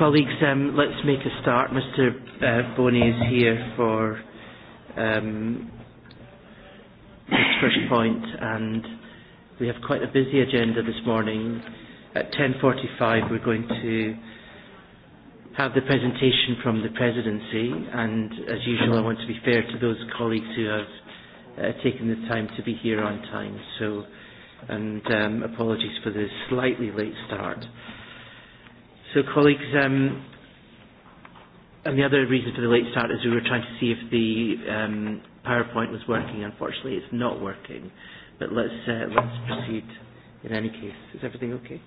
Colleagues, um, let's make a start. Mr. Uh, Boney is here for um, his first point, and we have quite a busy agenda this morning. At 10.45, we're going to have the presentation from the presidency, and as usual, I want to be fair to those colleagues who have uh, taken the time to be here on time. So, and um, apologies for the slightly late start. Uh, So, colleagues, um, and the other reason for the late start is we were trying to see if the um, PowerPoint was working. Unfortunately, it's not working. But let's uh, let's proceed. In any case, is everything okay?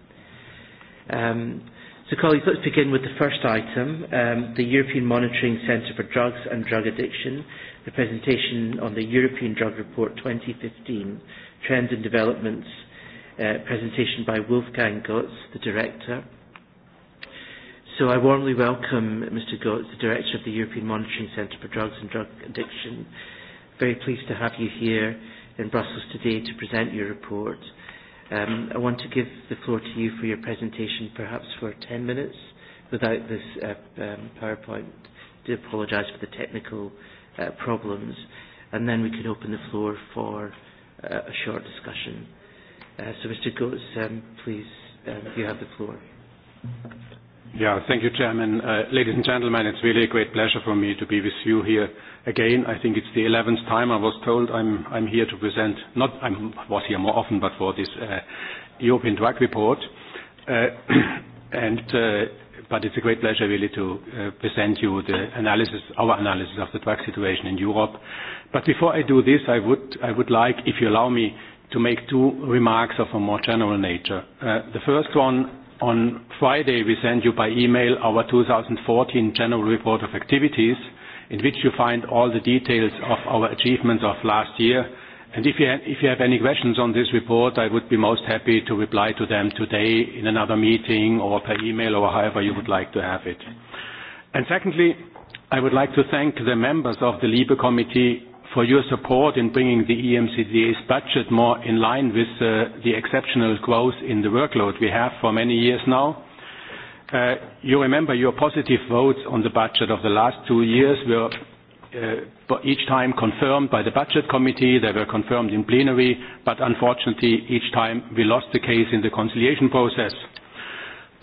Um, so, colleagues, let's begin with the first item: um, the European Monitoring Centre for Drugs and Drug Addiction, the presentation on the European Drug Report 2015, trends and developments. Uh, presentation by Wolfgang Gotz, the director. So I warmly welcome Mr. Gotts, the Director of the European Monitoring Centre for Drugs and Drug Addiction. Very pleased to have you here in Brussels today to present your report. Um, I want to give the floor to you for your presentation, perhaps for 10 minutes, without this uh, um, PowerPoint. I do apologise for the technical uh, problems. And then we could open the floor for uh, a short discussion. Uh, so, Mr. Goetz, um, please, um, you have the floor. Thank you. Yeah. Thank you, Chairman. Uh, ladies and gentlemen, it's really a great pleasure for me to be with you here again. I think it's the 11th time I was told I'm, I'm here to present, not I was here more often, but for this uh, European Drug Report. Uh, and, uh, but it's a great pleasure really to uh, present you the analysis, our analysis of the drug situation in Europe. But before I do this, I would, I would like, if you allow me, to make two remarks of a more general nature. Uh, the first one On Friday, we sent you by email our 2014 general report of activities, in which you find all the details of our achievements of last year. And if you, have, if you have any questions on this report, I would be most happy to reply to them today in another meeting or per email or however you would like to have it. And secondly, I would like to thank the members of the LIBE Committee for your support in bringing the EMCDA's budget more in line with uh, the exceptional growth in the workload we have for many years now. Uh, you remember your positive votes on the budget of the last two years were uh, each time confirmed by the budget committee. They were confirmed in plenary, but unfortunately, each time we lost the case in the conciliation process.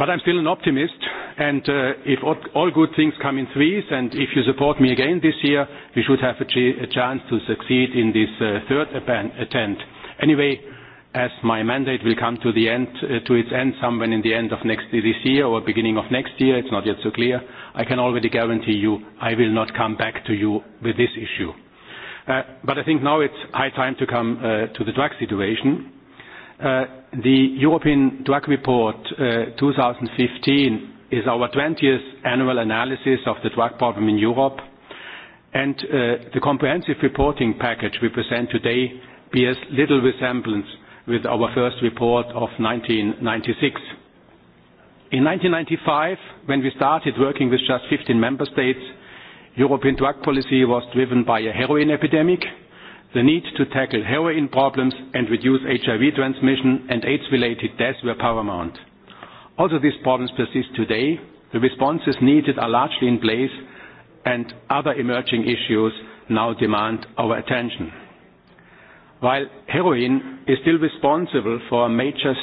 But I'm still an optimist, and uh, if all good things come in threes, and if you support me again this year, we should have a, ch- a chance to succeed in this uh, third attempt. Anyway, as my mandate will come to the end, uh, to its end somewhere in the end of next this year or beginning of next year, it's not yet so clear, I can already guarantee you I will not come back to you with this issue. Uh, but I think now it's high time to come uh, to the drug situation. Uh, the European Drug Report 2015 uh, is our 20th annual analysis of the drug problem in Europe, and uh, the comprehensive reporting package we present today bears little resemblance with our first report of 1996. In 1995, when we started working with just 15 member states, European drug policy was driven by a heroin epidemic, The need to tackle heroin problems and reduce HIV transmission and AIDS-related deaths were paramount. Although these problems persist today, the responses needed are largely in place, and other emerging issues now demand our attention. While heroin is still responsible for a major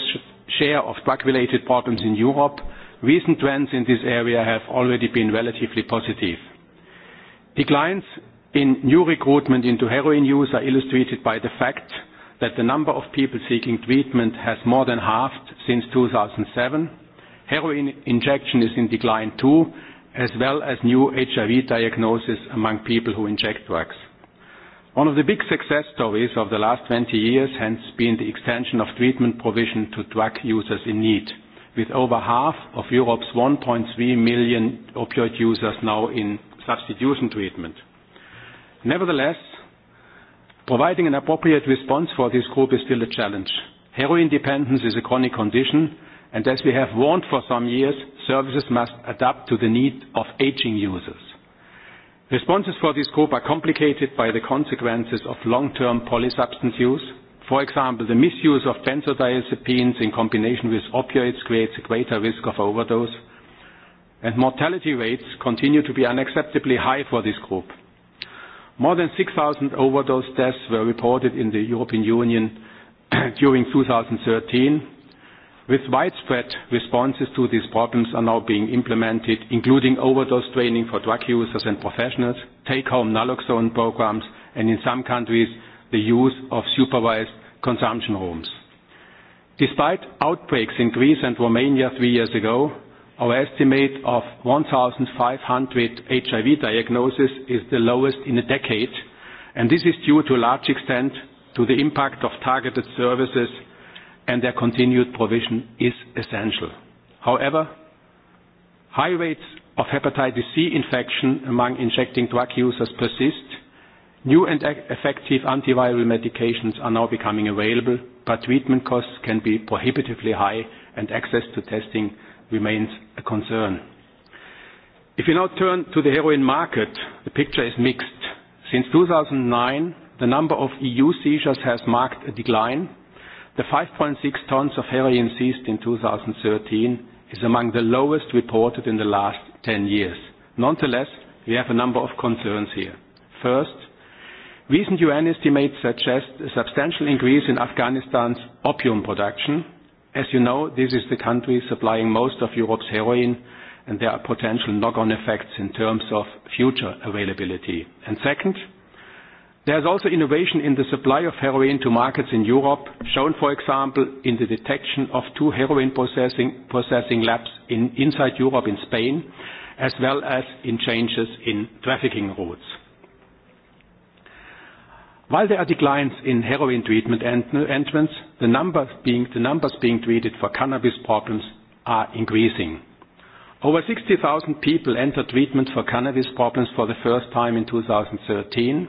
share of drug-related problems in Europe, recent trends in this area have already been relatively positive. Declines In new recruitment into heroin use are illustrated by the fact that the number of people seeking treatment has more than halved since 2007. Heroin injection is in decline too, as well as new HIV diagnosis among people who inject drugs. One of the big success stories of the last 20 years has been the extension of treatment provision to drug users in need, with over half of Europe's 1.3 million opioid users now in substitution treatment. Nevertheless, providing an appropriate response for this group is still a challenge. Heroin dependence is a chronic condition, and as we have warned for some years, services must adapt to the need of aging users. Responses for this group are complicated by the consequences of long-term polysubstance use. For example, the misuse of benzodiazepines in combination with opioids creates a greater risk of overdose, and mortality rates continue to be unacceptably high for this group. More than 6,000 overdose deaths were reported in the European Union during 2013, with widespread responses to these problems are now being implemented, including overdose training for drug users and professionals, take-home naloxone programs, and in some countries, the use of supervised consumption rooms. Despite outbreaks in Greece and Romania three years ago, Our estimate of 1,500 HIV diagnoses is the lowest in a decade, and this is due to a large extent to the impact of targeted services, and their continued provision is essential. However, high rates of hepatitis C infection among injecting drug users persist. New and e-, effective antiviral medications are now becoming available, but treatment costs can be prohibitively high, and access to testing remains a concern. If you now turn to the heroin market, the picture is mixed. Since 2009, the number of EU seizures has marked a decline. The 5.6 tons of heroin seized in 2013 is among the lowest reported in the last 10 years. Nonetheless, we have a number of concerns here. First, recent UN estimates suggest a substantial increase in Afghanistan's opium production, As you know, this is the country supplying most of Europe's heroin, and there are potential knock-on effects in terms of future availability. And second, there's also innovation in the supply of heroin to markets in Europe, shown, for example, in the detection of two heroin processing, processing labs in, inside Europe in Spain, as well as in changes in trafficking routes. While there are declines in heroin treatment entrants, the numbers being treated for cannabis problems are increasing. Over 60,000 people entered treatment for cannabis problems for the first time in 2013,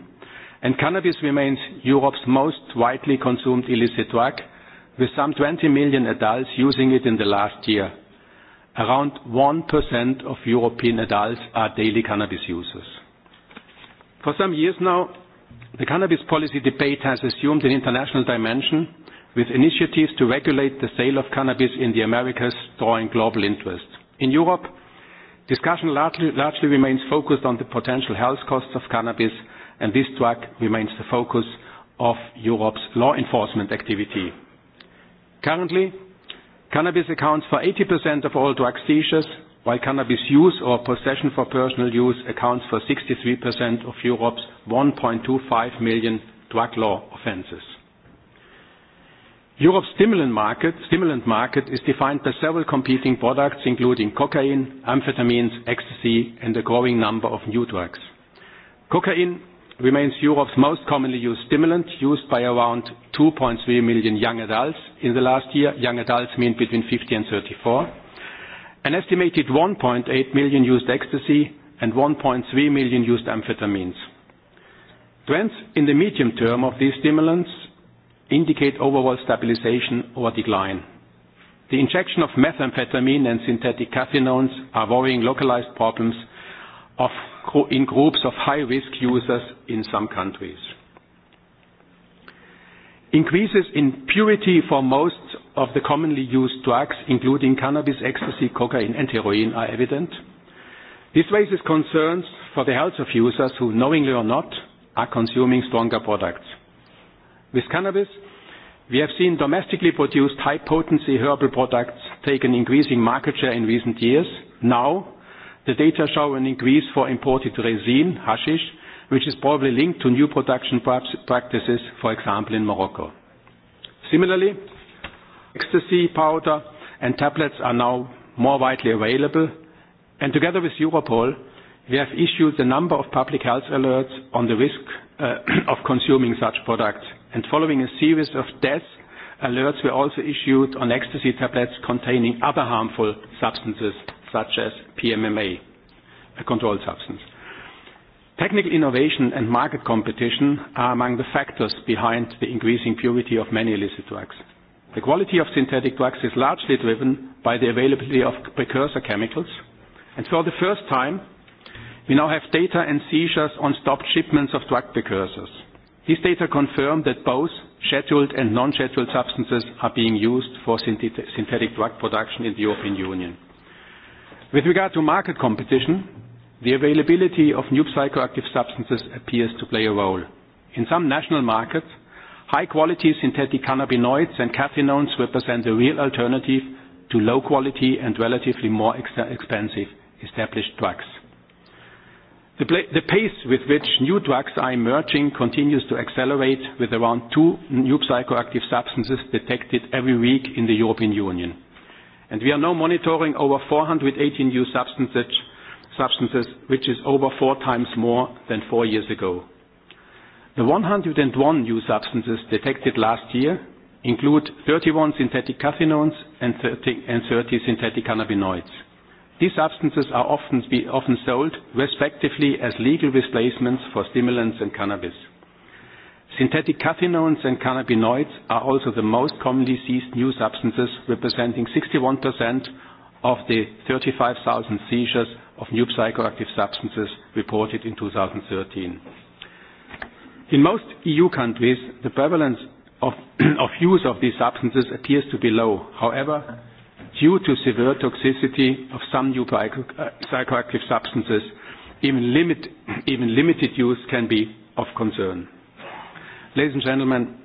and cannabis remains Europe's most widely consumed illicit drug, with some 20 million adults using it in the last year. Around 1% of European adults are daily cannabis users. For some years now, The cannabis policy debate has assumed an international dimension with initiatives to regulate the sale of cannabis in the Americas drawing global interest. In Europe, discussion largely, largely remains focused on the potential health costs of cannabis, and this drug remains the focus of Europe's law enforcement activity. Currently, cannabis accounts for 80% of all drug seizures while cannabis use or possession for personal use accounts for 63% of Europe's 1.25 million drug law offenses. Europe's stimulant market, stimulant market is defined by several competing products, including cocaine, amphetamines, ecstasy, and a growing number of new drugs. Cocaine remains Europe's most commonly used stimulant, used by around 2.3 million young adults in the last year. Young adults mean between 50 and 34 An estimated 1.8 million used ecstasy and 1.3 million used amphetamines. Trends in the medium term of these stimulants indicate overall stabilization or decline. The injection of methamphetamine and synthetic cathinones are worrying localized problems of, in groups of high-risk users in some countries. Increases in purity for most of the commonly used drugs, including cannabis, ecstasy, cocaine, and heroin, are evident. This raises concerns for the health of users who, knowingly or not, are consuming stronger products. With cannabis, we have seen domestically produced high-potency herbal products take an increasing market share in recent years. Now, the data show an increase for imported resin, hashish, which is probably linked to new production practices, for example, in Morocco. Similarly, Ecstasy powder and tablets are now more widely available, and together with Europol, we have issued a number of public health alerts on the risk uh, of consuming such products. And following a series of deaths, alerts were also issued on ecstasy tablets containing other harmful substances such as PMMA, a controlled substance. Technical innovation and market competition are among the factors behind the increasing purity of many illicit drugs. The quality of synthetic drugs is largely driven by the availability of precursor chemicals. And for the first time, we now have data and seizures on stopped shipments of drug precursors. These data confirm that both scheduled and non-scheduled substances are being used for synthetic drug production in the European Union. With regard to market competition, the availability of new psychoactive substances appears to play a role. In some national markets, High-quality synthetic cannabinoids and cathinones represent a real alternative to low-quality and relatively more expensive established drugs. The pace with which new drugs are emerging continues to accelerate, with around two new psychoactive substances detected every week in the European Union. And we are now monitoring over 418 new substances, substances, which is over four times more than four years ago. The 101 new substances detected last year include 31 synthetic cathinones and 30, and 30 synthetic cannabinoids. These substances are often, be, often sold respectively as legal replacements for stimulants and cannabis. Synthetic cathinones and cannabinoids are also the most commonly seized new substances, representing 61% of the 35,000 seizures of new psychoactive substances reported in 2013. In most EU countries, the prevalence of, of use of these substances appears to be low. However, due to severe toxicity of some new uh, psychoactive substances, even, limit, even limited use can be of concern. Ladies and gentlemen,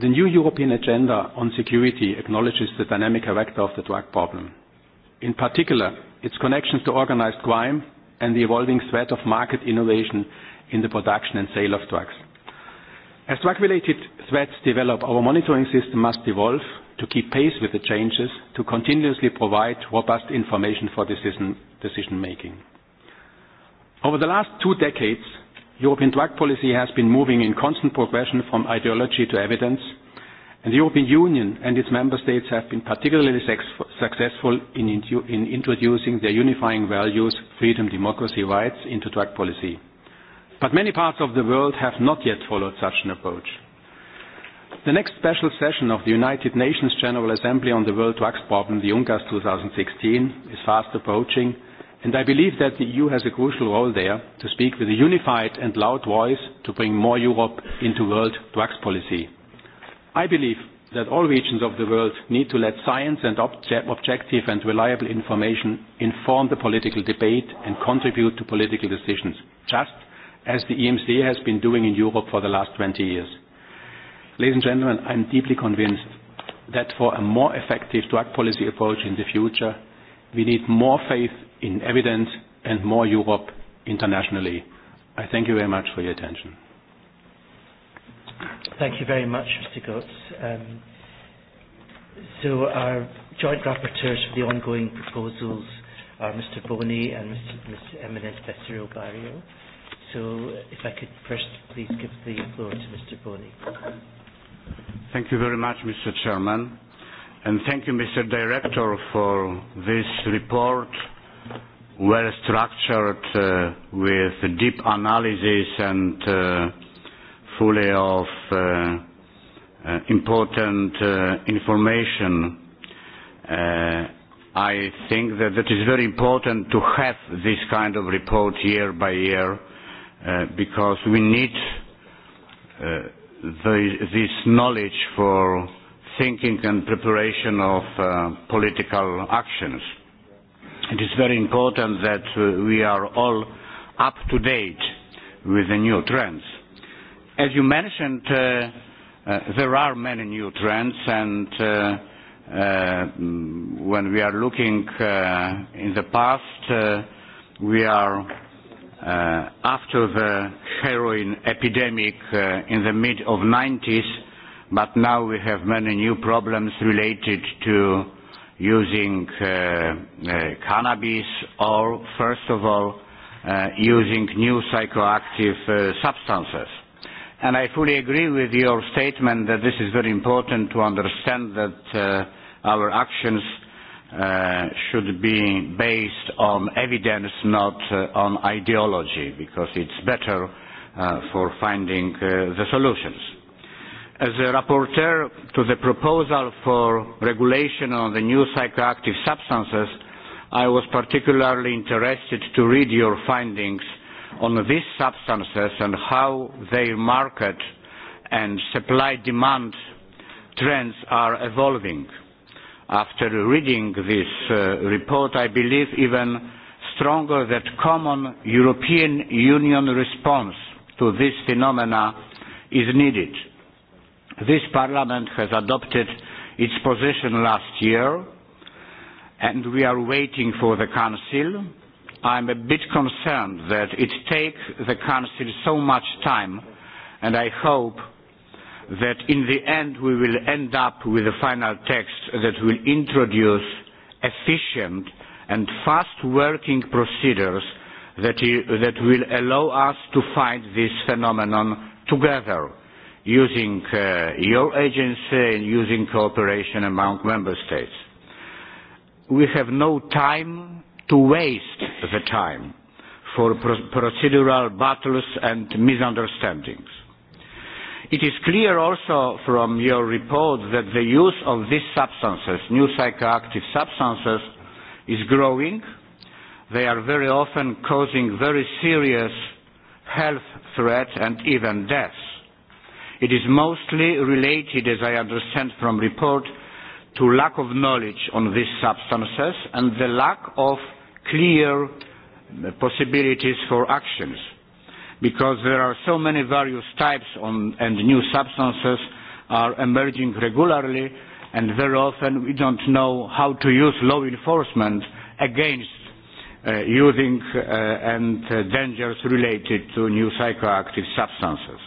the new European agenda on security acknowledges the dynamic character of the drug problem. In particular, its connections to organized crime and the evolving threat of market innovation in the production and sale of drugs. As drug-related threats develop, our monitoring system must evolve to keep pace with the changes to continuously provide robust information for decision-making. Decision Over the last two decades, European drug policy has been moving in constant progression from ideology to evidence, and the European Union and its member states have been particularly successful in, in introducing their unifying values, freedom, democracy, rights, into drug policy. But many parts of the world have not yet followed such an approach. The next special session of the United Nations General Assembly on the World Drugs Problem, the UNCAS 2016, is fast approaching, and I believe that the EU has a crucial role there to speak with a unified and loud voice to bring more Europe into world drugs policy. I believe that all regions of the world need to let science and obje objective and reliable information inform the political debate and contribute to political decisions, just as the EMCA has been doing in Europe for the last 20 years. Ladies and gentlemen, I'm deeply convinced that for a more effective drug policy approach in the future, we need more faith in evidence and more Europe internationally. I thank you very much for your attention. Thank you very much, Mr. Goetz. Um, so our joint rapporteurs for the ongoing proposals are Mr. Boney and Mr. Ms. Eminent Becerril Barrio. So uh, if I could first please give the floor to Mr. Boney. Thank you very much, Mr. Chairman. And thank you, Mr. Director, for this report, well structured uh, with deep analysis and uh, fully of uh, uh, important uh, information. Uh, I think that it is very important to have this kind of report year by year uh, because we need uh, the, this knowledge for thinking and preparation of uh, political actions. It is very important that uh, we are all up to date with the new trends. As you mentioned, uh, uh, there are many new trends and uh, Uh, mm, when we are looking uh, in the past, uh, we are uh, after the heroin epidemic uh, in the mid of 90s, but now we have many new problems related to using uh, uh, cannabis or, first of all, uh, using new psychoactive uh, substances. And I fully agree with your statement that this is very important to understand that uh, our actions uh, uh, should be based on evidence, not uh, on ideology, because it's better uh, for finding uh, the solutions. As a rapporteur to the proposal for regulation on the new psychoactive substances, I was particularly interested to read your findings on these substances and how their market and supply-demand trends are evolving. Uh, after reading this uh, report, I believe even stronger that common European Union response to this phenomena is needed. This Parliament has adopted its position last year, and we are waiting for the Council. I'm a bit concerned that it takes the Council so much time, and I hope that in the end we will end up with a final text that will introduce efficient and fast working procedures that, that will allow us to fight this phenomenon together using uh, your agency and using cooperation among member states. We have no time to waste the time for pro procedural battles and misunderstandings It is clear also from your report that the use of these substances, new psychoactive substances, is growing. They are very often causing very serious health threats and even deaths. It is mostly related, as I understand from report, to lack of knowledge on these substances and the lack of clear possibilities for actions because there are so many various types on, and new substances are emerging regularly and very often we don't know how to use law enforcement against uh, using uh, and uh, dangers related to new psychoactive substances.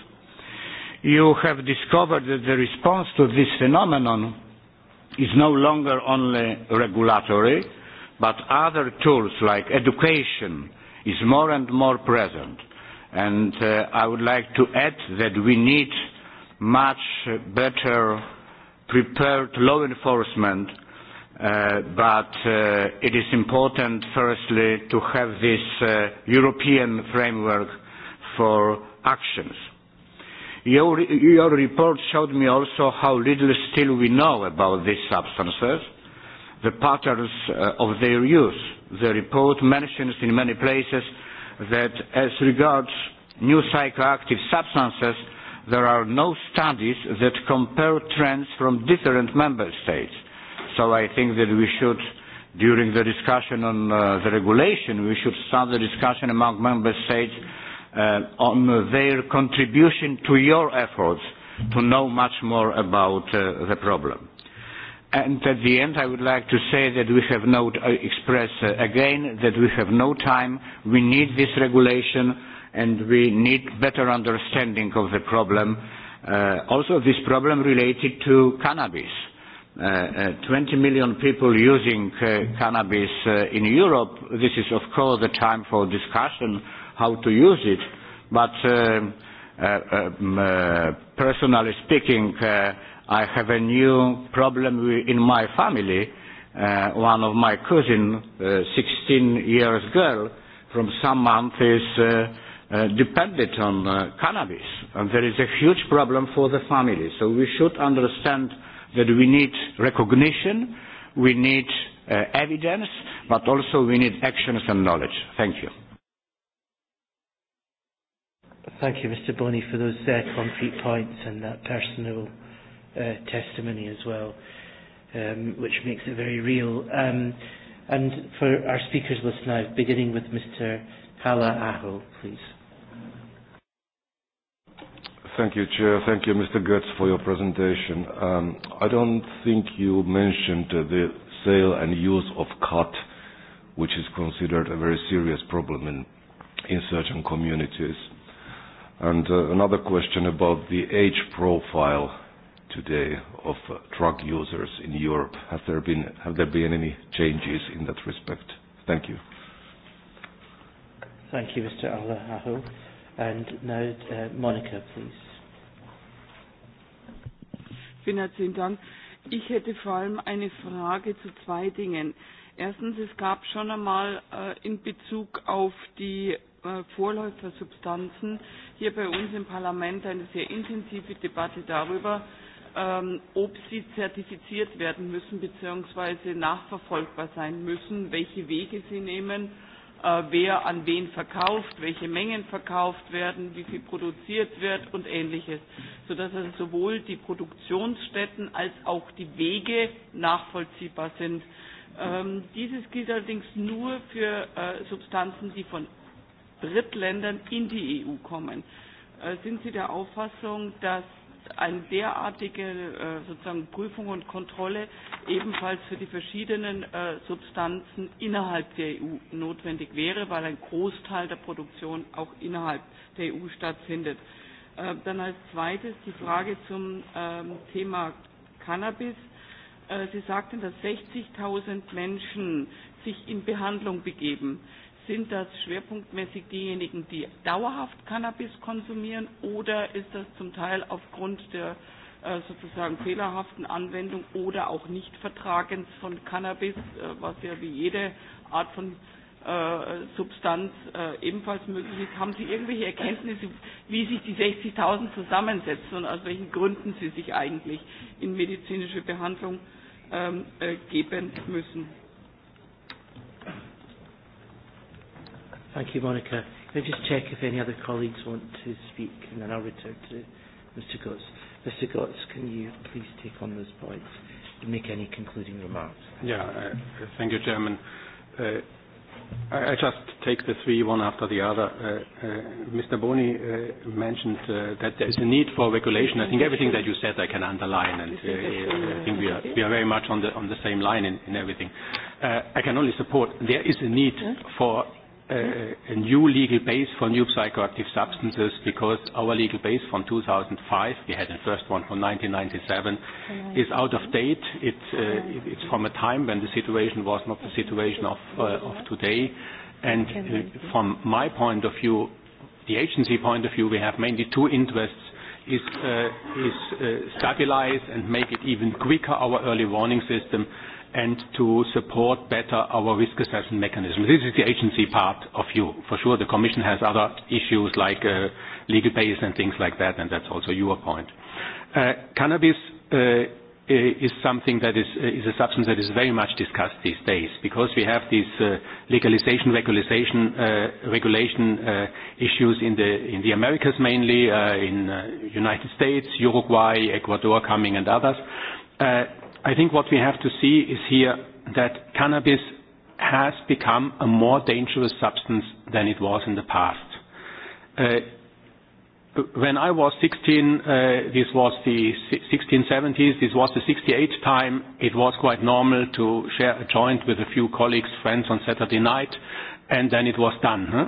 You have discovered that the response to this phenomenon is no longer only regulatory, but other tools like education is more and more present And uh, I would like to add that we need much better prepared law enforcement, uh, but uh, it is important, firstly, to have this uh, European framework for actions. Your, your report showed me also how little still we know about these substances, the patterns uh, of their use. The report mentions in many places that as regards new psychoactive substances, there are no studies that compare trends from different member states. So I think that we should, during the discussion on uh, the regulation, we should start the discussion among member states uh, on their contribution to your efforts to know much more about uh, the problem. Uh, And at the end, I would like to say that we have no, uh, express uh, again that we have no time. We need this regulation and we need better understanding of the problem. Uh, also this problem related to cannabis. Uh, uh, 20 million people using uh, cannabis uh, in Europe. This is of course the time for discussion how to use it. But uh, uh, um, uh, personally speaking, uh, I have a new problem in my family. Uh, one of my cousin, uh, 16 years girl, from some month is uh, uh, dependent on uh, cannabis, and there is a huge problem for the family. So we should understand that we need recognition, we need uh, evidence, but also we need actions and knowledge. Thank you. Thank you, Mr. Boney, for those uh, concrete points and that personal uh, testimony as well, um, which makes it very real. Um, and for our speakers list now, beginning with Mr. Hala Aho, please. Thank you, Chair. Thank you, Mr. Goetz, for your presentation. Um, I don't think you mentioned uh, the sale and use of cut, which is considered a very serious problem in, in certain communities. And uh, another question about the age profile today of uh, drug users in Europe? Has there been, have there been any changes in that respect? Thank you. Thank you, Mr. Alaho. And now, uh, Monica, please. Vielen herzlichen Dank. Ich hätte vor allem eine Frage zu zwei Dingen. Erstens, es gab schon einmal äh, in Bezug auf die äh, Vorläufersubstanzen hier bei uns im Parlament eine sehr intensive Debatte darüber, ähm, ob sie zertifiziert werden müssen bzw. nachverfolgbar sein müssen, welche Wege sie nehmen, äh, wer an wen verkauft, welche Mengen verkauft werden, wie viel produziert wird und ähnliches, sodass also sowohl die Produktionsstätten als auch die Wege nachvollziehbar sind. Ähm, dieses gilt allerdings nur für äh, Substanzen, die von Drittländern in die EU kommen. Äh, sind Sie der Auffassung, dass eine derartige äh, sozusagen Prüfung und Kontrolle ebenfalls für die verschiedenen äh, Substanzen innerhalb der EU notwendig wäre, weil ein Großteil der Produktion auch innerhalb der EU stattfindet. Äh, dann als zweites die Frage zum ähm, Thema Cannabis. Sie sagten, dass 60.000 Menschen sich in Behandlung begeben sind das schwerpunktmäßig diejenigen, die dauerhaft Cannabis konsumieren oder ist das zum Teil aufgrund der äh, sozusagen fehlerhaften Anwendung oder auch Nichtvertragens von Cannabis, äh, was ja wie jede Art von äh, Substanz äh, ebenfalls möglich ist. Haben Sie irgendwelche Erkenntnisse, wie sich die 60.000 zusammensetzen und aus welchen Gründen sie sich eigentlich in medizinische Behandlung ähm, äh, geben müssen? Thank you, Monica. Can I just check if any other colleagues want to speak, and then I'll return to Mr. Gotts. Mr. Gotts, can you please take on those points and make any concluding remarks? Yeah, uh, thank you, Chairman. Uh, I, I just take the three one after the other. Uh, uh, Mr. Boni uh, mentioned uh, that there is a need for regulation. I think everything that you said I can underline, and uh, I think we are, we are very much on the, on the same line in, in everything. Uh, I can only support there is a need for Uh, a new legal base for new psychoactive substances because our legal base from 2005, we had the first one from 1997, is out of date. It, uh, it's from a time when the situation was not the situation of, uh, of today. And uh, from my point of view, the agency point of view, we have mainly two interests is, uh, is uh, stabilize and make it even quicker our early warning system and to support better our risk assessment mechanism. This is the agency part of you. For sure, the Commission has other issues like uh, legal base and things like that, and that's also your point. Uh, cannabis uh, is something that is, uh, is a substance that is very much discussed these days because we have these uh, legalization, regulation, uh, regulation uh, issues in the, in the Americas mainly, uh, in uh, United States, Uruguay, Ecuador coming and others. Uh, I think what we have to see is here that cannabis has become a more dangerous substance than it was in the past. Uh, when I was 16, uh, this was the 1670s, this was the 68th time, it was quite normal to share a joint with a few colleagues, friends on Saturday night, and then it was done. Huh?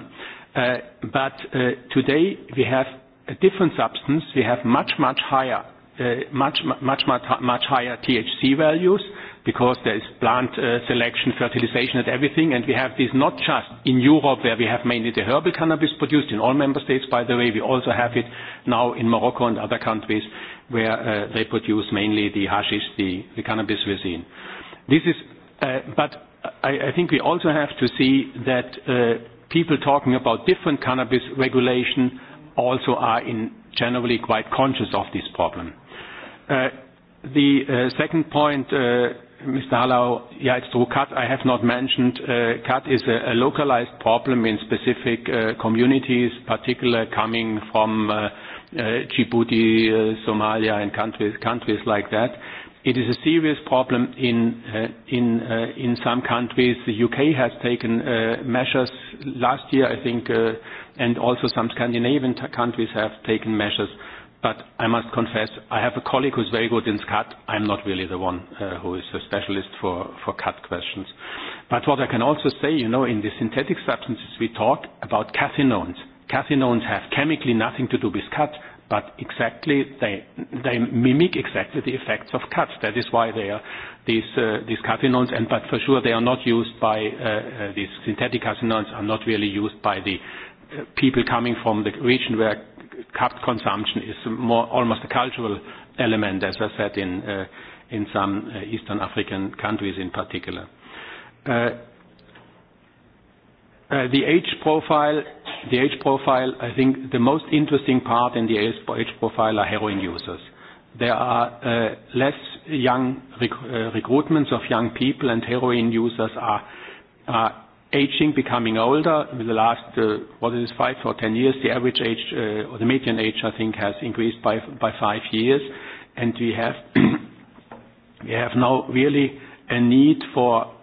Uh, but uh, today we have a different substance, we have much, much higher Uh, much, much, much higher THC values because there is plant uh, selection, fertilization and everything. And we have this not just in Europe where we have mainly the herbal cannabis produced in all member states, by the way. We also have it now in Morocco and other countries where uh, they produce mainly the hashish, the, the cannabis resin. This is, uh, but I, I think we also have to see that uh, people talking about different cannabis regulation also are in generally quite conscious of this problem. Uh, the uh, second point, uh, Mr. Hallau, yeah, it's true. Cut, I have not mentioned. Uh, cut is a, a localized problem in specific uh, communities, particularly coming from Djibouti, Somalia, and countries, countries like that. It is a serious problem in, uh, in, uh, in some countries. The U.K. has taken uh, measures last year, I think, and also some Scandinavian countries have taken measures. But I must confess, I have a colleague who's very good in CAD. I'm not really the one uh, who is a specialist for, for CAD questions. But what I can also say, you know, in the synthetic substances, we talk about cathinones. Cathinones have chemically nothing to do with CAD, but exactly they, they mimic exactly the effects of CAD. That is why they are these, uh, these cathinones, and, but for sure they are not used by, uh, uh, these synthetic cathinones are not really used by the uh, people coming from the region where capped consumption is more almost a cultural element, as I said, in, uh, in some uh, Eastern African countries in particular. Uh, Uh, the age profile, the age profile, I think the most interesting part in the age profile are heroin users. There are uh, less young rec- uh, recruitments of young people, and heroin users are, are aging, becoming older. In the last, uh, what is this, five or 10 years, the average age uh, or the median age, I think, has increased by, by five years. And we have, we have now really a need for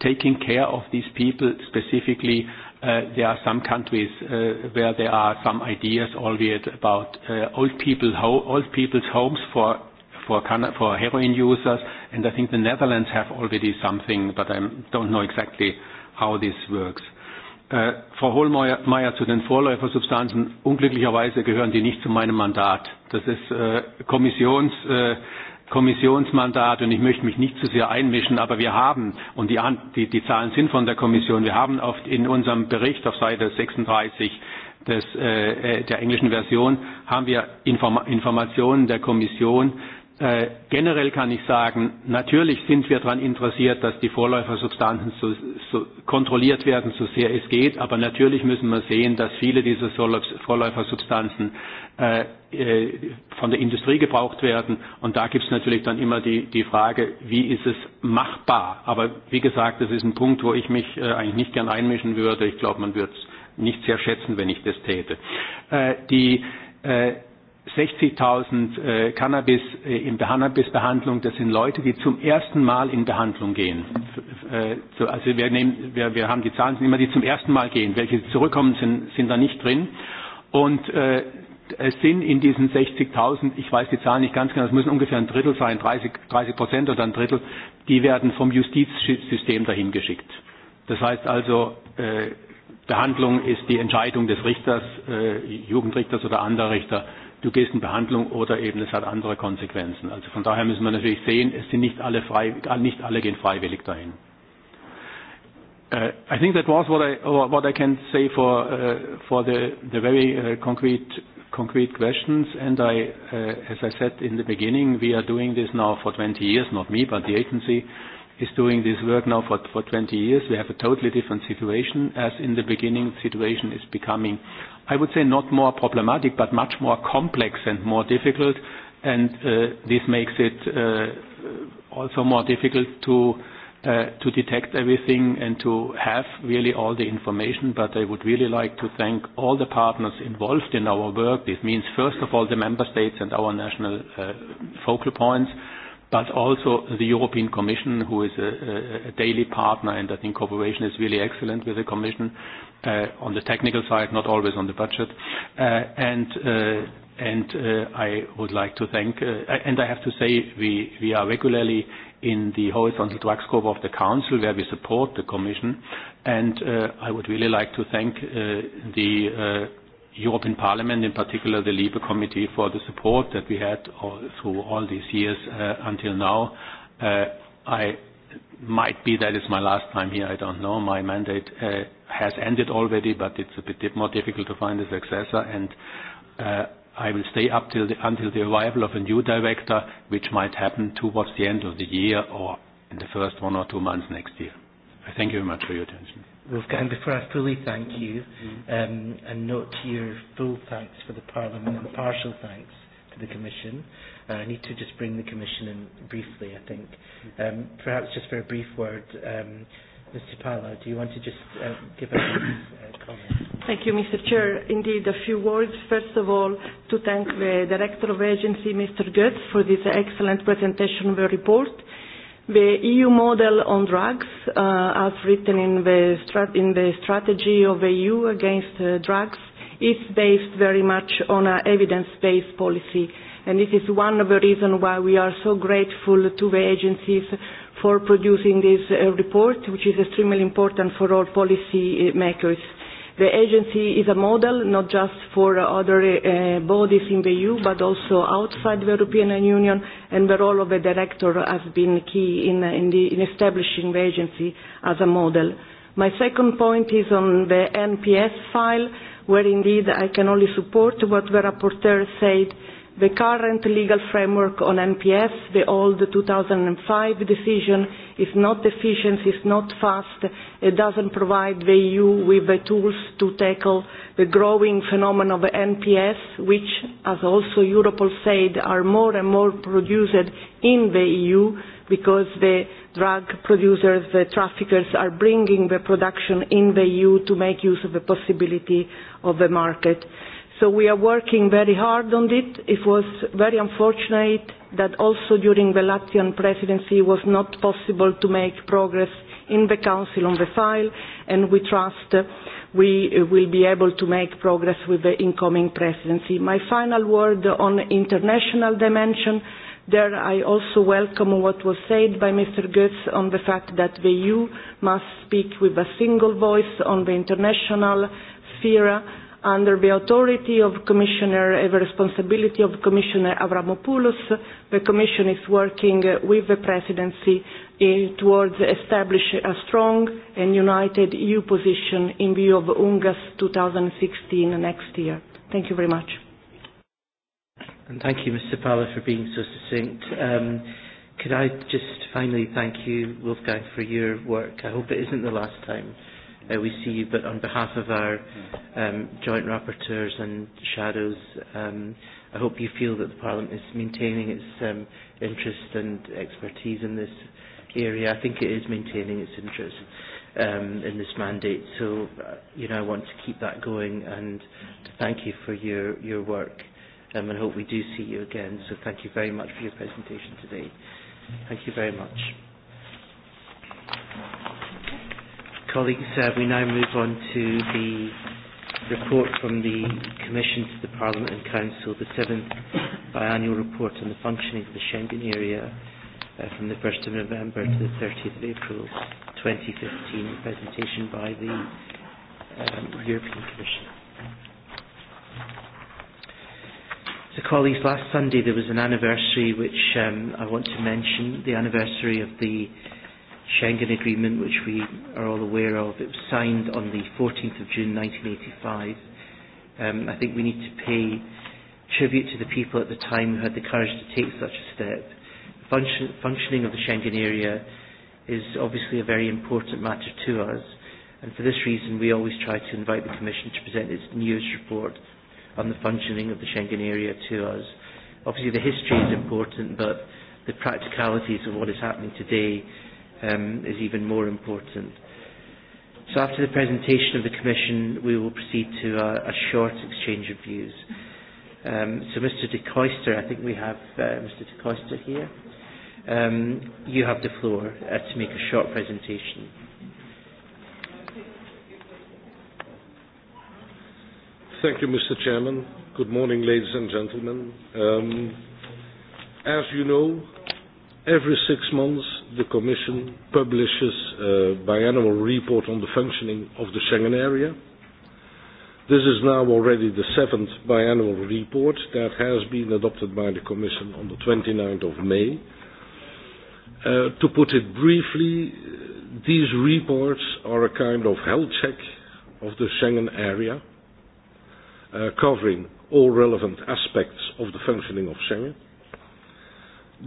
taking care of these people specifically. Uh, there are some countries uh, where there are some ideas, albeit about uh, old, people, old people's homes for for for heroin users, and I think the Netherlands have already something, but I don't know exactly how this works. Äh, Frau Hohlmeier zu den Vorläufersubstanzen. Unglücklicherweise gehören die nicht zu meinem Mandat. Das ist äh, Kommissions, äh, Kommissionsmandat und ich möchte mich nicht zu sehr einmischen, aber wir haben, und die, die, die Zahlen sind von der Kommission, wir haben auf, in unserem Bericht auf Seite 36 des, äh, äh, der englischen Version, haben wir Inform Informationen der Kommission äh, Äh, generell kann ich sagen, natürlich sind wir daran interessiert, dass die Vorläufersubstanzen so, so kontrolliert werden, so sehr es geht, aber natürlich müssen wir sehen, dass viele dieser Vorläufersubstanzen äh, äh, von der Industrie gebraucht werden. Und da gibt es natürlich dann immer die, die Frage, wie ist es machbar? Aber wie gesagt, das ist ein Punkt, wo ich mich äh, eigentlich nicht gern einmischen würde. Ich glaube, man würde es nicht sehr schätzen, wenn ich das täte. Äh, die äh, 60.000 äh, Cannabis äh, in Cannabisbehandlung, das sind Leute, die zum ersten Mal in Behandlung gehen. F äh, so, also wir, nehmen, wir, wir haben die Zahlen, sind immer die zum ersten Mal gehen. Welche zurückkommen, sind, sind da nicht drin. Und äh, es sind in diesen 60.000, ich weiß die Zahl nicht ganz genau, es müssen ungefähr ein Drittel sein, 30, 30 Prozent oder ein Drittel, die werden vom Justizsystem dahin geschickt. Das heißt also, äh, Behandlung ist die Entscheidung des Richters, äh, Jugendrichters oder anderer Richter du gehst in Behandlung oder eben es hat andere Konsequenzen. Also von daher müssen wir natürlich sehen, es sind nicht alle, frei, nicht alle gehen freiwillig dahin. Uh, I think that was what I, what I can say for, uh, for the, the very uh, concrete, concrete questions. And I, uh, as I said in the beginning, we are doing this now for 20 years, not me, but the agency is doing this work now for, for 20 years. We have a totally different situation as in the beginning, situation is becoming I would say not more problematic, but much more complex and more difficult. And, uh, this makes it uh, also more difficult to, uh, to detect everything and to have really all the information. But I would really like to thank all the partners involved in our work. This means, first of all, the member states and our national uh, focal points, but also the European Commission, who is a, a daily partner, and I think cooperation is really excellent with the Commission Uh, on the technical side, not always on the budget. Uh, and uh, and uh, I would like to thank, uh, and I have to say, we, we are regularly in the horizontal drug scope of the Council where we support the Commission, and uh, I would really like to thank uh, the uh, European Parliament, in particular the Liebe Committee, for the support that we had all, through all these years uh, until now. Uh, I might be that it's my last time here, I don't know. My mandate uh, has ended already, but it's a bit more difficult to find a successor, and uh, I will stay up till the, until the arrival of a new director, which might happen towards the end of the year or in the first one or two months next year. I thank you very much for your attention. Wolfgang, before I fully thank you, mm-hmm. um, and note your full thanks for the Parliament and partial thanks to the Commission, Uh, I need to just bring the Commission in briefly, I think. Um, perhaps just for a brief word, um, Mr. Pala, do you want to just uh, give a brief uh, comment? Thank you, Mr. Chair. Indeed, a few words. First of all, to thank the Director of Agency, Mr. Goetz, for this excellent presentation of the report. The EU model on drugs, uh, as written in the, strat- in the strategy of the EU against uh, drugs, uh, is based very much on an evidence-based policy. And this is one of the reasons why we are so grateful to the agencies for producing this uh, report, which is extremely important for all policy uh, makers. The agency is a model not just for other uh, bodies in the EU, but also outside the European Union, and the role of the director has been key in, uh, in, the, in establishing the agency as a model. My second point is on the NPS file where indeed I can only support what the rapporteur said, the current legal framework on NPS, the old 2005 decision, is not efficient, is not fast, it doesn't provide the EU with the tools to tackle the growing phenomenon of NPS, which, as also Europol said, are more and more produced in the EU because the drug producers, the traffickers are bringing the production in the EU to make use of the possibility of the market. So we are working very hard on it. It was very unfortunate that also during the Latvian presidency was not possible to make progress in the Council on the file, and we trust uh, we will be able to make progress with the incoming presidency. My final word on international dimension There I also welcome what was said by Mr. Goetz on the fact that the EU must speak with a single voice on the international sphere under the authority of Commissioner, uh, the responsibility of Commissioner Avramopoulos, the Commission is working uh, with the Presidency uh, towards establishing a strong and united EU position in view of UNGAS 2016 next year. Thank you very much. And thank you, Mr. Pala, for being so succinct. Um, could I just finally thank you, Wolfgang, for your work? I hope it isn't the last time uh, we see you, but on behalf of our um, joint rapporteurs and shadows, um, I hope you feel that the Parliament is maintaining its um, interest and expertise in this area. I think it is maintaining its interest um, in this mandate. So, uh, you know, I want to keep that going and to thank you for your, your work um, and hope we do see you again. So thank you very much for your presentation today. Thank you very much. Colleagues, uh, we now move on to the report from the Commission to the Parliament and Council, the seventh biannual report on the functioning of the Schengen area uh, from the 1st of November to the 30th of April 2015, presentation by the um, European Commission. the colleagues, last Sunday there was an anniversary which um, I want to mention, the anniversary of the Schengen Agreement, which we are all aware of. It was signed on the 14th of June 1985. Um, I think we need to pay tribute to the people at the time who had the courage to take such a step. The function, functioning of the Schengen area is obviously a very important matter to us, and for this reason we always try to invite the Commission to present its New Year's report on the functioning of the Schengen area to us. Obviously, the history is important, but the practicalities of what is happening today um, is even more important. So after the presentation of the Commission, we will proceed to a, a short exchange of views. Um, so Mr de Koister, I think we have uh, Mr de Koister here. Um, you have the floor uh, to make a short presentation. Thank you, Mr. Chairman. Good morning, ladies and gentlemen. Um, as you know, every six months, the Commission publishes a biannual report on the functioning of the Schengen area. This is now already the seventh biannual report that has been adopted by the Commission on the 29th of May. Uh, to put it briefly, these reports are a kind of health check of the Schengen area. Uh, uh, covering all relevant aspects of the functioning of Schengen.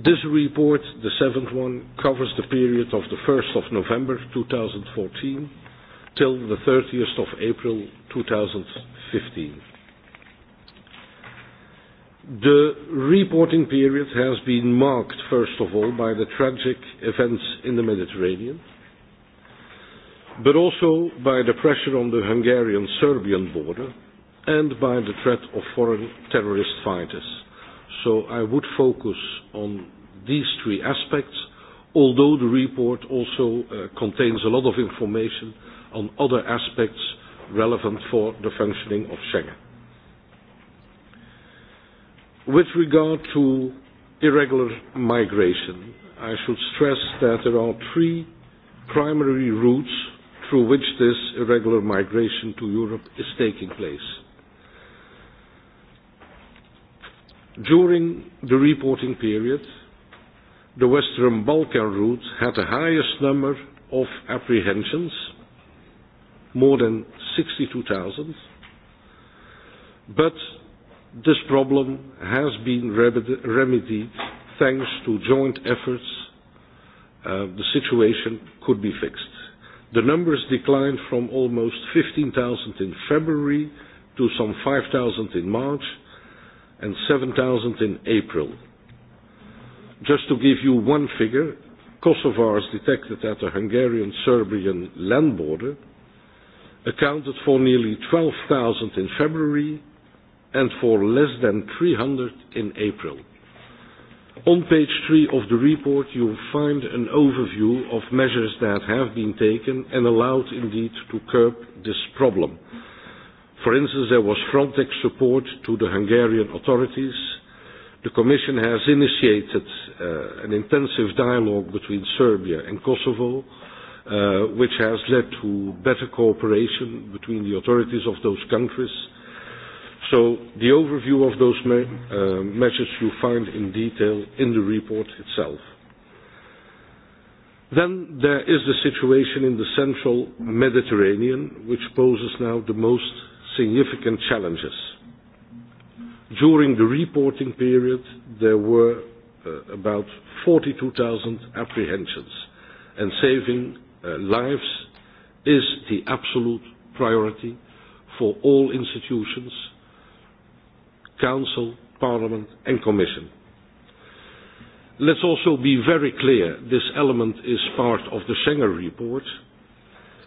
This report, the seventh one, covers the period of the 1st of November 2014 till the 30th of April 2015. The reporting period has been marked, first of all, by the tragic events in the Mediterranean, but also by the pressure on the Hungarian-Serbian border and by the threat of foreign terrorist fighters. So I would focus on these three aspects, although the report also uh, contains a lot of information on other aspects relevant for the functioning of Schengen. With regard to irregular migration, I should stress that there are three primary routes through which this irregular migration to Europe is taking place. During the reporting period, the Western Balkan route had the highest number of apprehensions, more than 62,000, but this problem has been remedied thanks to joint efforts. Uh, the situation could be fixed. The numbers declined from almost 15,000 in February to some 5,000 in March, and 7,000 in April. Just to give you one figure, Kosovars detected at the Hungarian-Serbian land border accounted for nearly 12,000 in February and for less than 300 in April. On page three of the report, you'll find an overview of measures that have been taken and allowed indeed to curb this problem. For instance, there was Frontex support to the Hungarian authorities. The Commission has initiated uh, an intensive dialogue between Serbia and Kosovo, uh, which has led to better cooperation between the authorities of those countries. So the overview of those me uh, measures you find in detail in the report itself. Then there is the situation in the central Mediterranean, which poses now the most significant challenges. During the reporting period, there were uh, about 42,000 apprehensions, and saving uh, lives is the absolute priority for all institutions, Council, Parliament and Commission. Let's also be very clear, this element is part of the Schengen report,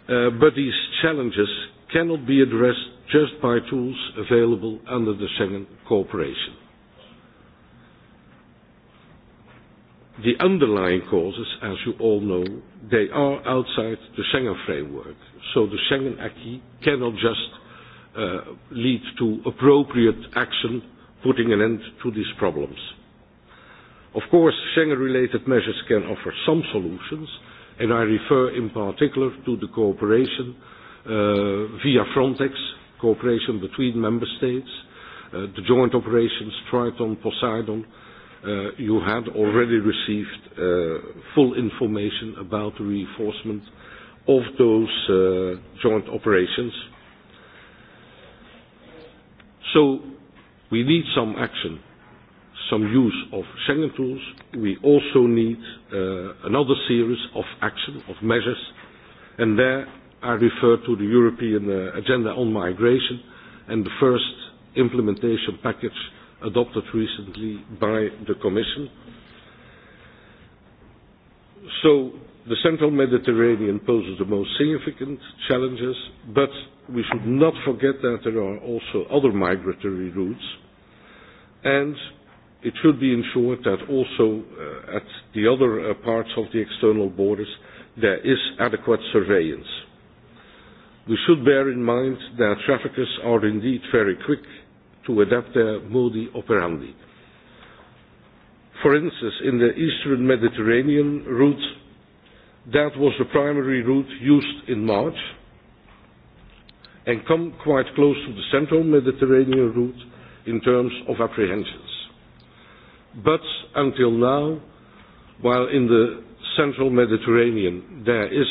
uh, but these challenges cannot be addressed just by tools available under the Schengen Cooperation. The underlying causes, as you all know, they are outside the Schengen framework, so the Schengen acquis cannot just uh, lead to appropriate action putting an end to these problems. Of course, Schengen-related measures can offer some solutions, and I refer in particular to the cooperation uh, uh, via Frontex, cooperation between member states, uh, the joint operations Triton, Poseidon. Uh, you had already received uh, full information about the reinforcement of those uh, joint operations. So we need some action, some use of Schengen tools. We also need uh, another series of action, of measures, and there I refer to the European uh, Agenda on Migration and the first implementation package adopted recently by the Commission. So the Central Mediterranean poses the most significant challenges, but we should not forget that there are also other migratory routes, and it should be ensured that also uh, at the other uh, parts of the external borders there is adequate surveillance. We should bear in mind that traffickers are indeed very quick to adapt their modi operandi. For instance, in the eastern Mediterranean route, that was the primary route used in March, and come quite close to the central Mediterranean route in terms of apprehensions. But until now, while in the central Mediterranean there is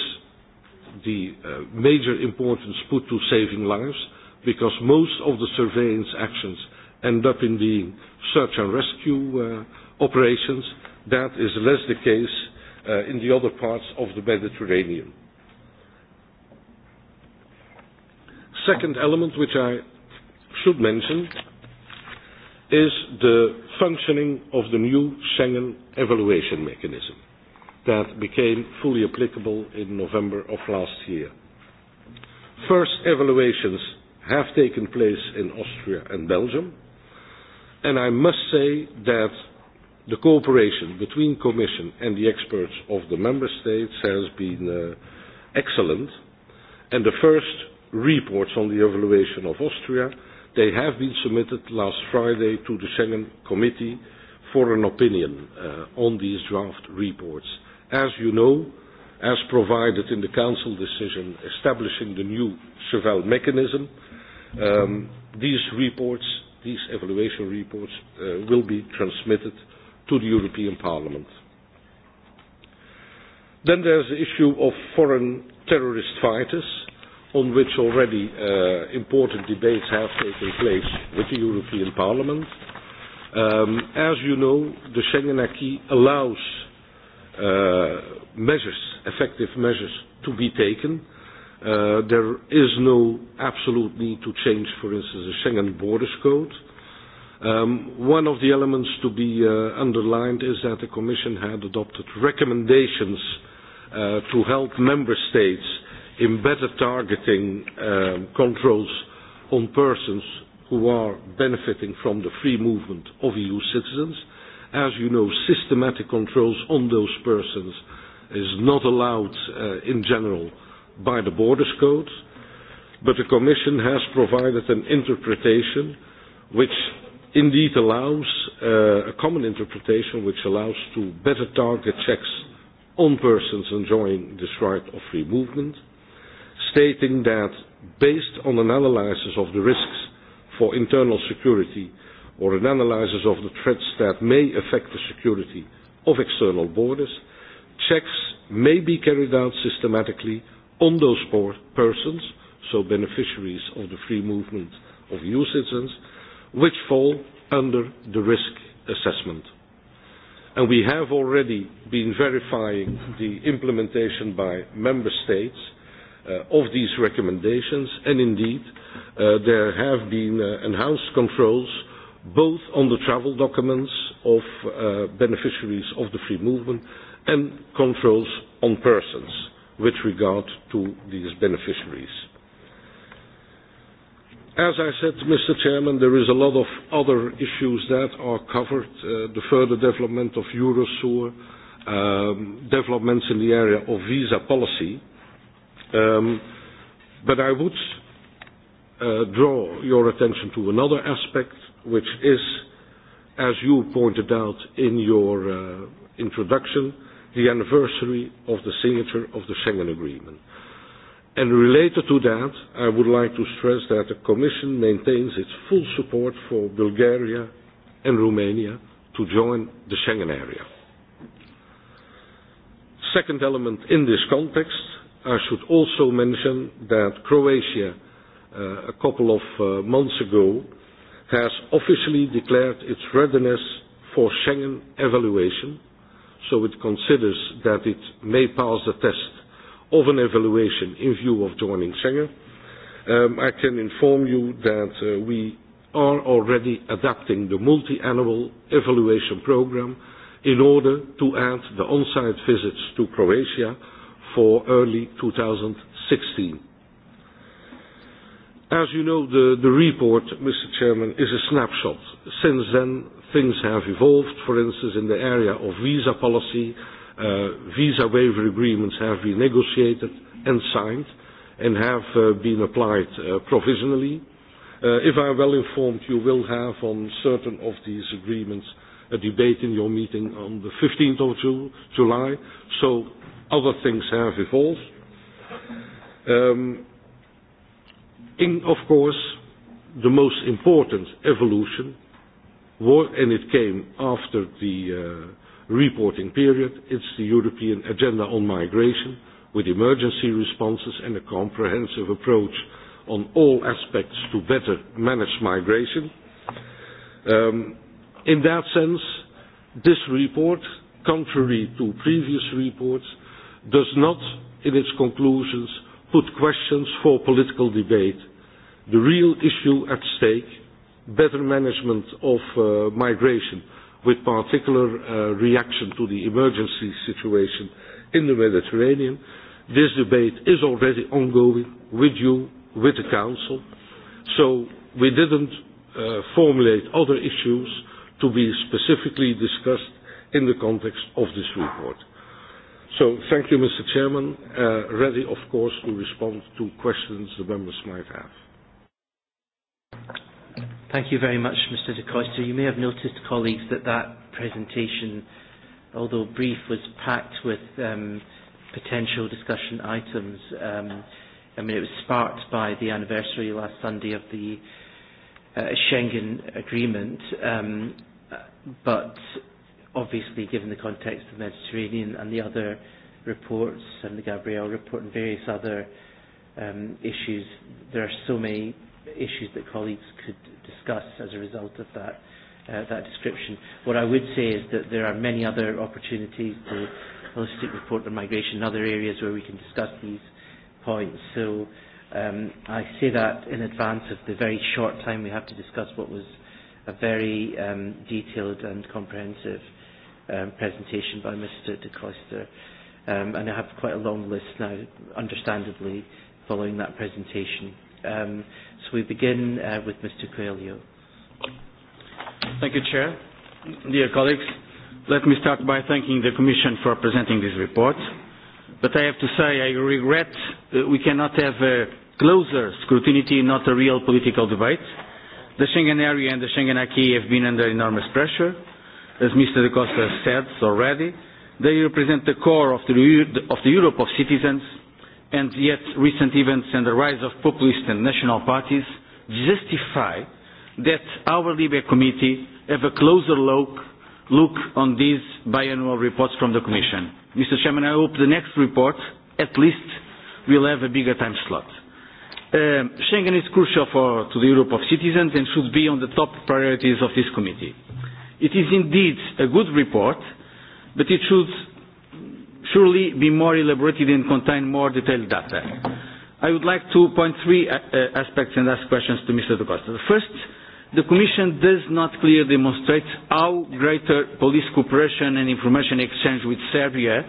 the uh, major importance put to saving lives because most of the surveillance actions end up in the search and rescue uh, operations. That is less the case uh, in the other parts of the Mediterranean. Second element, which I should mention, is the functioning of the new Schengen evaluation mechanism that became fully applicable in November of last year. First evaluations have taken place in Austria and Belgium, and I must say that the cooperation between Commission and the experts of the Member States has been uh, excellent, and the first reports on the evaluation of Austria, they have been submitted last Friday to the Schengen Committee for an opinion uh, on these draft reports. As you know, as provided in the Council decision establishing the new Cheval mechanism, um, these reports, these evaluation reports, uh, will be transmitted to the European Parliament. Then there's the issue of foreign terrorist fighters, on which already uh, important debates have taken place with the European Parliament. Um, as you know, the Schengen Acquis allows uh, measures, effective measures to be taken. Uh, there is no absolute need to change, for instance, the Schengen Borders Code. Um, one of the elements to be uh, underlined is that the Commission had adopted recommendations uh, to help Member States in better targeting um, controls on persons who are benefiting from the free movement of EU citizens as you know, systematic controls on those persons is not allowed uh, in general by the Borders Code, but the Commission has provided an interpretation which indeed allows uh, a common interpretation which allows to better target checks on persons enjoying this right of free movement, stating that based on an analysis of the risks for internal security or an analysis of the threats that may affect the security of external borders, checks may be carried out systematically on those persons, so beneficiaries of the free movement of EU citizens, which fall under the risk assessment. And we have already been verifying the implementation by member states uh, of these recommendations, and indeed, uh, there have been uh, enhanced controls both on the travel documents of uh, beneficiaries of the free movement and controls on persons with regard to these beneficiaries. As I said, Mr. Chairman, there is a lot of other issues that are covered. Uh, the further development of Eurosur, um, developments in the area of visa policy. Um, but I would uh, draw your attention to another aspect, which is, as you pointed out in your uh, introduction, the anniversary of the signature of the Schengen Agreement. And related to that, I would like to stress that the Commission maintains its full support for Bulgaria and Romania to join the Schengen area. Second element in this context, I should also mention that Croatia, uh, a couple of uh, months ago, uh, has officially declared its readiness for Schengen evaluation, so it considers that it may pass the test of an evaluation in view of joining Schengen. Um, I can inform you that uh, we are already adapting the multi-annual evaluation program in order to add the on-site visits to Croatia for early 2016. As you know, the, the report, Mr. Chairman, is a snapshot. Since then, things have evolved. For instance, in the area of visa policy, uh, visa waiver agreements have been negotiated and signed and have uh, been applied uh, provisionally. Uh, if I'm well informed, you will have on certain of these agreements a debate in your meeting on the 15th of Ju July, so other things have evolved. Um, In, of course, the most important evolution, war, and it came after the uh, reporting period, it's the European Agenda on Migration with emergency responses and a comprehensive approach on all aspects to better manage migration. Um, in that sense, this report, contrary to previous reports, does not, in its conclusions, put questions for political debate, the real issue at stake, better management of uh, migration, with particular uh, reaction to the emergency situation in the Mediterranean. This debate is already ongoing with you, with the Council. So we didn't uh, formulate other issues to be specifically discussed in the context of this report. So thank you, Mr. Chairman. Uh, ready, of course, to respond to questions the members might have. Thank you very much, Mr. De Costa. You may have noticed, colleagues, that that presentation, although brief, was packed with um, potential discussion items. Um, I mean, it was sparked by the anniversary last Sunday of the uh, Schengen Agreement, um, but obviously, given the context of the Mediterranean and the other reports and the Gabrielle report and various other um, issues, there are so many issues that colleagues could discuss as a result of that. Uh, that description. What I would say is that there are many other opportunities, the holistic report on migration, other areas where we can discuss these points. So um, I say that in advance of the very short time we have to discuss what was a very um, detailed and comprehensive uh, um, presentation by Mr de Cloyster. Um, and I have quite a long list now, understandably, following that presentation. Um, so we begin uh, with Mr Coelho. Thank you, Chair. Dear colleagues, let me start by thanking the Commission for presenting this report. But I have to say I regret uh, we cannot have a closer scrutiny, not a real political debate. The Schengen area and the Schengen acquis have been under enormous pressure as Mr. De Costa said already, they represent the core of the, of the Europe of citizens, and yet recent events and the rise of populist and national parties justify that our Libya committee have a closer look, look on these biannual reports from the Commission. Mr. Chairman, I hope the next report at least will have a bigger time slot. Um, Schengen is crucial for, to the Europe of citizens and should be on the top priorities of this committee. It is indeed a good report, but it should surely be more elaborated and contain more detailed data. I would like to point three uh, uh aspects and ask questions to Mr. De Costa. First, the Commission does not clearly demonstrate how greater police cooperation and information exchange with Serbia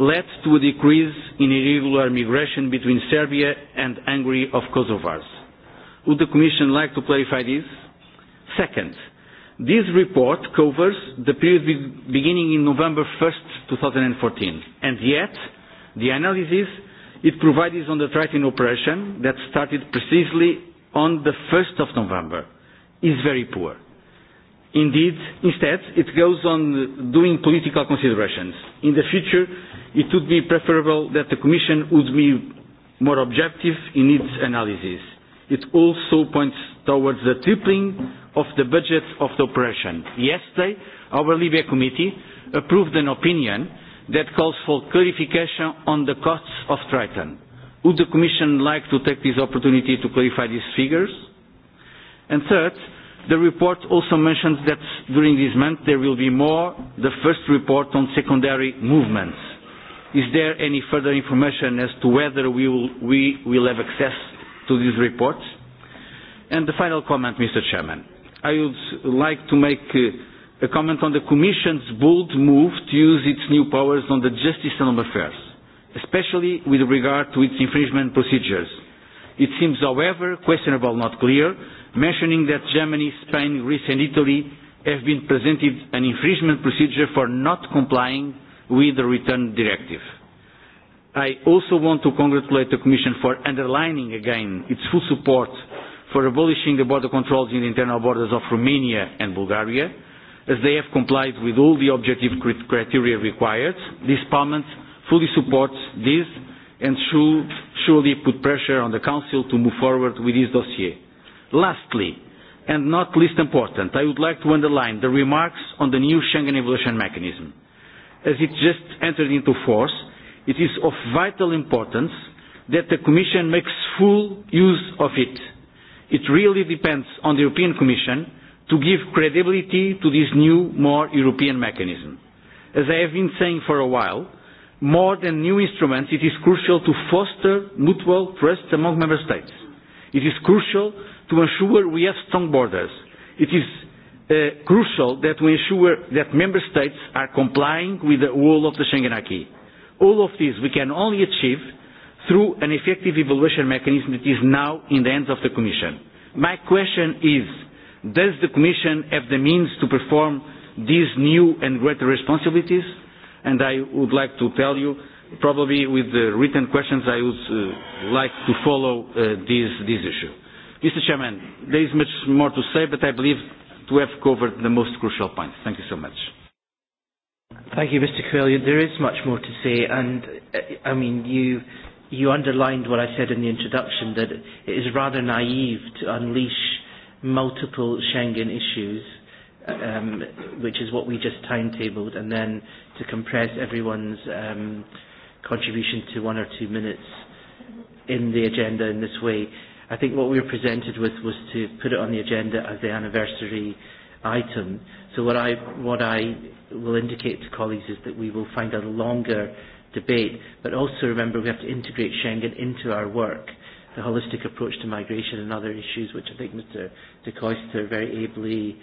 led to a decrease in irregular migration between Serbia and Hungary of Kosovars. Would the Commission like to clarify this? Second, uh, This report covers the period beginning in November 1st, 2014, and yet the analysis it provided on the Triton operation that started precisely on the 1st of November is very poor. Indeed, instead, it goes on doing political considerations. In the future, it would be preferable that the Commission would be more objective in its analysis it also points towards the tripling of the budget of the operation. Yesterday, our Libya committee approved an opinion that calls for clarification on the costs of Triton. Would the Commission like to take this opportunity to clarify these figures? And third, the report also mentions that during this month there will be more, the first report on secondary movements. Is there any further information as to whether we will, we will have access to these reports. And the final comment, Mr. Chairman. I would like to make uh, a comment on the Commission's bold move to use its new powers on the justice and home affairs, especially with regard to its infringement procedures. It seems, however, questionable, not clear, mentioning that Germany, Spain, Greece and Italy have been presented an infringement procedure for not complying with the return directive. I also want to congratulate the Commission for underlining again its full support for abolishing the border controls in the internal borders of Romania and Bulgaria, as they have complied with all the objective criteria required. This Parliament fully supports this and should surely put pressure on the Council to move forward with this dossier. Lastly, and not least important, I would like to underline the remarks on the new Schengen Evolution Mechanism. As it just entered into force, it is of vital importance that the Commission makes full use of it. It really depends on the European Commission to give credibility to this new, more European mechanism. As I have been saying for a while, more than new instruments, it is crucial to foster mutual trust among Member States. It is crucial to ensure we have strong borders. It is uh, crucial that we ensure that Member States are complying with the rule of the Schengen Acquis All of this we can only achieve through an effective evaluation mechanism that is now in the hands of the Commission. My question is, does the Commission have the means to perform these new and greater responsibilities? And I would like to tell you, probably with the written questions, I would uh, like to follow uh, this, this issue. Mr. Chairman, there is much more to say, but I believe to have covered the most crucial points. Thank you so much. Thank you, Mr. Coelho. There is much more to say, and uh, I mean, you you underlined what I said in the introduction that it is rather naive to unleash multiple Schengen issues, um, which is what we just timetabled, and then to compress everyone's um, contribution to one or two minutes in the agenda in this way. I think what we were presented with was to put it on the agenda as the anniversary item So what I, what I will indicate to colleagues is that we will find a longer debate, but also remember we have to integrate Schengen into our work, the holistic approach to migration and other issues, which I think Mr de Koister very ably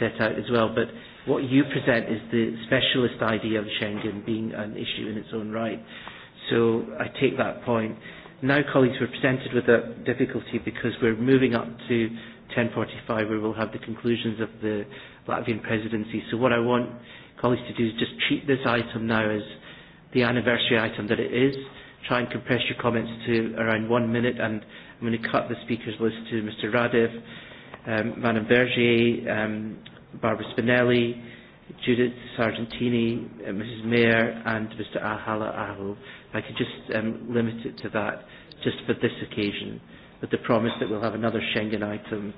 set out as well. But what you present is the specialist idea of Schengen being an issue in its own right. So I take that point. Now, colleagues, we're presented with a difficulty because we're moving up to 10.45 where we'll have the conclusions of the Latvian presidency. So what I want colleagues to do is just treat this item now as the anniversary item that it is. Try and compress your comments to around one minute, and I'm going to cut the speakers list to Mr. Radev, um, Madame Bergier, um, Barbara Spinelli, Judith Sargentini, uh, Mrs. Mayer, and Mr. Ahala Aho. If I could just um, limit it to that, just for this occasion, with the promise that we'll have another Schengen item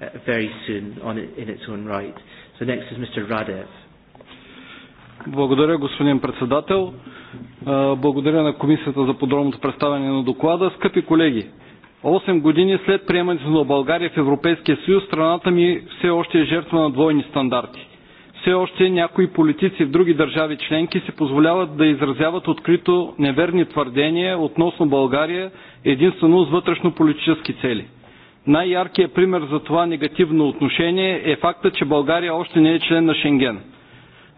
uh, very soon on it, in its own right. So next is Mr. Radev. Благодаря, господин председател. Благодаря на комисията за подробното представяне на доклада. Скъпи колеги, 8 години след приемането на България в Европейския съюз, страната ми все още е жертва на двойни стандарти. Все още някои политици в други държави членки си позволяват да изразяват открито неверни твърдения относно България единствено с вътрешно политически цели. Най-яркият пример за това негативно отношение е факта, че България още не е член на Шенген.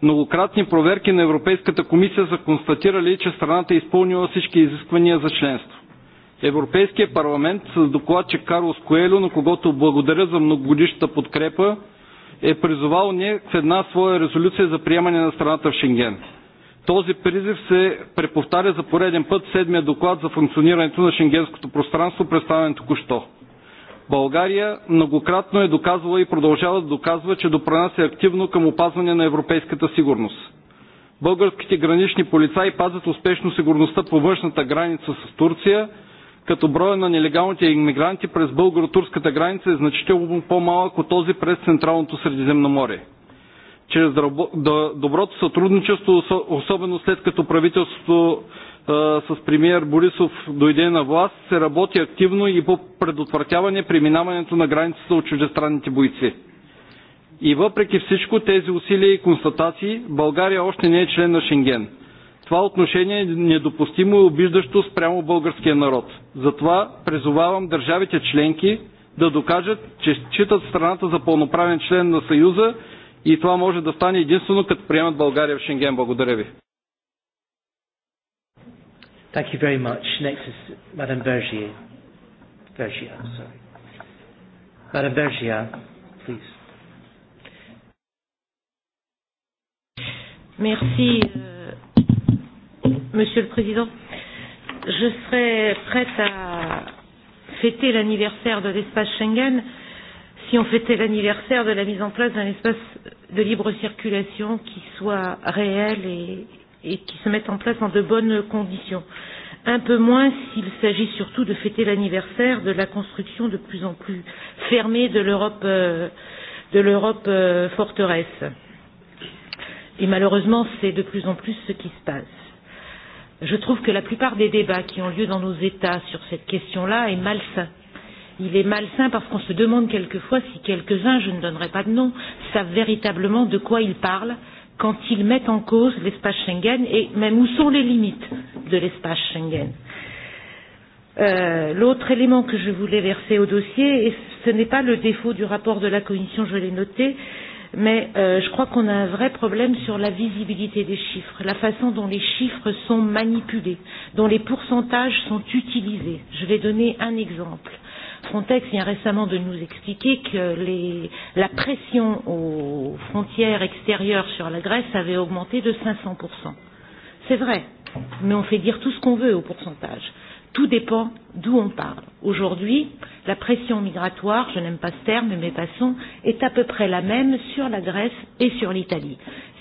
Многократни проверки на Европейската комисия са констатирали, че страната е изпълнила всички изисквания за членство. Европейския парламент с докладчик Карлос Коелю, на когото благодаря за многогодишната подкрепа, е призовал не в една своя резолюция за приемане на страната в Шенген. Този призив се преповтаря за пореден път в седмия доклад за функционирането на шенгенското пространство, представен току-що. България многократно е доказвала и продължава да доказва, че допранася активно към опазване на европейската сигурност. Българските гранични полицаи пазят успешно сигурността по външната граница с Турция, като броя на нелегалните иммигранти през българо-турската граница е значително по-малък от този през Централното Средиземноморие. Чрез доброто сътрудничество, особено след като правителството с премиер Борисов дойде на власт, се работи активно и по предотвратяване преминаването на границата от чуждестранните бойци. И въпреки всичко тези усилия и констатации, България още не е член на Шенген. Това отношение е недопустимо и обиждащо спрямо българския народ. Затова призовавам държавите членки да докажат, че считат страната за пълноправен член на Съюза и това може да стане единствено като приемат България в Шенген. Благодаря ви. Thank you very much. Next is Madame Bergier. Bergier, I'm sorry. Madame Bergier, please. Merci, euh, Monsieur le Président. Je serais prête à fêter l'anniversaire de l'espace Schengen si on fêtait l'anniversaire de la mise en place d'un espace de libre circulation qui soit réel et, et qui se mettent en place dans de bonnes conditions. Un peu moins s'il s'agit surtout de fêter l'anniversaire de la construction de plus en plus fermée de l'Europe euh, de l'Europe euh, forteresse. Et malheureusement, c'est de plus en plus ce qui se passe. Je trouve que la plupart des débats qui ont lieu dans nos États sur cette question-là est malsain. Il est malsain parce qu'on se demande quelquefois si quelques-uns, je ne donnerai pas de nom, savent véritablement de quoi ils parlent, euh, quand ils mettent en cause l'espace Schengen et même où sont les limites de l'espace Schengen. Euh, L'autre élément que je voulais verser au dossier, et ce n'est pas le défaut du rapport de la Commission, je l'ai noté, mais euh, je crois qu'on a un vrai problème sur la visibilité des chiffres, la façon dont les chiffres sont manipulés, dont les pourcentages sont utilisés. Je vais donner un exemple. Frontex vient récemment de nous expliquer que les, la pression aux frontières extérieures sur la Grèce avait augmenté de 500%. C'est vrai, mais on fait dire tout ce qu'on veut au pourcentage. Tout dépend d'où on parle. Aujourd'hui, la pression migratoire, je n'aime pas ce terme, mais passons, est à peu près la même sur la Grèce et sur l'Italie.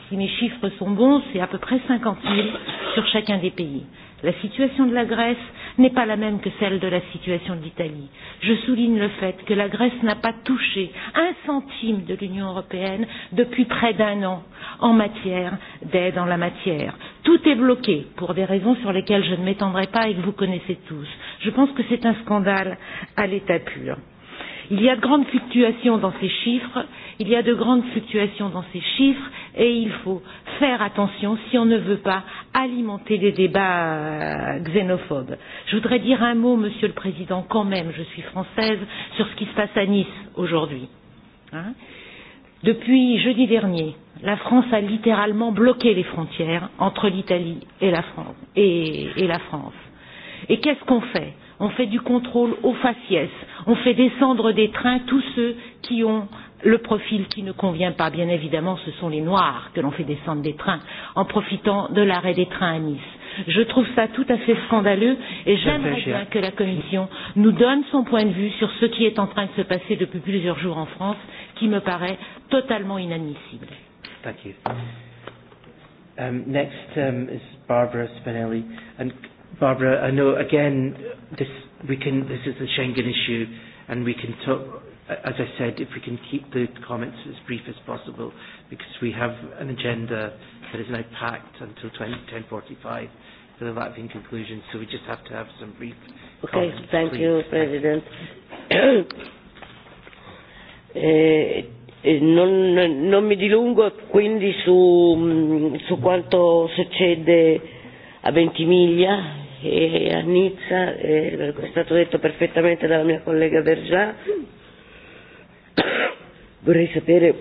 Si mes chiffres sont bons, c'est à peu près 50 000 sur chacun des pays. La situation de la Grèce n'est pas la même que celle de la situation de l'Italie. Je souligne le fait que la Grèce n'a pas touché un centime de l'Union européenne depuis près d'un an en matière d'aide en la matière. Tout est bloqué pour des raisons sur lesquelles je ne m'étendrai pas et que vous connaissez tous. Je pense que c'est un scandale à l'état pur. Euh, Il y a de grandes fluctuations dans ces chiffres, il y a de grandes fluctuations dans ces chiffres et il faut faire attention si on ne veut pas alimenter des débats euh, xénophobes. Je voudrais dire un mot, Monsieur le Président, quand même, je suis française, sur ce qui se passe à Nice aujourd'hui. Hein Depuis jeudi dernier, la France a littéralement bloqué les frontières entre l'Italie et la France. Et, et, la France. et qu'est-ce qu'on fait on fait du contrôle aux faciès, on fait descendre des trains tous ceux qui ont le profil qui ne convient pas. Bien évidemment, ce sont les noirs que l'on fait descendre des trains en profitant de l'arrêt des trains à Nice. Je trouve ça tout à fait scandaleux et j'aimerais bien que la Commission nous donne son point de vue sur ce qui est en train de se passer depuis plusieurs jours en France, qui me paraît totalement inadmissible. Thank you. Um, next um, is Barbara Spinelli. And Barbara, I know again, this we can. This is the Schengen issue, and we can talk. As I said, if we can keep the comments as brief as possible, because we have an agenda that is now packed until 10:45 for the Latvian conclusion, so we just have to have some brief. Okay, comments, thank please. you, President. eh, Eh, non, non mi dilungo quindi su, mm, su quanto succede a Ventimiglia, e, e a Nizza, e, eh, è stato detto perfettamente dalla mia collega Bergià, vorrei sapere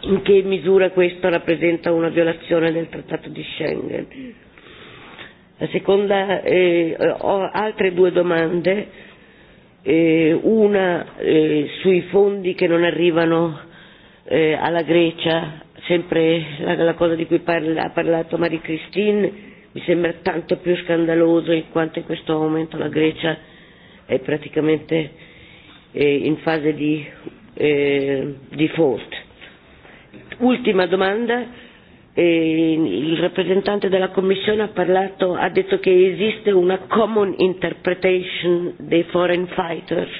in che misura questo rappresenta una violazione del Trattato di Schengen. La seconda, eh, eh, ho altre due domande, eh, una eh, sui fondi che non arrivano eh, alla Grecia, sempre la, la cosa di cui parla, ha parlato Marie-Christine, mi sembra tanto più scandaloso in quanto in questo momento la Grecia è praticamente eh, in fase di eh, default. Ultima domanda, eh, il rappresentante della Commissione ha, parlato, ha detto che esiste una common interpretation dei foreign fighters,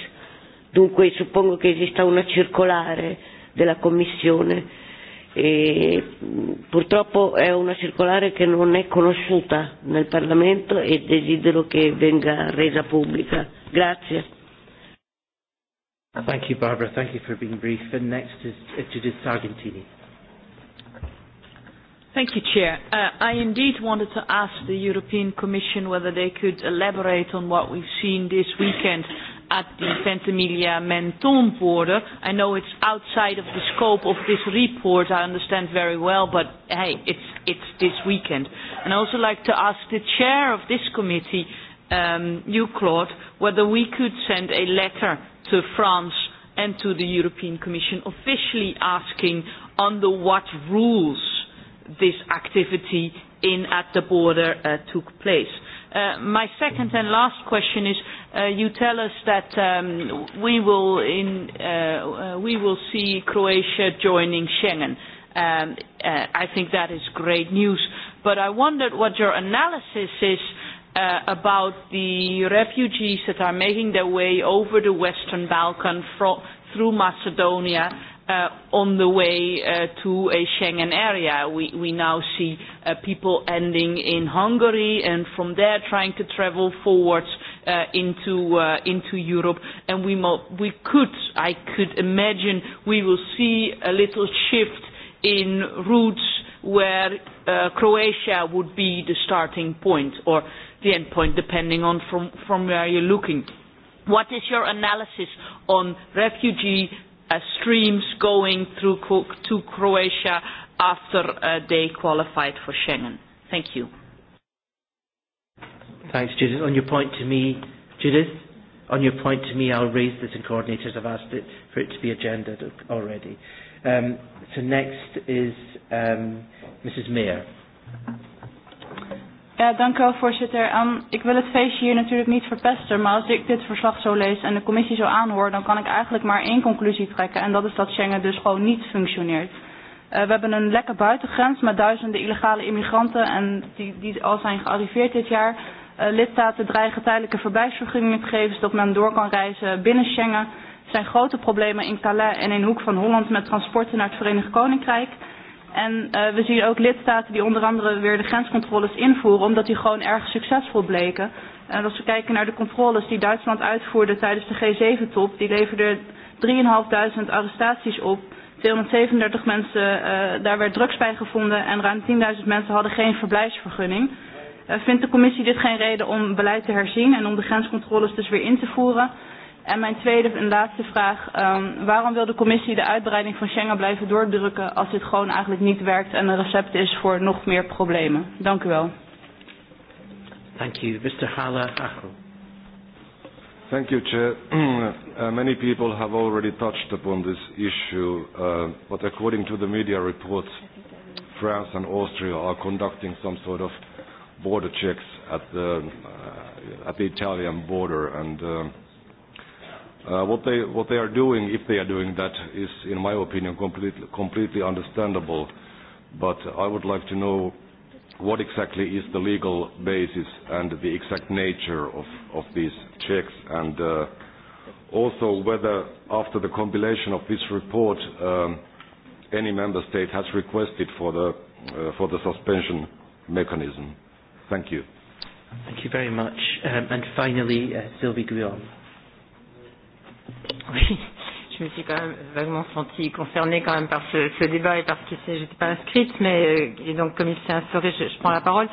dunque suppongo che esista una circolare della Commissione E purtroppo è una circolare che non è conosciuta nel Parlamento e desidero che venga resa pubblica. Grazie. Thank you, Barbara. Thank you for being brief. And next is Judith Sargentini. Thank you, Chair. Uh, I indeed wanted to ask the European Commission whether they could elaborate on what we've seen this weekend at the Ventimiglia Menton border. I know it's outside of the scope of this report, I understand very well, but hey, it's, it's this weekend. And I also like to ask the chair of this committee, um, you, Claude, whether we could send a letter to France and to the European Commission officially asking under what rules this activity in at the border uh, took place Uh, my second and last question is, uh, you tell us that um, we, will in, uh, uh we will see Croatia joining Schengen. Um, uh, I think that is great news, but I wondered what your analysis is uh, about the refugees that are making their way over the Western Balkan through Macedonia uh, on the way uh, to a Schengen area. We, we now see uh, people ending in Hungary and from there trying to travel forwards uh, into, uh, into Europe. And we, mo- we could, I could imagine, we will see a little shift in routes where uh, Croatia would be the starting point or the end point, depending on from, from where you're looking. What is your analysis on refugee uh, streams going through to Croatia after uh, they qualified for Schengen. Thank you. Thanks, Judith. On your point to me, Judith, on your point to me, I'll raise this in coordinators. I've asked it for it to be agenda already. Um, so next is um, Mrs. Mayer. Ja, dank u wel, voorzitter. Um, ik wil het feestje hier natuurlijk niet verpesten, maar als ik dit verslag zo lees en de commissie zo aanhoor, dan kan ik eigenlijk maar één conclusie trekken. En dat is dat Schengen dus gewoon niet functioneert. Uh, we hebben een lekke buitengrens met duizenden illegale immigranten en die, die al zijn gearriveerd dit jaar. Uh, lidstaten dreigen tijdelijke verblijfsvergunningen te geven zodat men door kan reizen binnen Schengen. Er zijn grote problemen in Calais en in Hoek van Holland met transporten naar het Verenigd Koninkrijk. En uh, we zien ook lidstaten die onder andere weer de grenscontroles invoeren, omdat die gewoon erg succesvol bleken. En als we kijken naar de controles die Duitsland uitvoerde tijdens de G7-top, die leverde 3.500 arrestaties op. 237 mensen, uh, daar werd drugs bij gevonden en ruim 10.000 mensen hadden geen verblijfsvergunning. Uh, vindt de commissie dit geen reden om beleid te herzien en om de grenscontroles dus weer in te voeren? En mijn tweede en laatste vraag. Um, waarom wil de commissie de uitbreiding van Schengen blijven doordrukken als dit gewoon eigenlijk niet werkt en een recept is voor nog meer problemen? Dank u wel. Thank you. Mr. Hala Acho. Thank you, Chair. uh, many people have already touched upon this issue, uh, but according to the media reports, France and Austria are conducting some sort of border checks at the, uh, at the Italian border, and uh, Uh, what, they, what they are doing, if they are doing that, is, in my opinion, completely, completely understandable. But I would like to know what exactly is the legal basis and the exact nature of, of these checks, and uh, also whether, after the compilation of this report, um, any member state has requested for the, uh, for the suspension mechanism. Thank you. Thank you very much. Um, and finally, uh, Sylvie Guillaume. Oui, je me suis quand même vaguement sentie concernée quand même par ce, ce débat et parce que je n'étais pas inscrite, mais euh, et donc comme il s'est instauré, je, je prends la parole.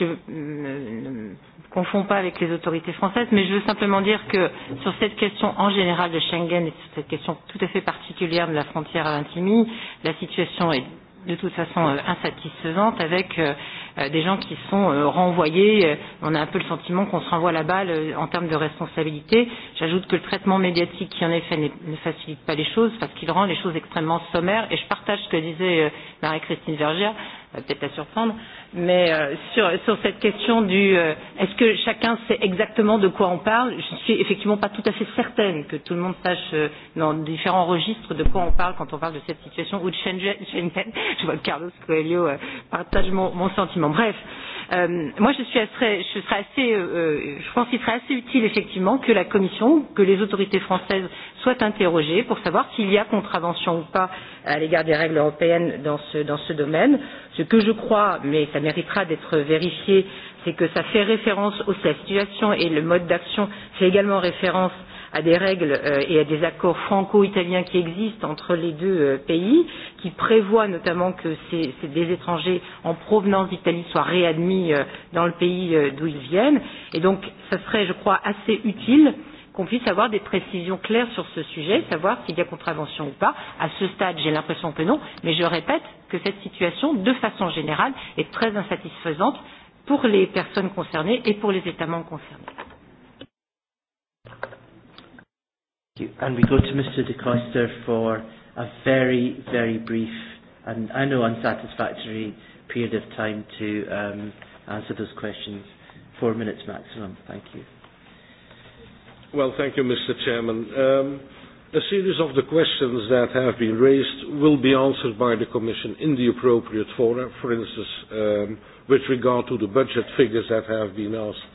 Je euh, ne confonds pas avec les autorités françaises, mais je veux simplement dire que sur cette question en général de Schengen et sur cette question tout à fait particulière de la frontière à Vintimille, la situation est de toute façon euh, insatisfaisante avec euh, euh, des gens qui sont euh, renvoyés. Euh, on a un peu le sentiment qu'on se renvoie la balle euh, en termes de responsabilité. J'ajoute que le traitement médiatique qui en est fait ne facilite pas les choses parce qu'il rend les choses extrêmement sommaires. Et je partage ce que disait euh, Marie-Christine Vergière peut-être la surprendre, mais euh, sur, sur cette question du euh, est-ce que chacun sait exactement de quoi on parle, je ne suis effectivement pas tout à fait certaine que tout le monde sache euh, dans différents registres de quoi on parle quand on parle de cette situation ou de Schengen. Schengen. Je vois que Carlos Coelho euh, partage mon, mon sentiment. Bref, euh, Euh, moi, je, suis assez, je, serais assez, euh, je pense qu'il serait assez utile, effectivement, que la Commission, que les autorités françaises soient interrogées pour savoir s'il y a contravention ou pas à l'égard des règles européennes dans ce, dans ce domaine. Ce que je crois, mais ça méritera d'être vérifié, c'est que ça fait référence aussi à la situation et le mode d'action fait également référence euh, à des règles euh, et à des accords franco-italiens qui existent entre les deux euh, pays, qui prévoient notamment que ces, ces, des étrangers en provenance d'Italie soient réadmis euh, dans le pays euh, d'où ils viennent. Et donc, ça serait, je crois, assez utile qu'on puisse avoir des précisions claires sur ce sujet, savoir s'il y a contravention ou pas. À ce stade, j'ai l'impression que non, mais je répète que cette situation, de façon générale, est très insatisfaisante pour les personnes concernées et pour les États membres concernés. And we go to Mr. De Coster for a very, very brief and I know unsatisfactory period of time to um, answer those questions. Four minutes maximum. Thank you. Well, thank you, Mr. Chairman. Um, a series of the questions that have been raised will be answered by the Commission in the appropriate fora, for instance, um, with regard to the budget figures that have been asked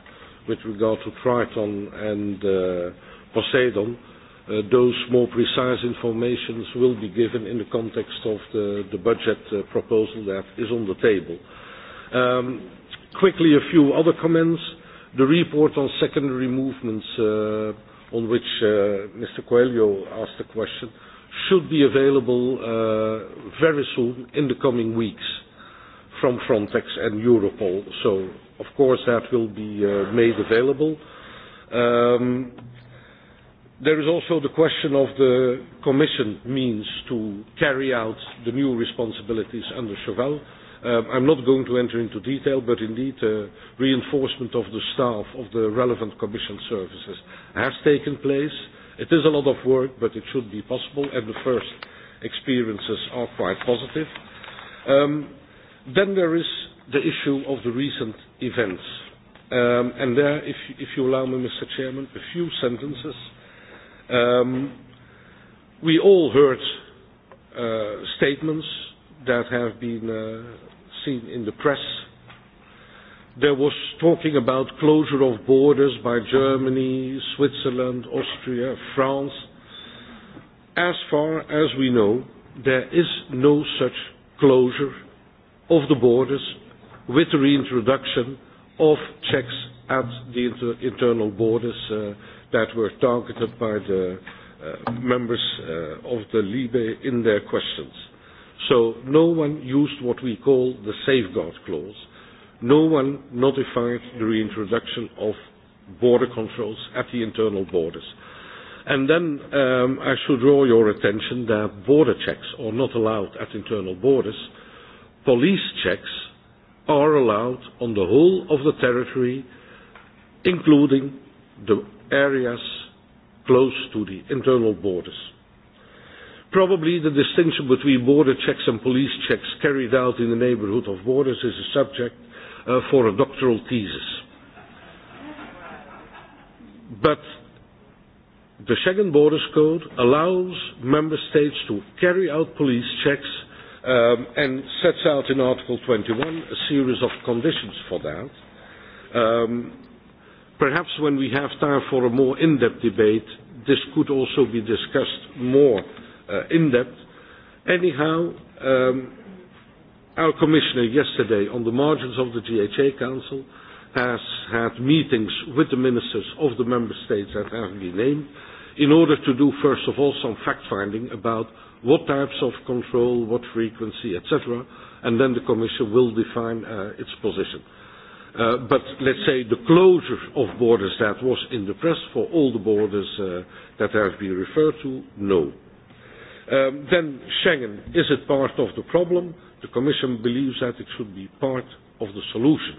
with regard to Triton and uh, Poseidon. Uh, Uh, those more precise informations will be given in the context of the, the budget uh, proposal that is on the table. Um, quickly, a few other comments. The report on secondary movements, uh, on which uh, Mr. Coelho asked a question, should be available uh, very soon in the coming weeks from Frontex and Europol. So, of course, that will be uh, made available. Um, There is also the question of the Commission means to carry out the new responsibilities under Cheval. Um, uh, I'm not going to enter into detail, but indeed uh, reinforcement of the staff of the relevant Commission services has taken place. It is a lot of work, but it should be possible, and the first experiences are quite positive. Um, then there is the issue of the recent events. Um, and there, if, if you allow me, Mr. Chairman, a few sentences. Mm-hmm Um, we all heard uh, statements that have been uh, seen in the press. There was talking about closure of borders by Germany, Switzerland, Austria, France. As far as we know, there is no such closure of the borders with the reintroduction of checks at the inter internal borders uh, that were targeted by the uh, members uh, of the Libe in their questions. So no one used what we call the safeguard clause. No one notified the reintroduction of border controls at the internal borders. And then um, I should draw your attention that border checks are not allowed at internal borders. Police checks are allowed on the whole of the territory, including the areas close to the internal borders. Probably the distinction between border checks and police checks carried out in the neighborhood of borders is a subject uh, for a doctoral thesis. But the Schengen Borders Code allows member states to carry out police checks um, and sets out in Article 21 a series of conditions for that. Um, Perhaps when we have time for a more in-depth debate, this could also be discussed more uh, in-depth. Anyhow, um, our commissioner yesterday on the margins of the GHA Council has had meetings with the ministers of the member states that have been named in order to do, first of all, some fact-finding about what types of control, what frequency, etc., and then the Commission will define uh, its position. Uh, but let's say the closure of borders that was in the press for all the borders uh, that have been referred to, no. Um, then Schengen, is it part of the problem? The Commission believes that it should be part of the solution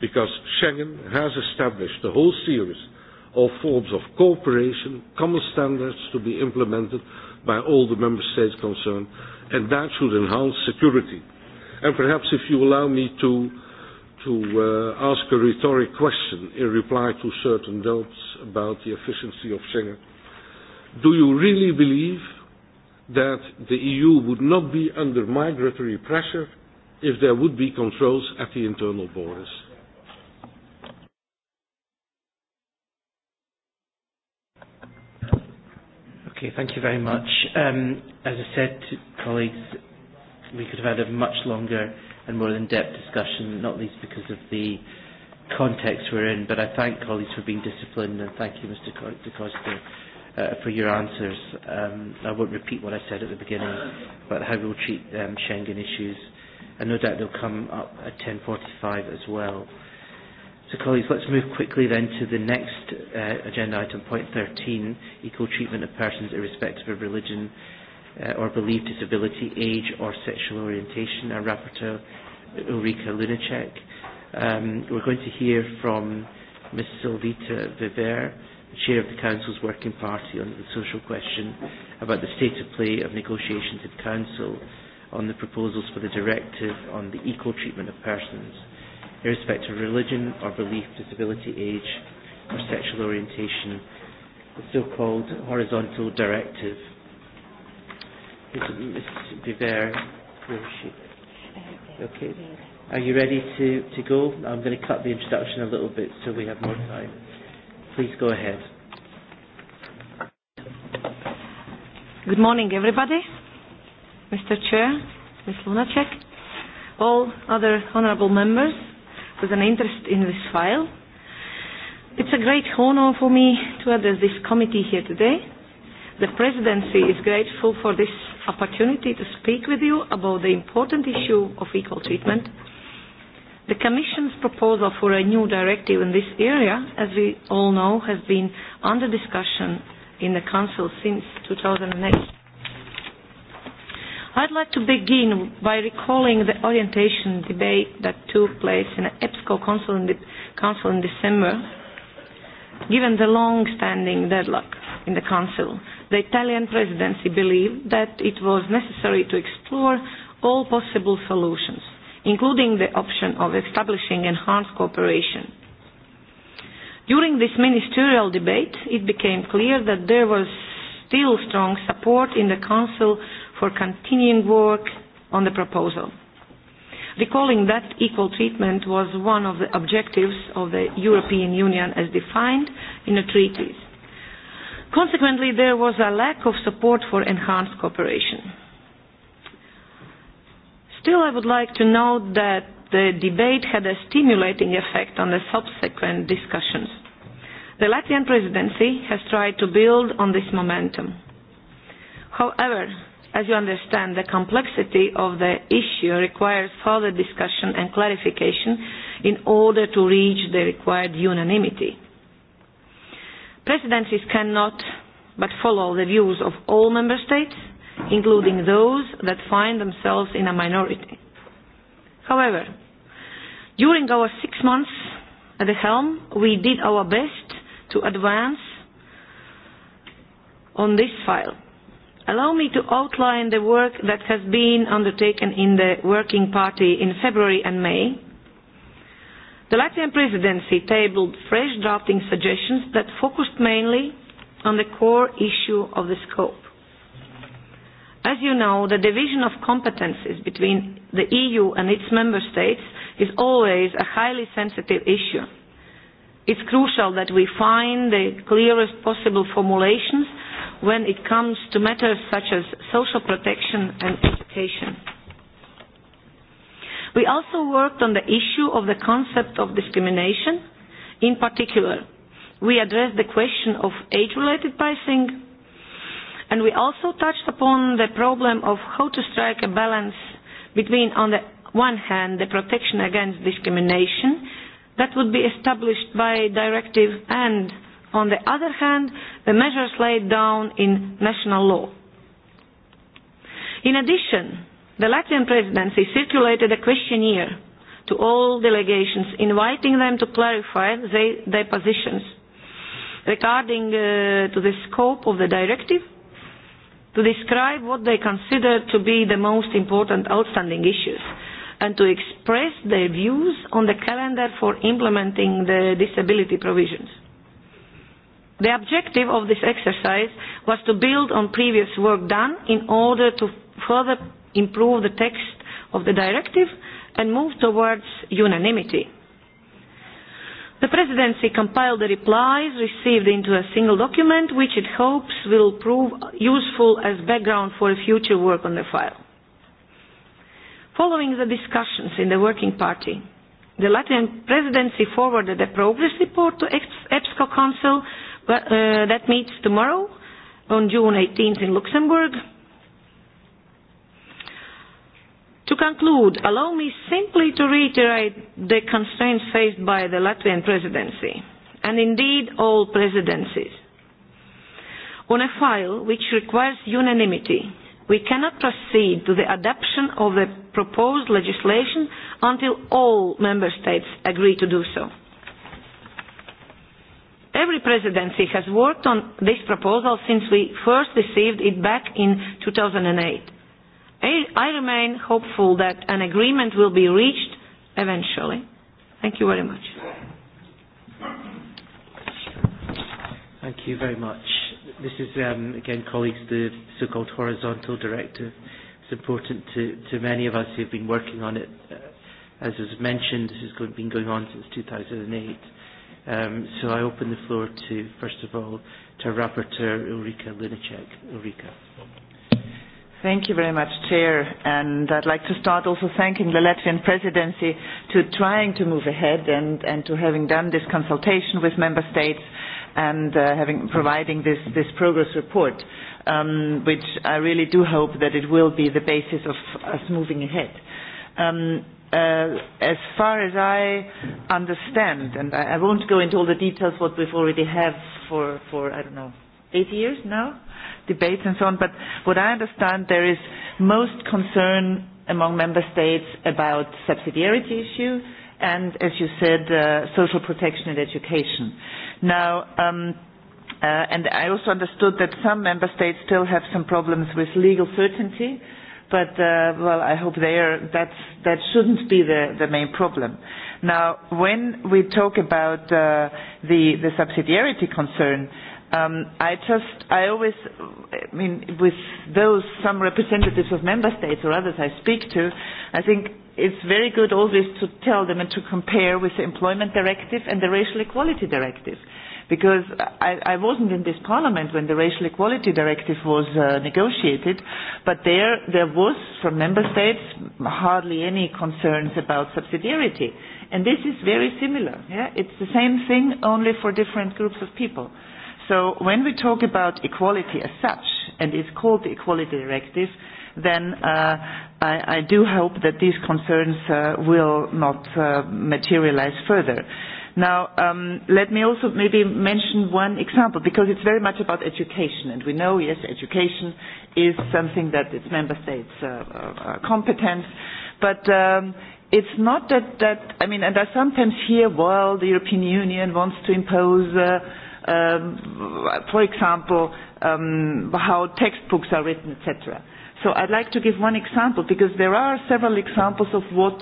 because Schengen has established a whole series of forms of cooperation, common standards to be implemented by all the member states concerned, and that should enhance security. And perhaps if you allow me to uh, to uh, ask a rhetoric question in reply to certain doubts about the efficiency of Schengen. Do you really believe that the EU would not be under migratory pressure if there would be controls at the internal borders? Okay, thank you very much. Um, as I said to colleagues, we could have had a much longer and more in-depth discussion, not least because of the context we're in. But I thank colleagues for being disciplined, and thank you, Mr. De Costa, uh, for your answers. Um, I won't repeat what I said at the beginning about how we'll treat um, Schengen issues, and no doubt they'll come up at 10.45 as well. So, colleagues, let's move quickly then to the next uh, agenda item, point 13, equal treatment of persons irrespective of religion uh, or believed disability, age or sexual orientation. Our rapporteur, Ulrika Lunacek. Um, we're going to hear from Ms. Silvita Viver, Chair of the Council's Working Party on the social question about the state of play of negotiations in Council on the proposals for the directive on the equal treatment of persons, irrespective of religion or belief, disability, age or sexual orientation, the so-called horizontal directive Is Mrs. Bever, where is she? Uh, okay. Are you ready to, to go? I'm going to cut the introduction a little bit so we have more time. Please go ahead. Good morning, everybody. Mr. Chair, Ms. Lunacek, all other honourable members with an interest in this file. It's a great honour for me to address this committee here today The presidency is grateful for this opportunity to speak with you about the important issue of equal treatment. The Commission's proposal for a new directive in this area, as we all know, has been under discussion in the Council since 2008. I'd like to begin by recalling the orientation debate that took place in the EPSCO Council in, the, Council in December, given the long-standing deadlock in the Council the Italian presidency believed that it was necessary to explore all possible solutions, including the option of establishing enhanced cooperation. During this ministerial debate, it became clear that there was still strong support in the Council for continuing work on the proposal. Recalling that equal treatment was one of the objectives of the European Union as defined in the treaties. Consequently, there was a lack of support for enhanced cooperation. Still, I would like to note that the debate had a stimulating effect on the subsequent discussions. The Latvian presidency has tried to build on this momentum. However, as you understand, the complexity of the issue requires further discussion and clarification in order to reach the required unanimity. Presidencies cannot but follow the views of all member states, including those that find themselves in a minority. However, during our six months at the helm, we did our best to advance on this file. Allow me to outline the work that has been undertaken in the Working Party in February and May, The Latvian presidency tabled fresh drafting suggestions that focused mainly on the core issue of the scope. As you know, the division of competences between the EU and its member states is always a highly sensitive issue. It's crucial that we find the clearest possible formulations when it comes to matters such as social protection and education. We also worked on the issue of the concept of discrimination. In particular, we addressed the question of age-related pricing, and we also touched upon the problem of how to strike a balance between, on the one hand, the protection against discrimination that would be established by directive and, on the other hand, the measures laid down in national law. In addition, The Latvian presidency circulated a questionnaire to all delegations, inviting them to clarify they, their positions regarding uh, to the scope of the directive, to describe what they consider to be the most important outstanding issues, and to express their views on the calendar for implementing the disability provisions. The objective of this exercise was to build on previous work done in order to further improve the text of the directive and move towards unanimity. The Presidency compiled the replies received into a single document, which it hopes will prove useful as background for future work on the file. Following the discussions in the Working Party, the Latvian Presidency forwarded a progress report to EPSCO Council but, uh, that meets tomorrow on June 18th in Luxembourg To conclude, allow me simply to reiterate the constraints faced by the Latvian presidency, and indeed all presidencies. On a file which requires unanimity, we cannot proceed to the adoption of the proposed legislation until all member states agree to do so. Every presidency has worked on this proposal since we first received it back in 2008 I remain hopeful that an agreement will be reached eventually. Thank you very much. Thank you very much. This is, um, again, colleagues, the so-called horizontal directive. It's important to, to many of us who've been working on it. Uh, as was mentioned, this has go been going on since 2008. Um, so I open the floor to, first of all, to our rapporteur, Ulrika Lunacek. Ulrika. Thank you very much, Chair. And I'd like to start also thanking the Latvian presidency to trying to move ahead and, and to having done this consultation with member states and uh, having providing this, this progress report, um, which I really do hope that it will be the basis of us moving ahead. Um, uh, as far as I understand, and I, I won't go into all the details what we've already have for, for I don't know, eight years now, debates and so on. But what I understand, there is most concern among member states about subsidiarity issue and, as you said, uh, social protection and education. Now, um, uh, and I also understood that some member states still have some problems with legal certainty, but uh, well, I hope there that's, that shouldn't be the, the main problem. Now, when we talk about uh, the, the subsidiarity concern, uh, Um, I just, I always, I mean, with those, some representatives of member states or others I speak to, I think it's very good always to tell them and to compare with the Employment Directive and the Racial Equality Directive. Because I, I wasn't in this parliament when the Racial Equality Directive was uh, negotiated, but there, there was from member states hardly any concerns about subsidiarity. And this is very similar. Yeah? It's the same thing, only for different groups of people. Uh, So when we talk about equality as such, and it's called the Equality Directive, then uh, I, I do hope that these concerns uh, will not uh, materialize further. Now, um, let me also maybe mention one example, because it's very much about education, and we know, yes, education is something that it's member states' uh, uh, competence, but um, it's not that, that, I mean, and I sometimes hear, well, the European Union wants to impose uh, um, for example, um, how textbooks are written, etc. So I'd like to give one example because there are several examples of what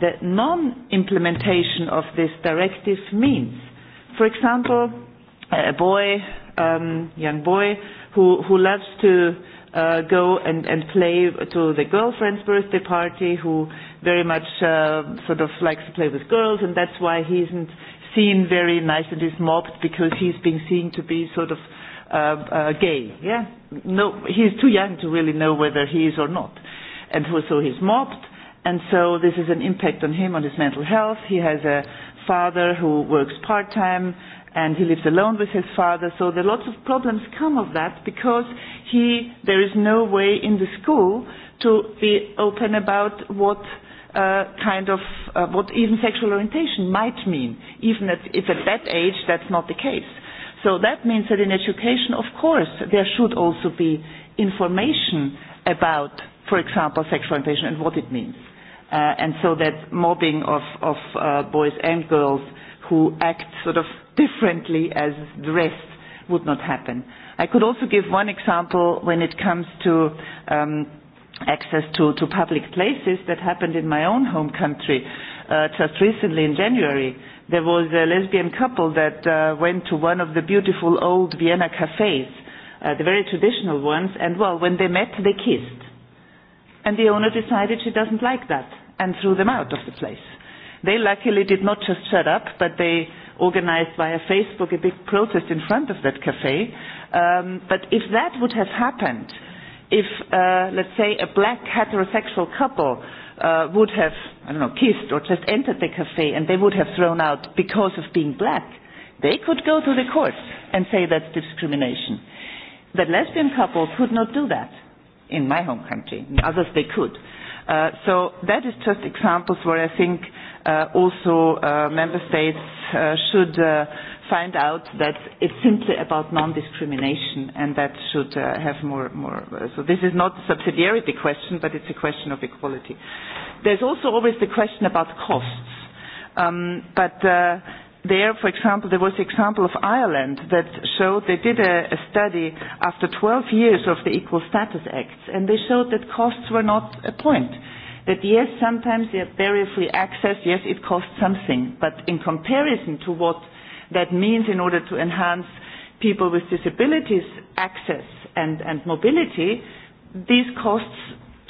the non-implementation of this directive means. For example, a boy, um, young boy, who, who loves to uh, go and, and play to the girlfriend's birthday party, who very much uh, sort of likes to play with girls, and that's why he isn't seen very nice and is mobbed because he's being seen to be sort of uh, uh, gay. Yeah, no, he's too young to really know whether he is or not, and so he's mobbed. And so this is an impact on him, on his mental health. He has a father who works part time and he lives alone with his father. So there are lots of problems come of that because he, there is no way in the school to be open about what uh, kind of uh, what even sexual orientation might mean, even at, if at that age that's not the case. So that means that in education, of course, there should also be information about, for example, sexual orientation and what it means. Uh, and so that mobbing of, of uh, boys and girls who act sort of differently as dressed would not happen. I could also give one example when it comes to um, access to, to public places that happened in my own home country uh, just recently in January. There was a lesbian couple that uh, went to one of the beautiful old Vienna cafes, uh, the very traditional ones, and well, when they met, they kissed. And the owner decided she doesn't like that and threw them out of the place. They luckily did not just shut up, but they organized via Facebook a big protest in front of that cafe. Um, but if that would have happened, uh, if, uh, let's say, a black heterosexual couple uh, would have, I don't know, kissed or just entered the cafe and they would have thrown out because of being black, they could go to the courts and say that's discrimination. That lesbian couple could not do that in my home country. In others, they could. Uh, so that is just examples where I think uh, uh, also uh, member states uh, should uh, find out that it's simply about non-discrimination and that should uh, have more, more. Uh, so this is not a subsidiarity question, but it's a question of equality. There's also always the question about costs. Um, but uh, there, for example, there was the example of Ireland that showed they did a, a study after 12 years of the Equal Status Act, and they showed that costs were not a point. Uh, that yes, sometimes they have barrier-free access, yes, it costs something, but in comparison to what that means in order to enhance people with disabilities access and, and mobility, these costs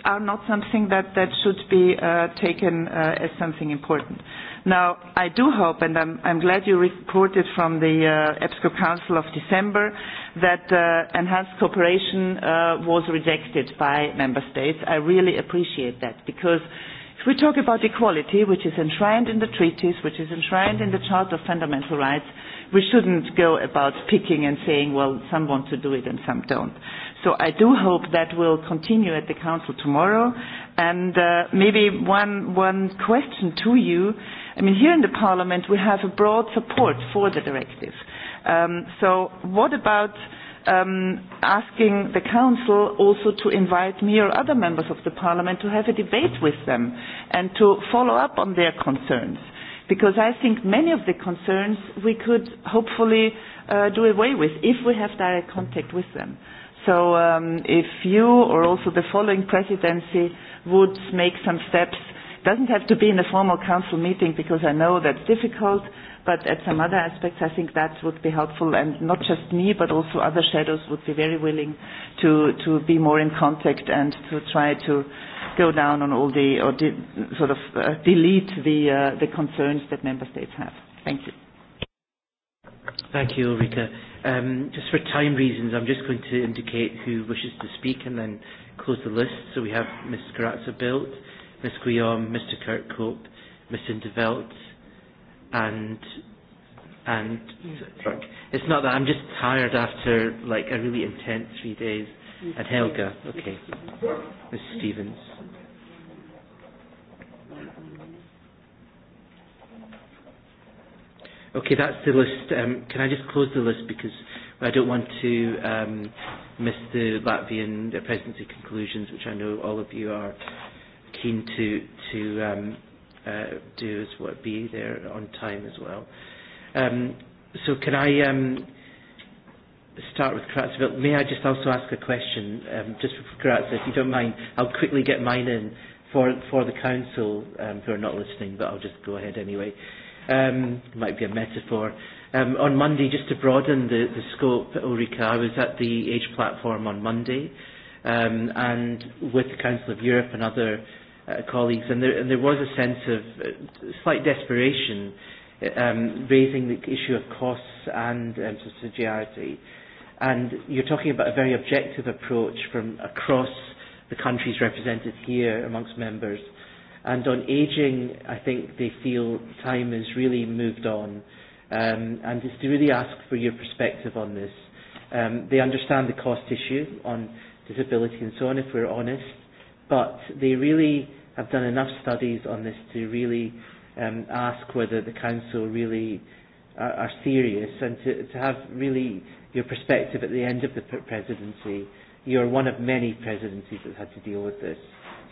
are not something that, that should be uh, taken uh, as something important. Uh, Now, I do hope, and I'm, I'm glad you reported from the uh, EBSCO Council of December, that uh, enhanced cooperation uh, was rejected by member states. I really appreciate that because if we talk about equality, which is enshrined in the treaties, which is enshrined in the Charter of Fundamental Rights, we shouldn't go about picking and saying, well, some want to do it and some don't. So I do hope that will continue at the Council tomorrow. And uh, maybe one, one question to you. Uh, I mean, here in the Parliament we have a broad support for the directive. Um, so what about um, asking the Council also to invite me or other members of the Parliament to have a debate with them and to follow up on their concerns? Because I think many of the concerns we could hopefully uh, do away with if we have direct contact with them. So um, if you or also the following presidency would make some steps doesn't have to be in a formal council meeting because I know that's difficult, but at some other aspects I think that would be helpful and not just me but also other shadows would be very willing to, to be more in contact and to try to go down on all the, or de, sort of uh, delete the, uh, the concerns that member states have. Thank you. Thank you, Ulrika. Um, just for time reasons, I'm just going to indicate who wishes to speak and then close the list. So we have Ms. Karatza-Bilt, Ms. Guillaume, Mr. Kirkhope, Ms. Indevelt, and and Frank. It's not that I'm just tired after like a really intense three days. And Helga, okay, Ms. Stevens. Okay, that's the list. Um, can I just close the list because I don't want to um, miss the Latvian presidency conclusions, which I know all of you are keen to to um, uh, do is what be there on time as well. Um, so can I um, start with Kratzville? May I just also ask a question um, just for Kratz, if you don't mind? I'll quickly get mine in for for the council um, who are not listening, but I'll just go ahead anyway. Um, might be a metaphor. Um, on Monday, just to broaden the, the scope, Ulrika, I was at the Age Platform on Monday, um, and with the Council of Europe and other uh, colleagues, and there, and there was a sense of uh, slight desperation uh, um, raising the issue of costs and um, subsidiarity. And you're talking about a very objective approach from across the countries represented here amongst members. And on ageing, I think they feel time has really moved on. Um, and it's to really ask for your perspective on this. Um, they understand the cost issue on disability and so on, if we're honest But they really have done enough studies on this to really um, ask whether the council really are, are serious and to, to have really your perspective at the end of the presidency. You're one of many presidencies that's had to deal with this.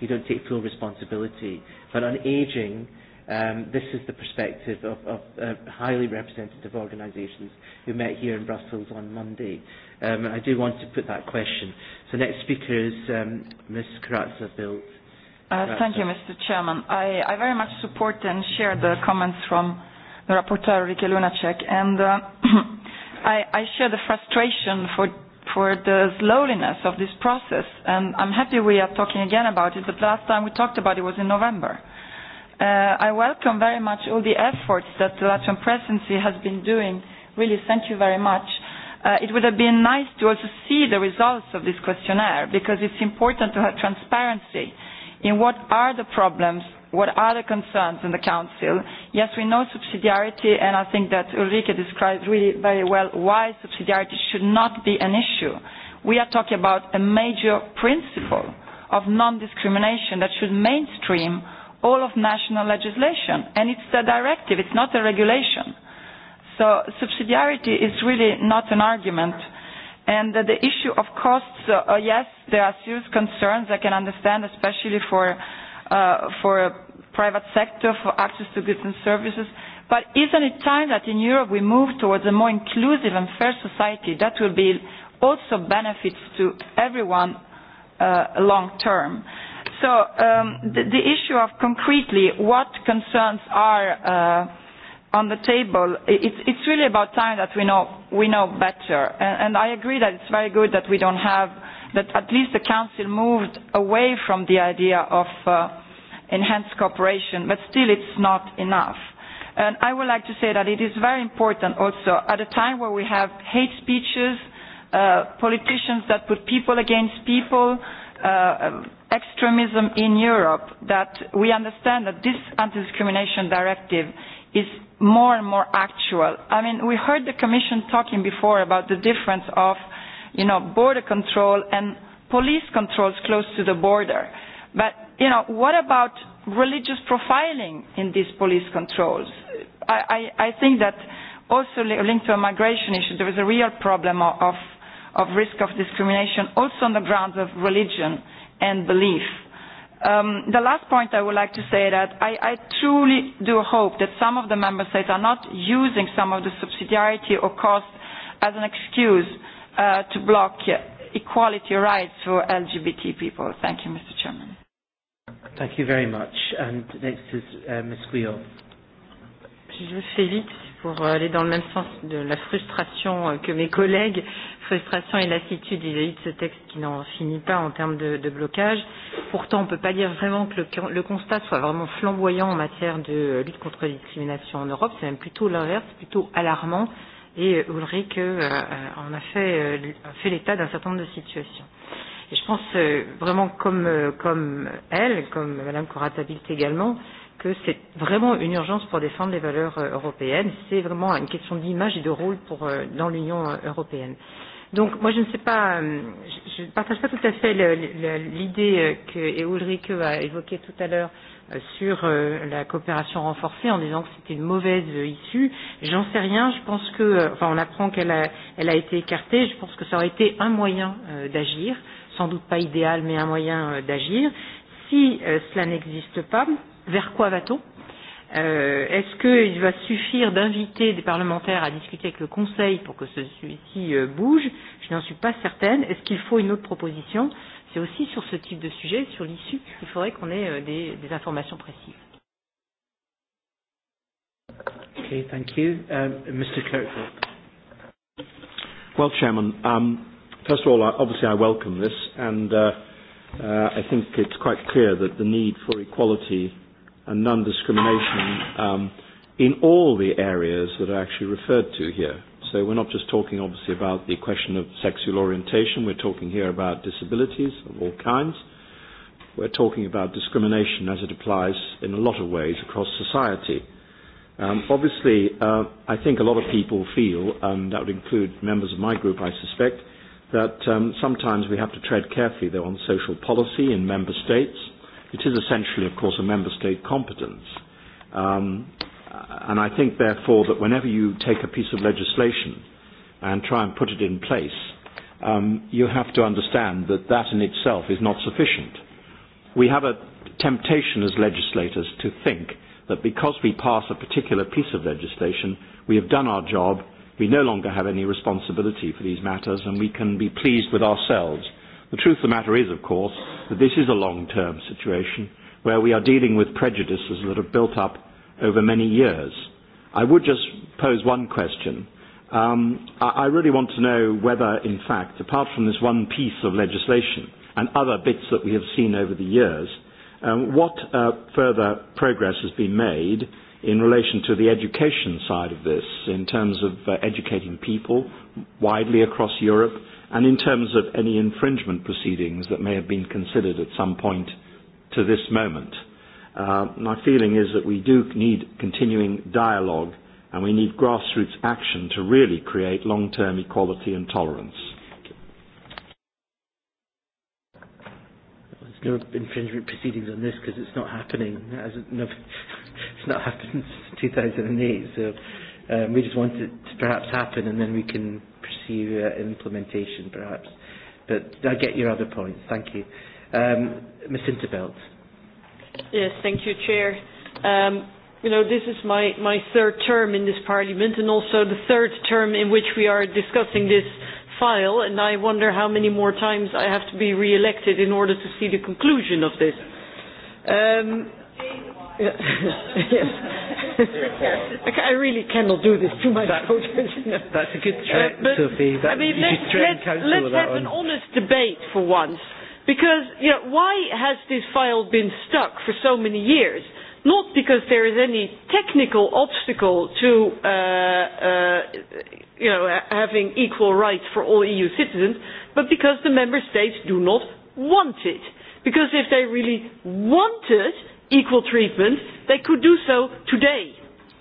You don't take full responsibility. But on ageing, Um, this is the perspective of, of uh, highly representative organisations who met here in Brussels on Monday. Um, I do want to put that question. So next speaker is um, Ms Karatza-Bilt. Uh, thank you, Mr Chairman. I, I very much support and share the comments from the rapporteur, Rike Lunacek, and uh, I, I share the frustration for, for the slowness of this process, and I'm happy we are talking again about it, but last time we talked about it was in November. Uh, Uh, I welcome very much all the efforts that the Latvian presidency has been doing. Really, thank you very much. Uh, it would have been nice to also see the results of this questionnaire because it's important to have transparency in what are the problems, what are the concerns in the Council. Yes, we know subsidiarity, and I think that Ulrike described really very well why subsidiarity should not be an issue. We are talking about a major principle of non-discrimination that should mainstream all of national legislation, and it's a directive, it's not a regulation. So subsidiarity is really not an argument. And uh, the issue of costs, uh, uh, yes, there are serious concerns I can understand, especially for, uh, for private sector, for access to goods and services. But isn't it time that in Europe we move towards a more inclusive and fair society that will be also benefits to everyone uh, long term? Uh, So um, the, the issue of concretely what concerns are uh, on the table, it's, it's really about time that we know, we know better. And, and I agree that it's very good that we don't have, that at least the Council moved away from the idea of uh, enhanced cooperation, but still it's not enough. And I would like to say that it is very important also at a time where we have hate speeches, uh, politicians that put people against people, uh, extremism in Europe that we understand that this anti-discrimination directive is more and more actual. I mean, we heard the Commission talking before about the difference of, you know, border control and police controls close to the border. But, you know, what about religious profiling in these police controls? I, I, I think that also linked to a migration issue, there is a real problem of, of risk of discrimination also on the grounds of religion and belief. Um, the last point I would like to say that I, I truly do hope that some of the member states are not using some of the subsidiarity or cost as an excuse uh, to block equality rights for LGBT people. Thank you, Mr. Chairman. Thank you very much. And next is uh, Ms. Guillaume. Je fais vite pour euh, aller dans le même sens de la frustration euh, que mes collègues, frustration et lassitude vis-à-vis de ce texte qui n'en finit pas en termes de, de blocage. Pourtant, on ne peut pas dire vraiment que le, le constat soit vraiment flamboyant en matière de euh, lutte contre les discriminations en Europe, c'est même plutôt l'inverse, plutôt alarmant, et Ulrich euh, en a fait, euh, fait l'état d'un certain nombre de situations. Et je pense euh, vraiment comme, euh, comme elle, comme Madame Coratabit également, euh, que c'est vraiment une urgence pour défendre les valeurs euh, européennes. C'est vraiment une question d'image et de rôle pour, euh, dans l'Union euh, européenne. Donc moi je ne sais pas, je ne partage pas tout à fait l'idée que Ulrike a évoquée tout à l'heure sur la coopération renforcée en disant que c'était une mauvaise issue. J'en sais rien. Je pense que, enfin, on apprend qu'elle a, elle a été écartée. Je pense que ça aurait été un moyen d'agir, sans doute pas idéal, mais un moyen d'agir. Si cela n'existe pas, vers quoi va-t-on euh, Est-ce qu'il va suffire d'inviter des parlementaires à discuter avec le Conseil pour que celui-ci euh, bouge Je n'en suis pas certaine. Est-ce qu'il faut une autre proposition C'est aussi sur ce type de sujet, sur l'issue, il faudrait qu'on ait euh, des, des informations précises. Okay, thank you. Um, Mr. Kirkhope. Well, Chairman, um, first of all, obviously I welcome this, and uh, uh, I think it's quite clear that the need for equality and non-discrimination um, in all the areas that are actually referred to here. So we're not just talking, obviously, about the question of sexual orientation. We're talking here about disabilities of all kinds. We're talking about discrimination as it applies in a lot of ways across society. Um, obviously, uh, I think a lot of people feel, and um, that would include members of my group, I suspect, that um, sometimes we have to tread carefully, though, on social policy in member states It is essentially, of course, a member state competence. Um, and I think, therefore, that whenever you take a piece of legislation and try and put it in place, um, you have to understand that that in itself is not sufficient. We have a temptation as legislators to think that because we pass a particular piece of legislation, we have done our job, we no longer have any responsibility for these matters, and we can be pleased with ourselves The truth of the matter is, of course, that this is a long-term situation where we are dealing with prejudices that have built up over many years. I would just pose one question. Um, I, I really want to know whether, in fact, apart from this one piece of legislation and other bits that we have seen over the years, um, what uh, further progress has been made in relation to the education side of this, in terms of uh, educating people widely across Europe and in terms of any infringement proceedings that may have been considered at some point to this moment. Uh, my feeling is that we do need continuing dialogue and we need grassroots action to really create long-term equality and tolerance. There's no infringement proceedings on this because it's not happening. As no, it's not happened since 2008, so um, we just want it to perhaps happen and then we can serious implementation, perhaps. But I get your other points. Thank you. Um, Ms. Interveld. Yes, thank you, Chair. Um, you know, this is my, my third term in this Parliament and also the third term in which we are discussing this file, and I wonder how many more times I have to be re-elected in order to see the conclusion of this. Um, yes. I really cannot do this to my that, voters. that's a good uh, trick, uh, Sophie. That, I mean, you let's, should train let's, council let's with that have one. an honest debate for once. Because, you know, why has this file been stuck for so many years? Not because there is any technical obstacle to, uh, uh, you know, having equal rights for all EU citizens, but because the member states do not want it. Because if they really want it, equal treatment. They could do so today,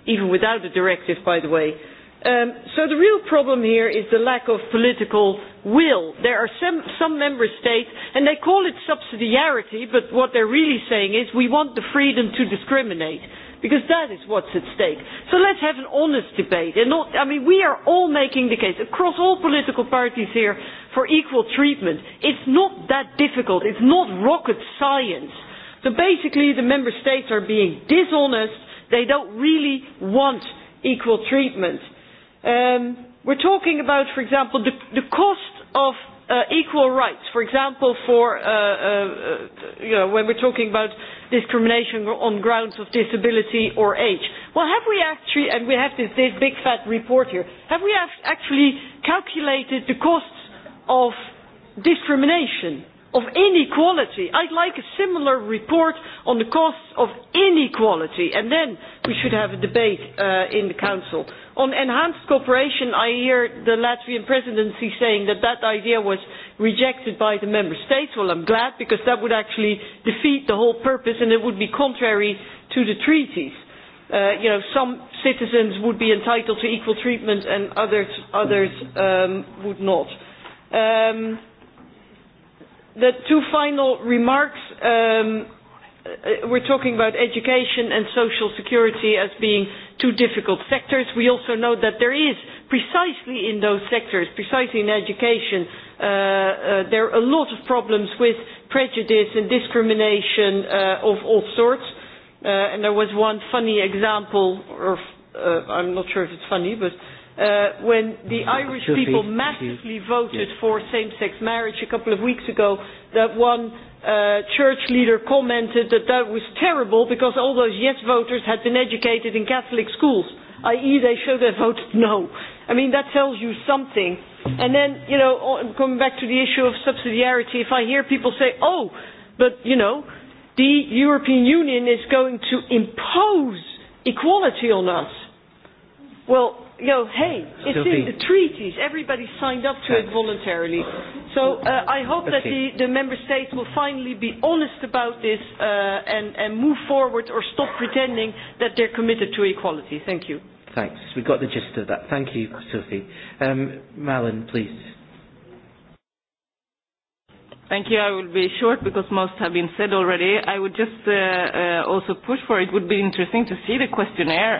even without a directive, by the way. Um, so the real problem here is the lack of political will. There are some, some member states, and they call it subsidiarity, but what they're really saying is we want the freedom to discriminate, because that is what's at stake. So let's have an honest debate. And not, I mean, we are all making the case across all political parties here for equal treatment. It's not that difficult. It's not rocket science So basically, the member states are being dishonest. They don't really want equal treatment. Um, we're talking about, for example, the, the cost of uh, equal rights. For example, for uh, uh, uh you know, when we're talking about discrimination on grounds of disability or age. Well, have we actually, and we have this, this big fat report here, have we actually calculated the costs of discrimination? of inequality. I'd like a similar report on the costs of inequality, and then we should have a debate uh, in the Council. On enhanced cooperation, I hear the Latvian presidency saying that that idea was rejected by the Member States. Well, I'm glad, because that would actually defeat the whole purpose, and it would be contrary to the treaties. Uh, you know, some citizens would be entitled to equal treatment and others, others um, would not. Um, the two final remarks. Um, uh, we're talking about education and social security as being two difficult sectors. We also know that there is, precisely in those sectors, precisely in education, uh, uh, there are a lot of problems with prejudice and discrimination uh, of all sorts. Uh, and there was one funny example, or uh, I'm not sure if it's funny, but uh, uh, when the Irish Excuse people me. massively Please. voted yes. for same-sex marriage a couple of weeks ago, that one uh, church leader commented that that was terrible because all those yes voters had been educated in Catholic schools, i.e. they should have voted no. I mean, that tells you something. And then, you know, coming back to the issue of subsidiarity, if I hear people say, oh, but, you know, the European Union is going to impose equality on us. Well, Yo, hey, it's Sophie. in the treaties. Everybody signed up to it voluntarily. So uh, I hope okay. that the, the member states will finally be honest about this uh, and, and move forward or stop pretending that they're committed to equality. Thank you. Thanks. We got the gist of that. Thank you, Sophie. Um, Malin, please. Thank you. I will be short because most have been said already. I would just uh, uh, also push for it would be interesting to see the questionnaire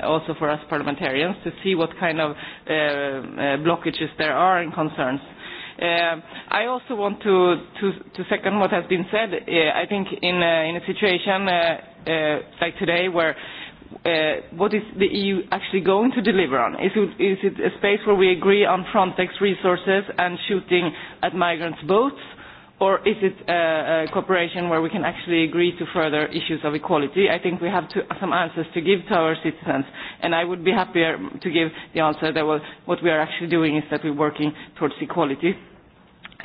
uh, also for us parliamentarians to see what kind of uh, uh, blockages there are and concerns. Uh, I also want to, to, to second what has been said. I think in, in a situation like today where uh, what is the EU actually going to deliver on? Is it, is it a space where we agree on Frontex resources and shooting at migrants' boats? or is it uh, cooperation where we can actually agree to further issues of equality? I think we have to, some answers to give to our citizens, and I would be happier to give the answer that well, what we are actually doing is that we're working towards equality.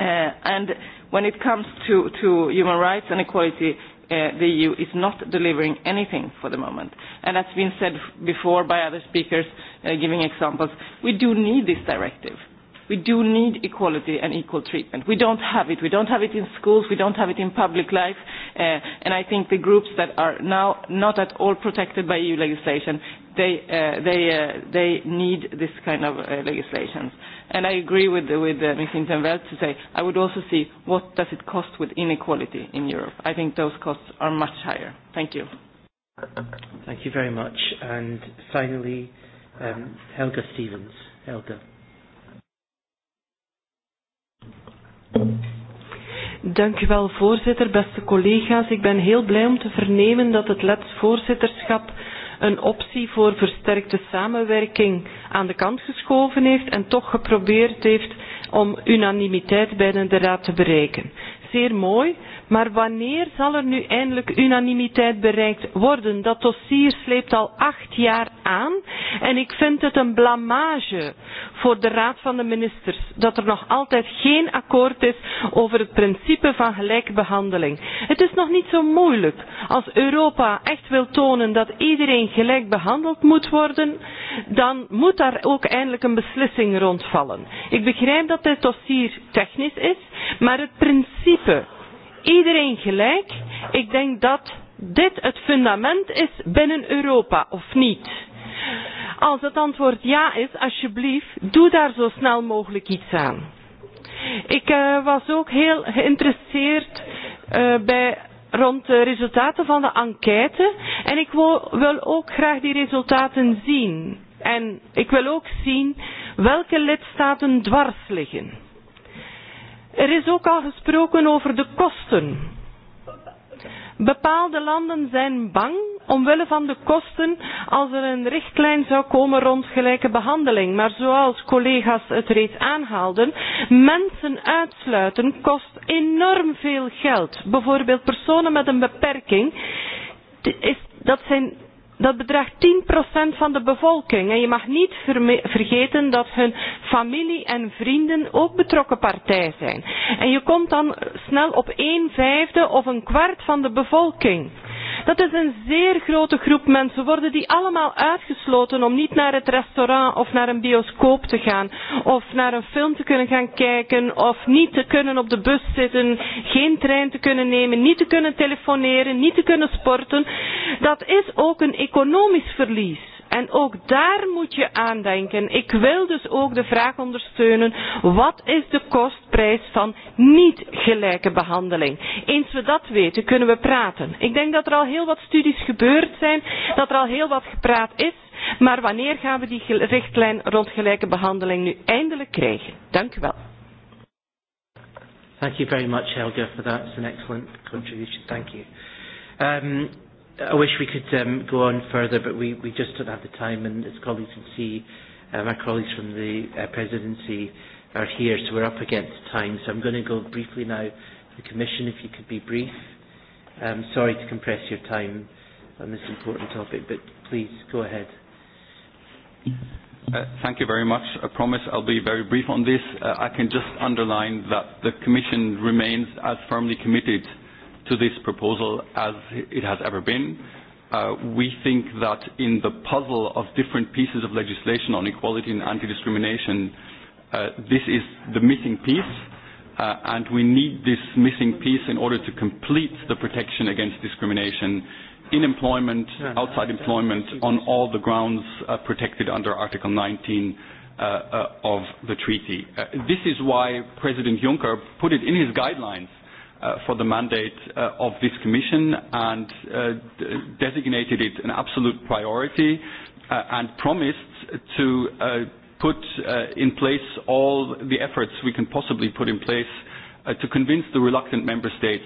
Uh, and when it comes to, to human rights and equality, uh, the EU is not delivering anything for the moment. And that's been said before by other speakers uh, giving examples. We do need this directive. Uh, we do need equality and equal treatment. We don't have it. We don't have it in schools. We don't have it in public life. Uh, and I think the groups that are now not at all protected by EU legislation, they, uh, they, uh, they need this kind of uh, legislation. And I agree with, with uh, Ms. Intenveld to say I would also see what does it cost with inequality in Europe. I think those costs are much higher. Thank you. Thank you very much. And finally, um, Helga Stevens. Helga. Dank u wel, voorzitter. Beste collega's, ik ben heel blij om te vernemen dat het Lets voorzitterschap een optie voor versterkte samenwerking aan de kant geschoven heeft en toch geprobeerd heeft om unanimiteit binnen de Raad te bereiken. Zeer mooi, Maar wanneer zal er nu eindelijk unanimiteit bereikt worden? Dat dossier sleept al acht jaar aan en ik vind het een blamage voor de Raad van de Ministers dat er nog altijd geen akkoord is over het principe van gelijke behandeling. Het is nog niet zo moeilijk. Als Europa echt wil tonen dat iedereen gelijk behandeld moet worden, dan moet daar ook eindelijk een beslissing rondvallen. Ik begrijp dat dit dossier technisch is, maar het principe iedereen gelijk. Ik denk dat dit het fundament is binnen Europa, of niet? Als het antwoord ja is, alsjeblieft, doe daar zo snel mogelijk iets aan. Ik uh, was ook heel geïnteresseerd uh, bij, rond de resultaten van de enquête en ik wil, wil ook graag die resultaten zien. En ik wil ook zien welke lidstaten dwars liggen. Er is ook al gesproken over de kosten. Bepaalde landen zijn bang omwille van de kosten als er een richtlijn zou komen rond gelijke behandeling. Maar zoals collega's het reeds aanhaalden, mensen uitsluiten kost enorm veel geld. Bijvoorbeeld personen met een beperking. Is, dat zijn Dat bedraagt 10% van de bevolking. En je mag niet vergeten dat hun familie en vrienden ook betrokken partij zijn. En je komt dan snel op 1 vijfde of een kwart van de bevolking. Dat is een zeer grote groep mensen. Worden die allemaal uitgesloten om niet naar het restaurant of naar een bioscoop te gaan? Of naar een film te kunnen gaan kijken? Of niet te kunnen op de bus zitten? Geen trein te kunnen nemen? Niet te kunnen telefoneren? Niet te kunnen sporten? Dat is ook een economisch verlies. En ook daar moet je aan denken. Ik wil dus ook de vraag ondersteunen, wat is de kostprijs van niet gelijke behandeling? Eens we dat weten, kunnen we praten. Ik denk dat er al heel wat studies gebeurd zijn, dat er al heel wat gepraat is. Maar wanneer gaan we die richtlijn rond gelijke behandeling nu eindelijk krijgen? Dank u wel. Thank you very much, Helga, for that. It's an excellent contribution. Thank you. Um, I wish we could um, go on further, but we, we just don't have the time, and as colleagues can see, uh, my colleagues from the uh, presidency are here, so we're up against time. So I'm going to go briefly now to the Commission, if you could be brief. Um, sorry to compress your time on this important topic, but please go ahead. Uh, thank you very much. I promise I'll be very brief on this. Uh, I can just underline that the Commission remains as firmly committed uh, to this proposal as it has ever been. Uh, we think that in the puzzle of different pieces of legislation on equality and anti-discrimination, uh, this is the missing piece, uh, and we need this missing piece in order to complete the protection against discrimination in employment, outside employment, on all the grounds uh, protected under Article 19 uh, uh, of the treaty. Uh, this is why President Juncker put it in his guidelines uh, for the mandate uh, of this commission and uh, d designated it an absolute priority uh, and promised to uh, put uh, in place all the efforts we can possibly put in place uh, to convince the reluctant member states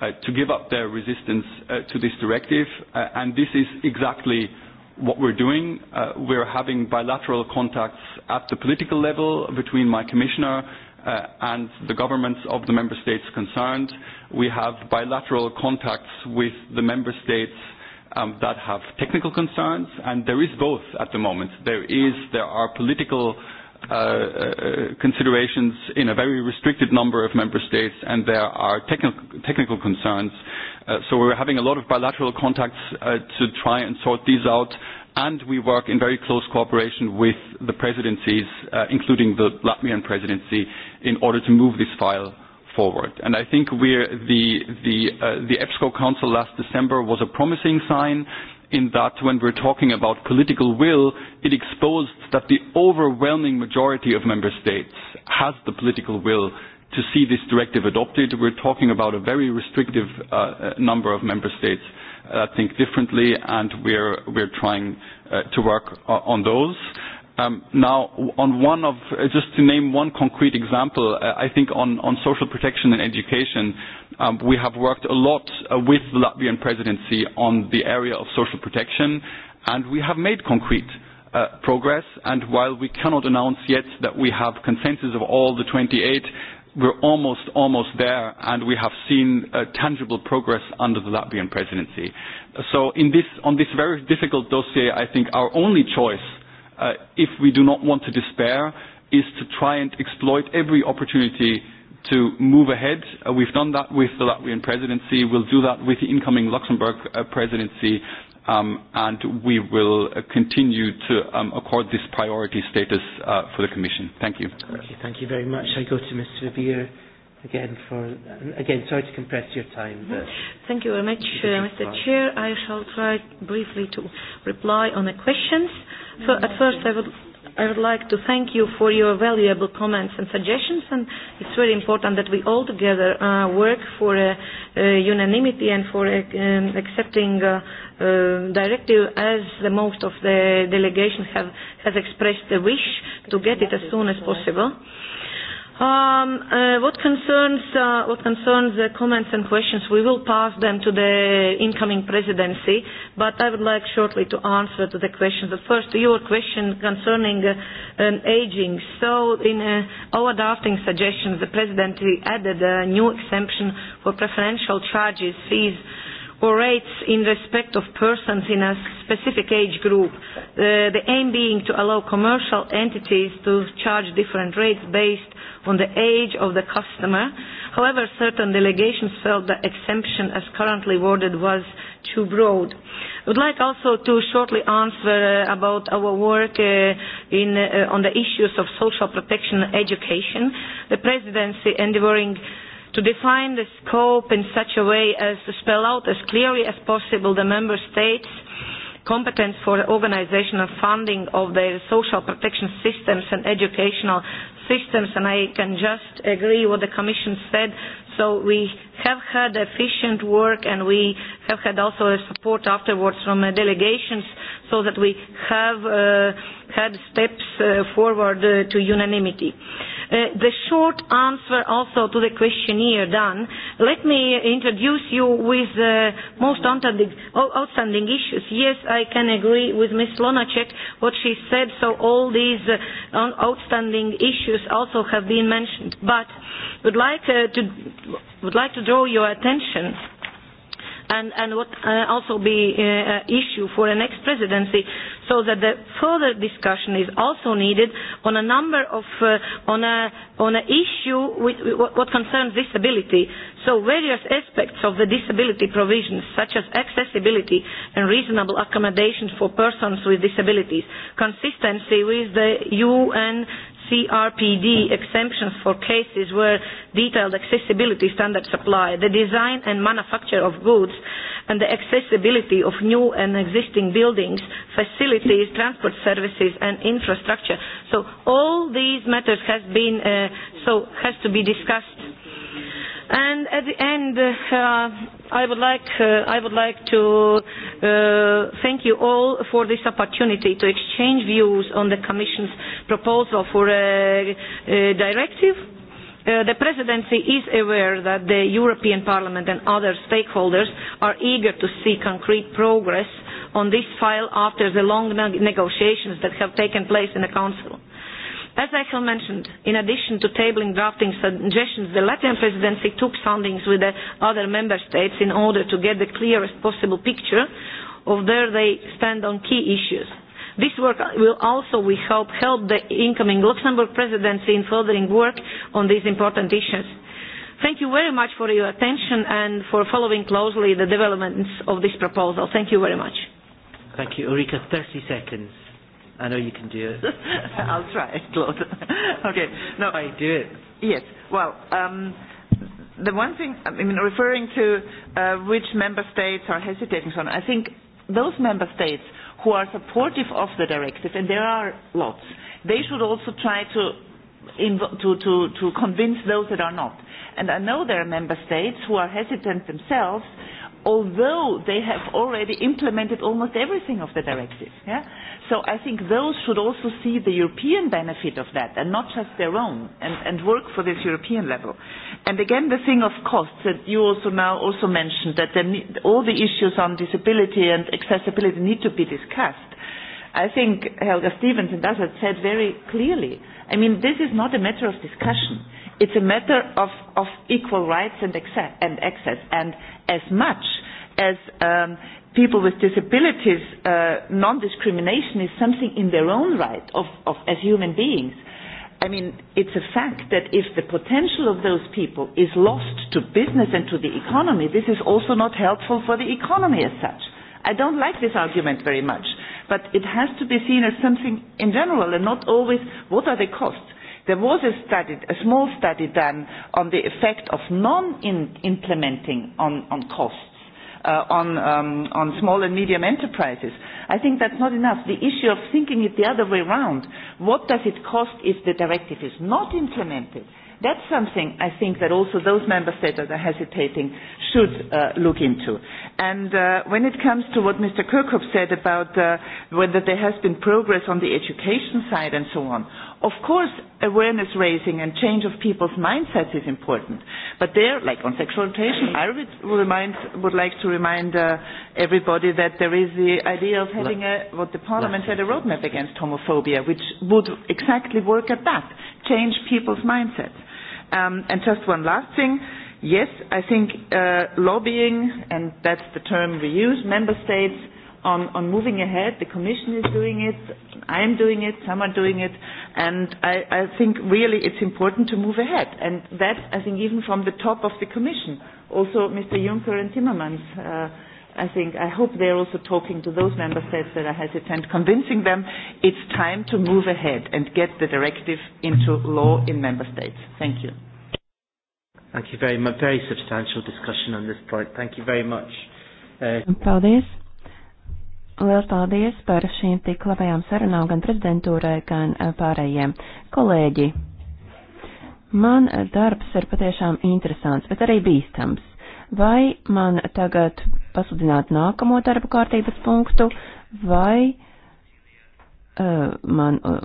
uh, to give up their resistance uh, to this directive uh, and this is exactly what we're doing. Uh, we're having bilateral contacts at the political level between my commissioner uh, and the governments of the member states concerned. We have bilateral contacts with the member states um, that have technical concerns, and there is both at the moment. There is, there are political uh, uh, considerations in a very restricted number of member states, and there are technical, technical concerns. Uh, so we're having a lot of bilateral contacts uh, to try and sort these out and we work in very close cooperation with the presidencies, uh, including the Latvian presidency, in order to move this file forward. And I think we're the, the, uh, the EBSCO Council last December was a promising sign in that when we're talking about political will, it exposed that the overwhelming majority of member states has the political will to see this directive adopted. We're talking about a very restrictive uh, uh number of member states uh, that uh, think differently, and we're, we're trying uh, to work uh, on those. Um, now, on one of, uh, just to name one concrete example, uh, I think on, on social protection and education, um, we have worked a lot uh, with the Latvian presidency on the area of social protection, and we have made concrete uh, progress. And while we cannot announce yet that we have consensus of all the 28 we're almost, almost there, and we have seen uh, tangible progress under the Latvian presidency. So in this, on this very difficult dossier, I think our only choice, uh, if we do not want to despair, is to try and exploit every opportunity to move ahead. Uh, we've done that with the Latvian presidency. We'll do that with the incoming Luxembourg uh, presidency um, and we will uh, continue to um, accord this priority status uh, for the Commission. Thank you. Okay, thank you very much. I go to Mr. Revere again for, uh, again, sorry to compress your time. But mm-hmm. thank you very much, uh, Mr. Far. Chair. I shall try briefly to reply on the questions. So at first, I would I would like to thank you for your valuable comments and suggestions, and it's very important that we all together uh, work for uh, uh, unanimity and for uh, um, accepting uh, uh, directive as the most of the delegation have, has expressed the wish to get it as soon as possible. Uh, Um, uh, what concerns uh, what concerns the comments and questions, we will pass them to the incoming presidency. But I would like shortly to answer to the questions. The first, your question concerning uh, um, aging. So, in uh, our drafting suggestions, the presidency added a new exemption for preferential charges, fees or rates in respect of persons in a specific age group, uh, the aim being to allow commercial entities to charge different rates based on the age of the customer. However, certain delegations felt the exemption as currently worded was too broad. I would like also to shortly answer uh, about our work uh, in, uh, on the issues of social protection and education. The presidency endeavoring to define the scope in such a way as to spell out as clearly as possible the member states' competence for the organisation and funding of their social protection systems and educational systems, and I can just agree what the Commission said. So we have had efficient work, and we have had also a support afterwards from uh, delegations, so that we have uh, had steps uh, forward uh, to unanimity. Uh, Uh, the short answer also to the questionnaire done, let me introduce you with the uh, most oh, outstanding issues. Yes, I can agree with Ms. Lonacek what she said, so all these uh, outstanding issues also have been mentioned. But would like, uh, to, would like to draw your attention and, and what uh, also be uh, an uh, issue for the next presidency, so that the further discussion is also needed on a number of uh, on a on an issue with, with what concerns disability. So various aspects of the disability provisions, such as accessibility and reasonable accommodations for persons with disabilities, consistency with the UN CRPD exemptions for cases where detailed accessibility standards apply. The design and manufacture of goods uh, and the accessibility of new and existing buildings, facilities, transport services and infrastructure. So all these matters has been, uh, so has to be discussed. And at the end, uh, I would like, uh, I would like to uh, thank you all for this opportunity to exchange views on the Commission's proposal for a, a directive Uh, the presidency is aware that the European Parliament and other stakeholders are eager to see concrete progress on this file after the long negotiations that have taken place in the Council. As I have mentioned, in addition to tabling drafting suggestions, the Latvian presidency took soundings with the other member states in order to get the clearest possible picture of where they stand on key issues. This work will also, we hope, help the incoming Luxembourg presidency in furthering work on these important issues. Thank you very much for your attention and for following closely the developments of this proposal. Thank you very much. Thank you. Ulrika, 30 seconds. I know you can do it. I'll try, Claude. okay. No, I do it. Yes. Well, um, the one thing, I mean, referring to uh, which member states are hesitating, so on, I think those member states who are supportive of the directive, and there are lots, they should also try to, to, to, to convince those that are not. And I know there are member states who are hesitant themselves, although they have already implemented almost everything of the directive. Yeah? So I think those should also see the European benefit of that and not just their own and, and work for this European level. And again, the thing of costs that you also now also mentioned that there need, all the issues on disability and accessibility need to be discussed. I think Helga Stevens and others said very clearly, I mean, this is not a matter of discussion. It's a matter of, of equal rights and access, and access. And as much as um, people with disabilities, uh, non-discrimination is something in their own right of, of, as human beings. I mean, it's a fact that if the potential of those people is lost to business and to the economy, this is also not helpful for the economy as such. I don't like this argument very much, but it has to be seen as something in general and not always what are the costs. There was a study, a small study done on the effect of non-implementing on, on costs uh, on, um, on small and medium enterprises. I think that's not enough. The issue of thinking it the other way around, what does it cost if the directive is not implemented? That's something I think that also those member states that are hesitating should uh, look into. And uh, when it comes to what Mr. Kirkhope said about uh, whether there has been progress on the education side and so on, Of course, awareness raising and change of people's mindsets is important. But there, like on sexual orientation, I would, remind, would like to remind uh, everybody that there is the idea of having a, what the Parliament had a roadmap against homophobia, which would exactly work at that, change people's mindsets. Um, and just one last thing. Yes, I think uh, lobbying, and that's the term we use, member states on, on moving ahead. The Commission is doing it. I'm doing it. Some are doing it. And I, I think really it's important to move ahead. And that, I think, even from the top of the Commission, also Mr. Juncker and Timmermans. Uh, I think, I hope they're also talking to those member states that are hesitant, convincing them it's time to move ahead and get the directive into law in member states. Thank you. Thank you very much. Very substantial discussion on this point. Thank you very much. Uh, Paldies. Liels paldies par šīm tik labajām sarunām gan prezidentūrai, gan eh, pārējiem. Kolēģi, man eh, darbs ir patiešām interesants, bet arī bīstams. Vai man tagad pasludināt nākamo darba kārtības punktu, vai uh, man uh,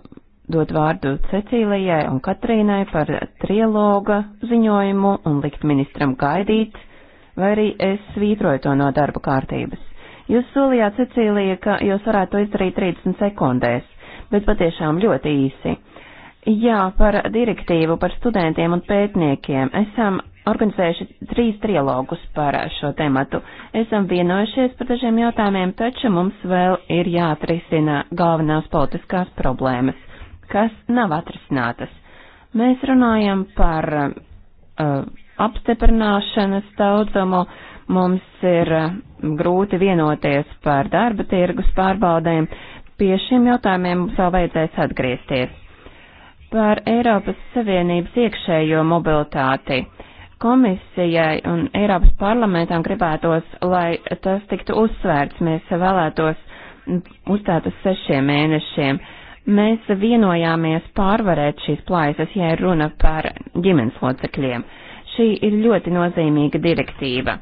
dot vārdu Cecīlijai un Katrīnai par triloga ziņojumu un likt ministram gaidīt, vai arī es svītroju to no darba kārtības? Jūs solījāt, Cecīlija, ka jūs varētu to izdarīt 30 sekundēs, bet patiešām ļoti īsi. Jā, par direktīvu par studentiem un pētniekiem. Esam organizējuši trīs trilogus par šo tematu. Esam vienojušies par dažiem jautājumiem, taču mums vēl ir jāatrisina galvenās politiskās problēmas, kas nav atrisinātas. Mēs runājam par uh, apstiprināšanas daudzumu, uh, Mums ir eh, grūti vienoties par darba tirgus pārbaudēm. Pie šiem jautājumiem mums vēl vajadzēs atgriezties. Par Eiropas Savienības iekšējo mobilitāti komisijai un Eiropas parlamentam gribētos, lai tas tiktu uzsvērts. Mēs vēlētos uzstāt uz sešiem mēnešiem. Mēs vienojāmies pārvarēt šīs plājas, ja ir runa par ģimenes locekļiem. Šī ir ļoti nozīmīga direktīva.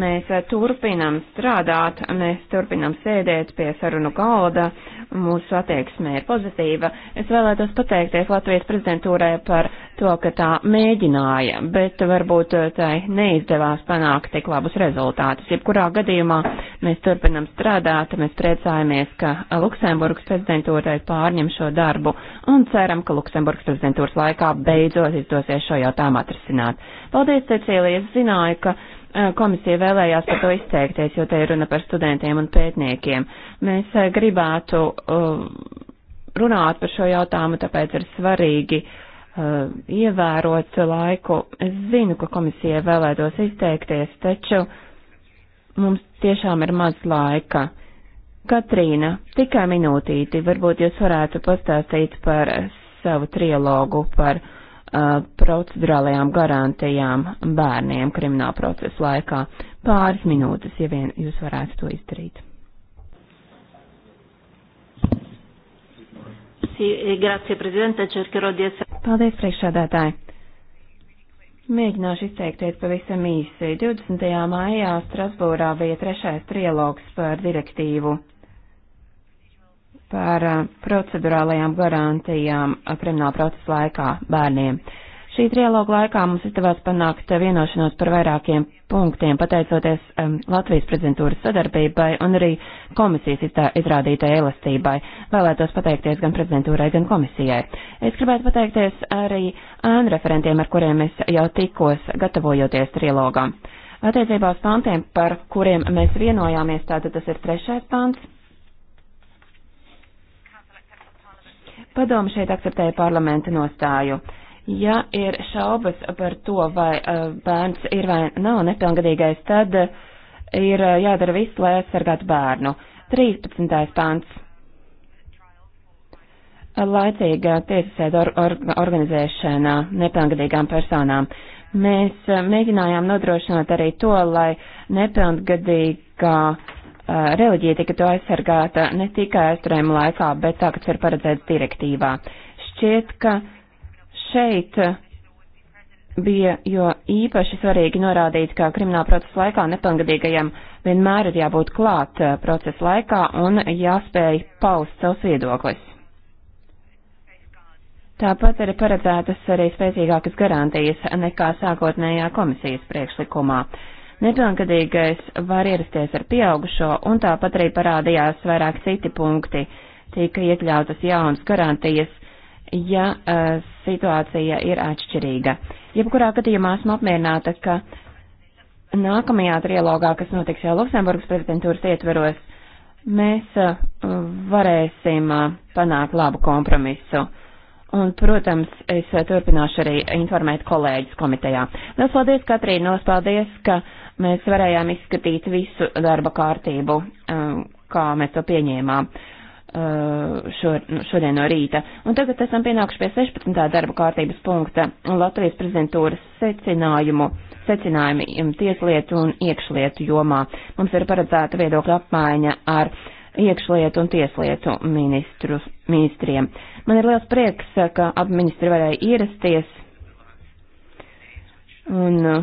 Mēs eh, turpinam strādāt, mēs turpinam sēdēt pie sarunu galda, mūsu attieksme ir pozitīva. Es vēlētos pateikties Latvijas prezidentūrai par to, ka tā mēģināja, bet varbūt eh, tai neizdevās panākt tik labus rezultātus. Jebkurā gadījumā mēs turpinam strādāt, mēs priecājamies, ka Luksemburgas prezidentūrai pārņem šo darbu un ceram, ka Luksemburgas prezidentūras laikā beidzot izdosies šo jautājumu atrisināt. Paldies, Cecīlija, es zināju, ka Eh, komisija vēlējās par to izteikties, jo te ir runa par studentiem un pētniekiem. Mēs eh, gribētu eh, runāt par šo jautājumu, tāpēc ir svarīgi ievērot laiku. Es zinu, ka komisija vēlētos izteikties, taču mums tiešām ir maz laika. Katrīna, tikai minūtīti, varbūt jūs varētu pastāstīt par savu trilogu, par uh, Uh, procedurālajām garantijām bērniem krimināla procesa laikā. Pāris minūtes, ja vien jūs varētu to izdarīt. Eh, Paldies, priekšsādātāji! Mēģināšu izteikties pavisam īsi. 20. maijā Strasbūrā bija trešais trialogs par direktīvu par eh, procedurālajām garantijām eh, krimināla procesa laikā bērniem. Šī trialoga laikā mums izdevās panākt eh, vienošanos par vairākiem punktiem, pateicoties um, Latvijas prezidentūras sadarbībai un arī komisijas izrādītai elastībai. Vēlētos pateikties gan prezidentūrai, gan komisijai. Es gribētu pateikties arī ēnu referentiem, ar kuriem es jau tikos gatavojoties trilogam. Attiecībā uz pantiem, par kuriem mēs vienojāmies, tātad tas ir trešais pants, Padomu šeit akceptēja parlamenta nostāju. Ja ir šaubas par to, vai eh, bērns ir vai nav nepilngadīgais, tad eh, ir eh, jādara viss, lai aizsargātu bērnu. 13. pants. Laicīga tiesasēda or or organizēšana nepilngadīgām personām. Mēs mēģinājām nodrošināt arī to, lai nepilngadīgā uh, Eh, reliģija tika to aizsargāta ne tikai aizturējuma laikā, bet tā, kas ir paredzēts direktīvā. Šķiet, ka šeit bija jo īpaši svarīgi norādīt, ka krimināla procesa laikā nepilngadīgajam vienmēr ir jābūt klāt eh, procesa laikā un jāspēj paust savus viedoklis. Tāpat ir paredzētas arī spēcīgākas garantijas nekā sākotnējā komisijas priekšlikumā. Uh, Nepilngadīgais var ierasties ar pieaugušo, un tāpat arī parādījās vairāk citi punkti. Tika iekļautas jaunas garantijas, ja uh, situācija ir atšķirīga. Jebkurā gadījumā esmu apmierināta, ka nākamajā trilogā, kas notiks jau Luksemburgas prezidentūras ietveros, mēs uh, varēsim uh, panākt labu kompromisu. Un, protams, es turpināšu arī informēt kolēģis komitejā. Lielas paldies, Katrīna, lielas paldies, ka uh, Mēs varējām izskatīt visu darba kārtību, eh, kā mēs to pieņēmām eh, šo, nu, šodien no rīta. Un tagad esam pienākuši pie 16. darba kārtības punkta Latvijas prezidentūras secinājumu, secinājumi um, tieslietu un iekšlietu jomā. Mums ir paredzēta viedokļa apmaiņa ar iekšlietu un tieslietu ministru, ministriem. Man ir liels prieks, eh, ka abi ministri varēja ierasties. Un uh,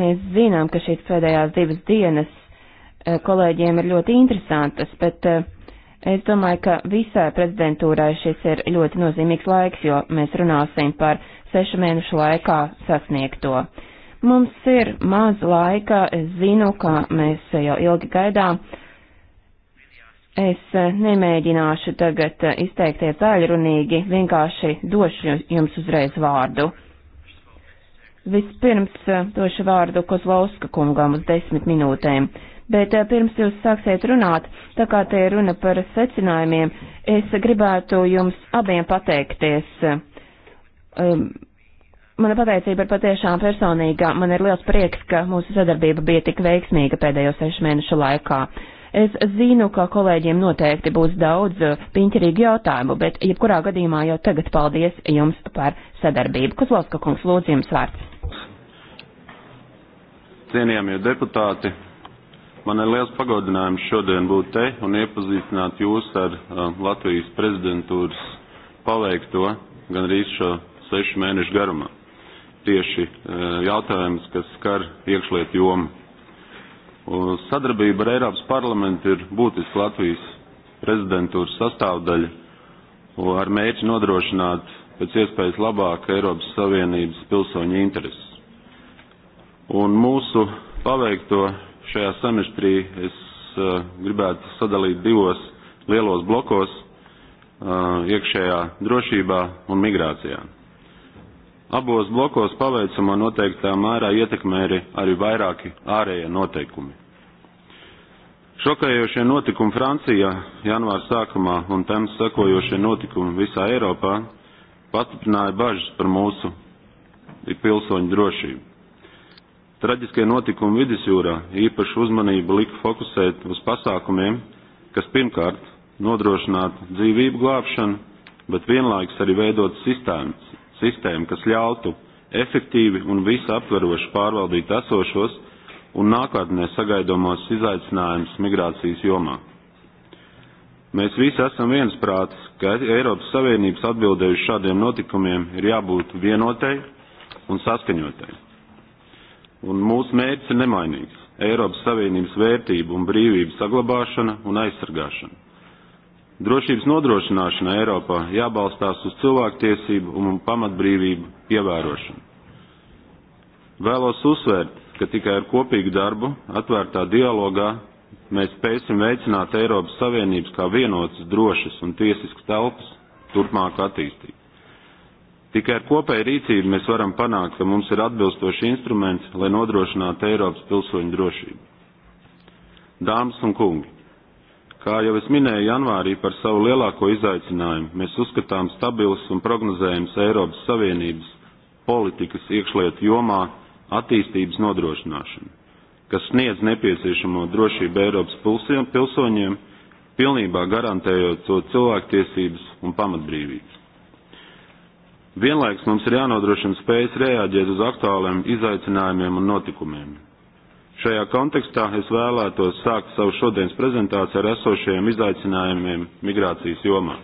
Mēs zinām, ka šīs pēdējās divas dienas eh, kolēģiem ir ļoti interesantas, bet eh, es domāju, ka visai prezidentūrai šis ir ļoti nozīmīgs laiks, jo mēs runāsim par sešu mēnešu laikā sasniegto. Mums ir maz laika, es zinu, ka mēs jau ilgi gaidām. Es eh, nemēģināšu tagad izteikties aļrunīgi, vienkārši došu jums uzreiz vārdu. Vispirms eh, došu vārdu Kozlovska kungam uz desmit minūtēm, bet eh, pirms jūs sāksiet runāt, tā kā te ir runa par secinājumiem, es gribētu jums abiem pateikties. Um, mana pateicība ir patiešām personīga. Man ir liels prieks, ka mūsu sadarbība bija tik veiksmīga pēdējo sešu mēnešu laikā. Es zinu, ka kolēģiem noteikti būs daudz eh, piņķerīgu jautājumu, bet jebkurā gadījumā jau tagad paldies jums par sadarbību. Kozlovska kungs, lūdzu jums vārds cienījamie deputāti, man ir liels pagodinājums šodien būt te un iepazīstināt jūs ar uh, Latvijas prezidentūras paveikto gan arī šo sešu mēnešu garumā. Tieši uh, jautājums, kas skar iekšlietu jomu. Sadarbība ar Eiropas parlamentu ir būtiska Latvijas prezidentūras sastāvdaļa ar mērķi nodrošināt pēc iespējas labāk Eiropas Savienības pilsoņu interesi. Un mūsu paveikto šajā semestrī es uh, gribētu sadalīt divos lielos blokos uh, - iekšējā drošībā un migrācijā. Abos blokos paveicamo noteiktā mērā ietekmē arī, arī vairāki ārējie noteikumi. Šokējošie notikumi Francijā janvāra sākumā un tam sekojošie notikumi visā Eiropā pastiprināja bažas par mūsu pilsoņu drošību. Traģiskie notikumi vidusjūrā īpaši uzmanību lika fokusēt uz pasākumiem, kas pirmkārt nodrošinātu dzīvību glābšanu, bet vienlaiks arī veidot sistēmas, sistēmu, kas ļautu efektīvi un visaptveroši pārvaldīt esošos un nākotnē sagaidomos izaicinājumus migrācijas jomā. Mēs visi esam viensprāts, ka Eiropas Savienības atbildēju šādiem notikumiem ir jābūt vienotai un saskaņotai un mūsu mērķis ir nemainīgs - Eiropas Savienības vērtību un brīvību saglabāšana un aizsargāšana. Drošības nodrošināšana Eiropā jābalstās uz cilvēktiesību un pamatbrīvību ievērošanu. Vēlos uzsvērt, ka tikai ar kopīgu darbu, atvērtā dialogā mēs spēsim veicināt Eiropas Savienības kā vienotas, drošas un tiesiskas telpas turpmāku attīstību. Tikai ar kopēju rīcību mēs varam panākt, ka mums ir atbilstoši instruments, lai nodrošinātu Eiropas pilsoņu drošību. Dāmas un kungi, kā jau es minēju janvārī par savu lielāko izaicinājumu, mēs uzskatām stabilas un prognozējums Eiropas Savienības politikas iekšlietu jomā attīstības nodrošināšanu, kas sniedz nepieciešamo drošību Eiropas pilsoņiem, pilnībā garantējot to cilvēktiesības un pamatbrīvības. Vienlaiks mums ir jānodrošina spējas reaģēt uz aktuāliem izaicinājumiem un notikumiem. Šajā kontekstā es vēlētos sākt savu šodienas prezentāciju ar esošajiem izaicinājumiem migrācijas jomā.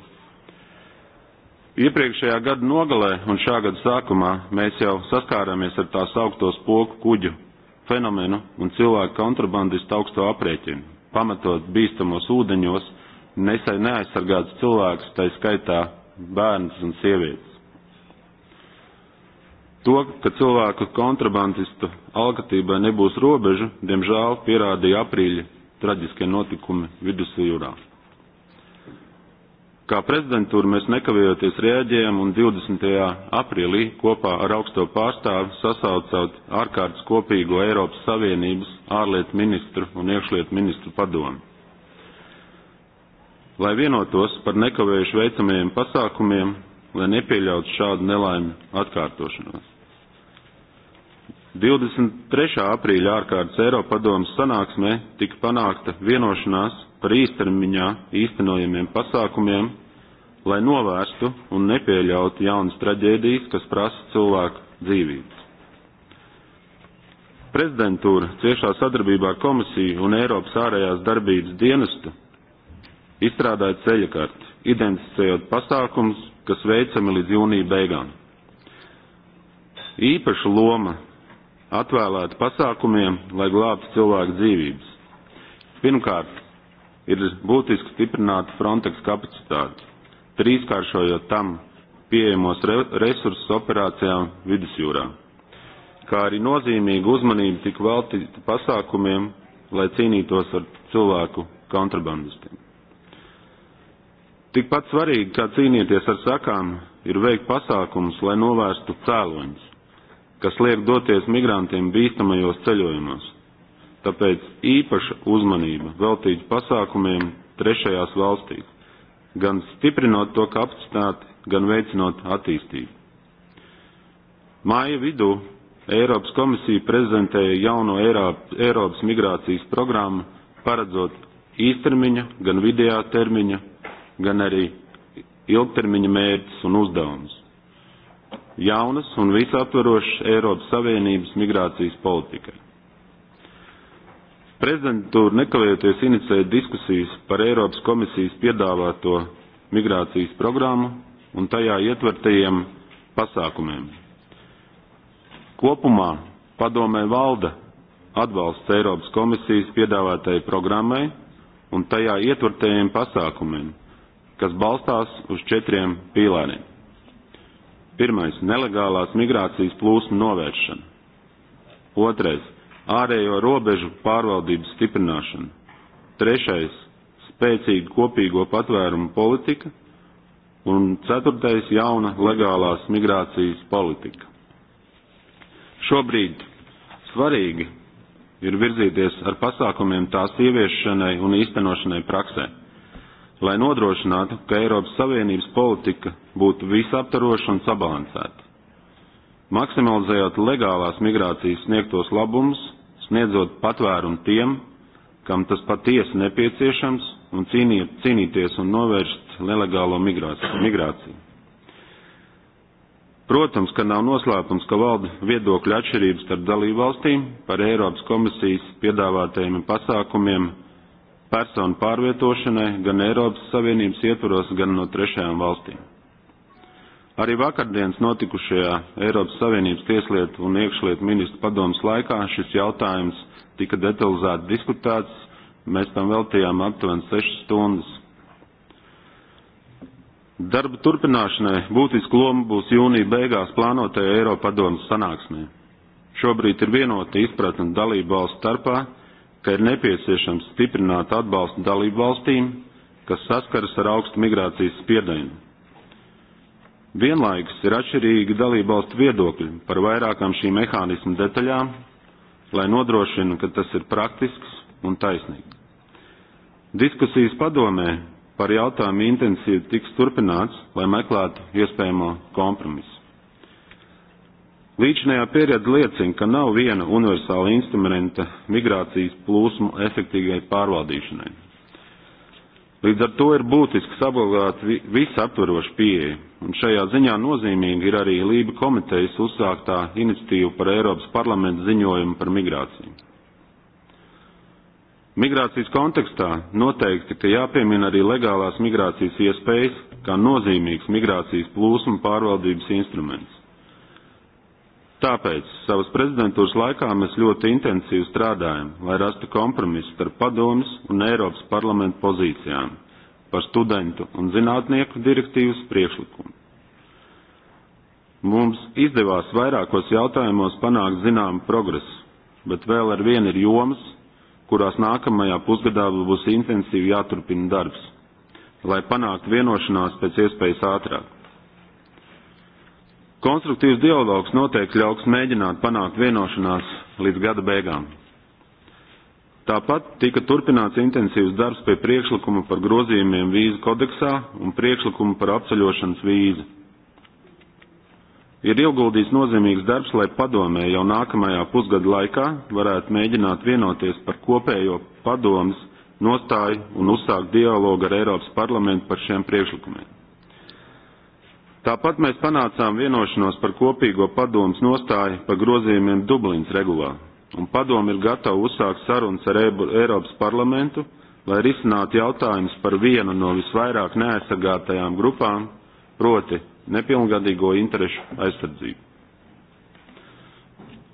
Iepriekšējā gada nogalē un šā gada sākumā mēs jau saskārāmies ar tās augto spoku kuģu fenomenu un cilvēku kontrabandistu augsto aprēķinu, pamatot bīstamos ūdeņos neaizsargāts cilvēks, tā skaitā bērns un sievietes. To, ka cilvēku kontrabandistu alkatībai nebūs robežu, diemžēl pierādīja aprīļa traģiskie notikumi vidusjūrā. Kā prezidentūra mēs nekavējoties rēģējam un 20. aprīlī kopā ar augsto pārstāvu sasaucot ārkārtas kopīgo Eiropas Savienības ārlietu ministru un iekšlietu ministru padomu. Lai vienotos par nekavējuši veicamajiem pasākumiem, lai nepieļautu šādu nelaimi atkārtošanos. 23. aprīļa ārkārtas Eiropadomas sanāksmē tika panākta vienošanās par īstermiņā īstenojamiem pasākumiem, lai novērstu un nepieļautu jaunas traģēdijas, kas prasa cilvēku dzīvības. Prezidentūra ciešā sadarbībā ar komisiju un Eiropas ārējās darbības dienestu izstrādāja ceļakarti, identificējot pasākums kas veicami līdz jūnija beigām. Īpaša loma atvēlēta pasākumiem, lai glābtu cilvēku dzīvības. Pirmkārt, ir būtiski stiprināt Frontex kapacitāti, trīskāršojot tam pieejamos re resursus operācijām vidusjūrā, kā arī nozīmīgu uzmanību tik veltīta pasākumiem, lai cīnītos ar cilvēku kontrabandistiem. Tikpat svarīgi, kā cīnīties ar sakām, ir veikt pasākumus, lai novērstu cēloņus, kas liek doties migrantiem bīstamajos ceļojumos. Tāpēc īpaša uzmanība veltīta pasākumiem trešajās valstīs, gan stiprinot to kapacitāti, gan veicinot attīstību. Māja vidū Eiropas komisija prezentēja jauno Eiropas migrācijas programmu, paredzot īstermiņa, gan vidējā termiņa gan arī ilgtermiņa mērķis un uzdevums - jaunas un visaptvarošas Eiropas Savienības migrācijas politikai. Prezidentūra nekavējoties inicēja diskusijas par Eiropas komisijas piedāvāto migrācijas programmu un tajā ietvertajiem pasākumiem. Kopumā padomē valda atbalsts Eiropas komisijas piedāvātajai programmai un tajā ietvertajiem pasākumiem, kas balstās uz četriem pīlāriem. Pirmais - nelegālās migrācijas plūsmu novēršana. Otrais - ārējo robežu pārvaldības stiprināšana. Trešais - spēcīga kopīgo patvērumu politika. Un ceturtais - jauna legālās migrācijas politika. Šobrīd svarīgi ir virzīties ar pasākumiem tās ieviešanai un īstenošanai praksē lai nodrošinātu, ka Eiropas Savienības politika būtu visaptaroša un sabalansēta, maksimalizējot legālās migrācijas sniegtos labumus, sniedzot patvērumu tiem, kam tas patiesi nepieciešams, un cīniet, cīnīties un novērst nelegālo migrāciju. Protams, ka nav noslēpums, ka valda viedokļu atšķirības starp dalībvalstīm par Eiropas komisijas piedāvātajiem pasākumiem personu pārvietošanai gan Eiropas Savienības ietvaros, gan no trešajām valstīm. Arī vakardienas notikušajā Eiropas Savienības tieslietu un iekšlietu ministru padomas laikā šis jautājums tika detalizēti diskutēts, mēs tam veltījām aptuveni 6 stundas. Darba turpināšanai būtiska loma būs jūnija beigās plānotajā Eiropadomas sanāksmē. Šobrīd ir vienota izpratne dalību valsts starpā, ka ir nepieciešams stiprināt atbalstu dalību valstīm, kas saskaras ar augstu migrācijas spiedienu. Vienlaikus ir atšķirīgi dalību valstu viedokļi par vairākām šī mehānismu detaļām, lai nodrošina, ka tas ir praktisks un taisnīgs. Diskusijas padomē par jautājumu intensīvi tiks turpināts, lai meklētu iespējamo kompromisu. Līdzinējā pieredze liecina, ka nav viena universāla instrumenta migrācijas plūsmu efektīgai pārvaldīšanai. Līdz ar to ir būtiski saglabāt visaptverošu pieeju, un šajā ziņā nozīmīgi ir arī Lība komitejas uzsāktā iniciatīva par Eiropas parlamentu ziņojumu par migrāciju. Migrācijas kontekstā noteikti, ka jāpiemina arī legālās migrācijas iespējas kā nozīmīgs migrācijas plūsmu pārvaldības instruments. Tāpēc savas prezidentūras laikā mēs ļoti intensīvi strādājam, lai rastu kompromisu starp padomis un Eiropas parlamentu pozīcijām par studentu un zinātnieku direktīvas priekšlikumu. Mums izdevās vairākos jautājumos panākt zināmu progresu, bet vēl ar vienu ir jomas, kurās nākamajā pusgadā būs intensīvi jāturpina darbs, lai panāktu vienošanās pēc iespējas ātrāk. Konstruktīvs dialogs noteikti ļauks mēģināt panākt vienošanās līdz gada beigām. Tāpat tika turpināts intensīvs darbs pie priekšlikuma par grozījumiem vīzu kodeksā un priekšlikumu par apceļošanas vīzu. Ir ieguldīts nozīmīgs darbs, lai padomē jau nākamajā pusgada laikā varētu mēģināt vienoties par kopējo padomas nostāju un uzsākt dialogu ar Eiropas parlamentu par šiem priekšlikumiem. Tāpat mēs panācām vienošanos par kopīgo padomus nostāju par grozījumiem Dublins regulā, un padomu ir gatava uzsākt sarunas ar Eiropas parlamentu, lai risinātu jautājumus par vienu no visvairāk neaizsargātajām grupām, proti nepilngadīgo interešu aizsardzību.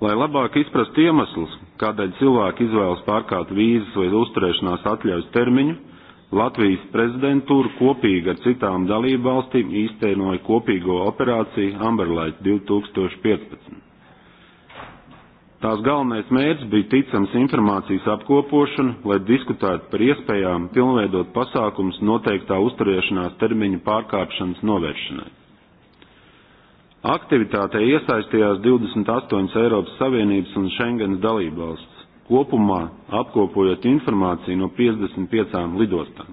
Lai labāk izprastu iemeslus, kādēļ cilvēki izvēlas pārkāpt vīzas vai uzturēšanās atļaujas termiņu, Latvijas prezidentūra kopīgi ar citām dalību valstīm īstenoja kopīgo operāciju Amberlaits 2015. Tās galvenais mērķis bija ticams informācijas apkopošana, lai diskutētu par iespējām pilnveidot pasākums noteiktā uzturēšanās termiņa pārkāpšanas novēršanai. Aktivitātē iesaistījās 28 Eiropas Savienības un Schengens dalībvalsts kopumā apkopojot informāciju no 55 lidostām.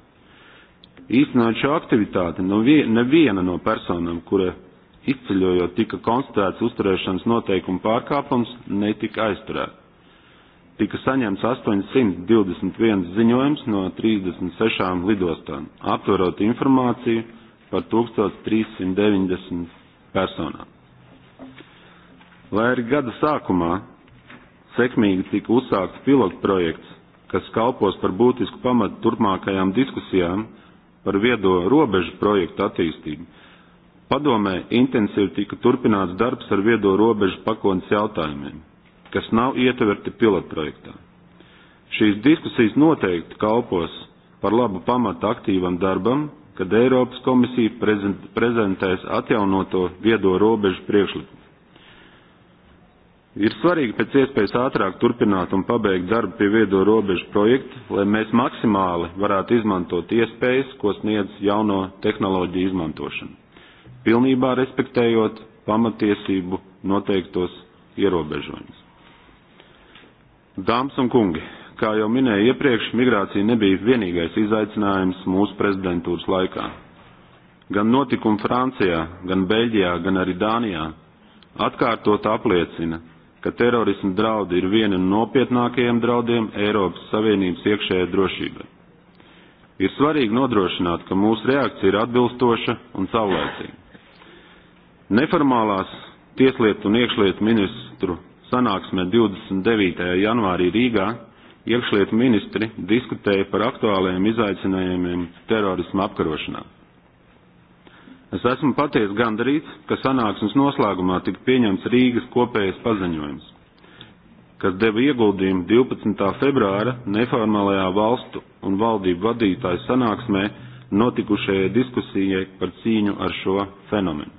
Īstenot šo aktivitāti no nu neviena no personām, kura izceļojot tika konstatēts uzturēšanas noteikumu pārkāpums, netika aizturēta. Tika saņemts 821 ziņojums no 36 lidostām, aptverot informāciju par 1390 personām. Lai arī gada sākumā sekmīgi tika uzsākts pilotprojekts, kas kalpos par būtisku pamatu turpmākajām diskusijām par viedo robežu projektu attīstību. Padomē intensīvi tika turpināts darbs ar viedo robežu pakotnes jautājumiem, kas nav ietverti pilotprojektā. Šīs diskusijas noteikti kalpos par labu pamatu aktīvam darbam, kad Eiropas komisija prezentēs atjaunoto viedo robežu priekšlikumu. Ir svarīgi pēc iespējas ātrāk turpināt un pabeigt darbu pie viedo robežu projekta, lai mēs maksimāli varētu izmantot iespējas, ko sniedz jauno tehnoloģiju izmantošana, pilnībā respektējot pamatiesību noteiktos ierobežojumus. Dāmas un kungi, kā jau minēju iepriekš, migrācija nebija vienīgais izaicinājums mūsu prezidentūras laikā. Gan notikumi Francijā, gan Beļģijā, gan arī Dānijā atkārtot apliecina, ka terorismu draudi ir viena no nopietnākajiem draudiem Eiropas Savienības iekšējai drošībai. Ir svarīgi nodrošināt, ka mūsu reakcija ir atbilstoša un savlaicīga. Neformālās Tieslietu un iekšlietu ministru sanāksmē 29. janvārī Rīgā iekšlietu ministri diskutēja par aktuālajiem izaicinājumiem terorismu apkarošanā. Es esmu patiesi gandarīts, ka sanāksmes noslēgumā tika pieņemts Rīgas kopējais paziņojums, kas deva ieguldījumu 12. februāra neformālajā valstu un valdību vadītāju sanāksmē notikušajai diskusijai par cīņu ar šo fenomenu.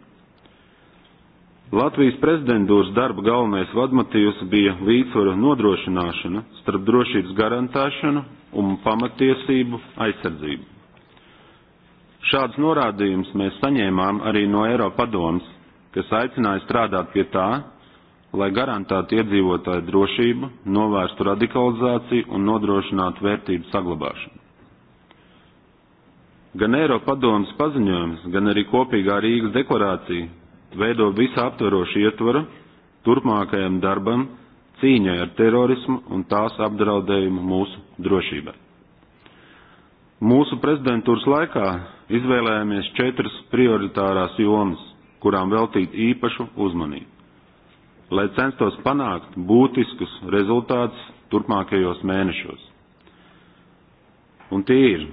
Latvijas prezidentūras darba galvenais vadmatīvs bija līdzsvaru nodrošināšana starp drošības garantēšanu un pamatiesību aizsardzību. Šāds norādījums mēs saņēmām arī no Eiropadomas, kas aicināja strādāt pie tā, lai garantētu iedzīvotāju drošību, novērstu radikalizāciju un nodrošinātu vērtību saglabāšanu. Gan Eiropadomas paziņojums, gan arī kopīgā Rīgas deklarācija veido visaptverošu ietvaru turpmākajam darbam cīņai ar terorismu un tās apdraudējumu mūsu drošībai. Mūsu prezidentūras laikā izvēlējāmies četras prioritārās jomas, kurām veltīt īpašu uzmanību, lai censtos panākt būtiskus rezultātus turpmākajos mēnešos. Un tie ir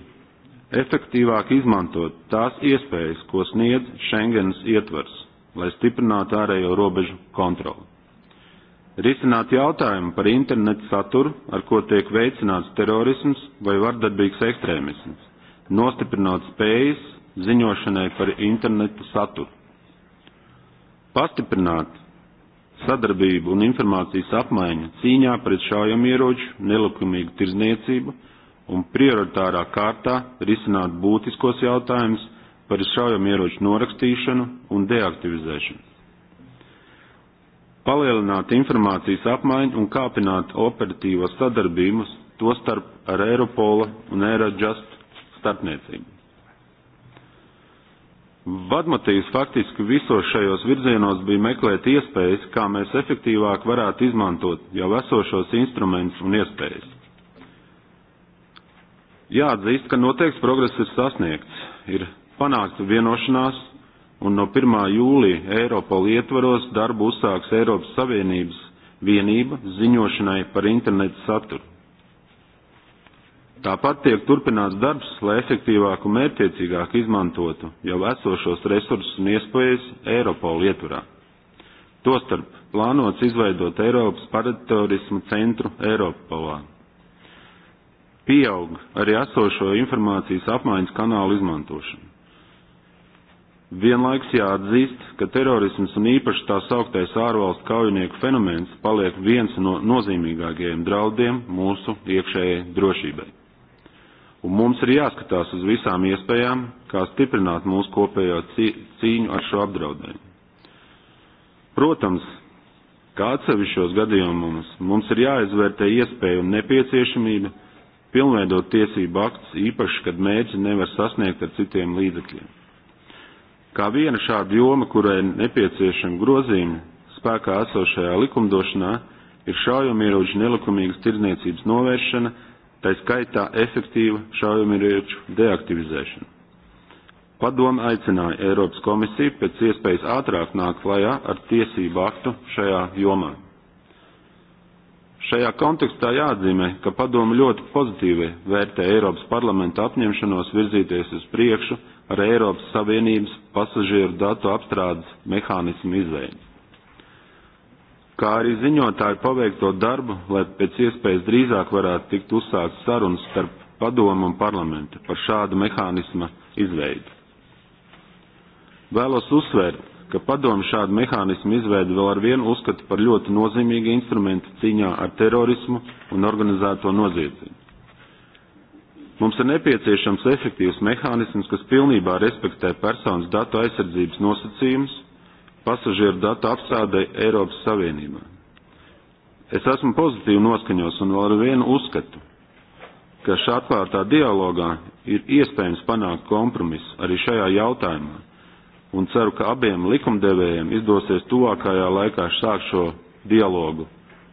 efektīvāk izmantot tās iespējas, ko sniedz Schengenas ietvers, lai stiprinātu ārējo robežu kontroli. Risināt jautājumu par internetu saturu, ar ko tiek veicināts terorisms vai vardarbīgs ekstrēmisms nostiprināt spējas ziņošanai par internetu saturu, pastiprināt sadarbību un informācijas apmaiņu cīņā pret šaujamieroču nelikumīgu tirzniecību un prioritārā kārtā risināt būtiskos jautājumus par šaujamieroču norakstīšanu un deaktivizēšanu. Palielināt informācijas apmaiņu un kāpināt operatīvo sadarbības, to starp ar Eiropola un Eirodžast starpniecību. Vadmotīvs faktiski visos šajos virzienos bija meklēt iespējas, kā mēs efektīvāk varētu izmantot jau esošos instrumentus un iespējas. Jāatzīst, ka noteikts progress ir sasniegts, ir panākta vienošanās, un no 1. jūlija Eiropola ietvaros darbu uzsāks Eiropas Savienības vienība ziņošanai par internetu saturu. Tāpat tiek turpināts darbs, lai efektīvāk un mērķiecīgāk izmantotu jau esošos resursus un iespējas Eiropola ietvarā. Tostarp plānots izveidot Eiropas paratterorismu centru Eiropolā. Pieaug arī esošo informācijas apmaiņas kanālu izmantošana. Vienlaiks jāatzīst, ka terorisms un īpaši tā sauktais ārvalstu kaujinieku fenomens paliek viens no nozīmīgākajiem draudiem mūsu iekšējai drošībai un mums ir jāskatās uz visām iespējām, kā stiprināt mūsu kopējo cīņu ar šo apdraudējumu. Protams, kā atsevišķos gadījumos mums ir jāizvērtē iespēja un nepieciešamība pilnveidot tiesību aktus, īpaši, kad mērķi nevar sasniegt ar citiem līdzekļiem. Kā viena šāda joma, kurai nepieciešama grozījuma spēkā esošajā likumdošanā, ir šaujamieroģu nelikumīgas tirdzniecības novēršana tā skaitā efektīva šaujamierieču deaktivizēšana. Padoma aicināja Eiropas komisiju pēc iespējas ātrāk nākt klajā ar tiesību aktu šajā jomā. Šajā kontekstā jāatzīmē, ka padoma ļoti pozitīvi vērtē Eiropas parlamenta apņemšanos virzīties uz priekšu ar Eiropas Savienības pasažieru datu apstrādes mehānismu izveidi kā arī ziņotāju paveikto darbu, lai pēc iespējas drīzāk varētu tikt uzsākt sarunas starp padomu un parlamentu par šādu mehānisma izveidu. Vēlos uzsvērt, ka padomu šādu mehānismu izveidu vēl ar vienu uzskatu par ļoti nozīmīgu instrumentu cīņā ar terorismu un organizēto noziedzību. Mums ir nepieciešams efektīvs mehānisms, kas pilnībā respektē personas datu aizsardzības nosacījumus pasažieru datu apsādai Eiropas Savienībā. Es esmu pozitīvi noskaņos un vēl ar vienu uzskatu, ka šā atvērtā dialogā ir iespējams panākt kompromisu arī šajā jautājumā, un ceru, ka abiem likumdevējiem izdosies tuvākajā laikā sākt šo dialogu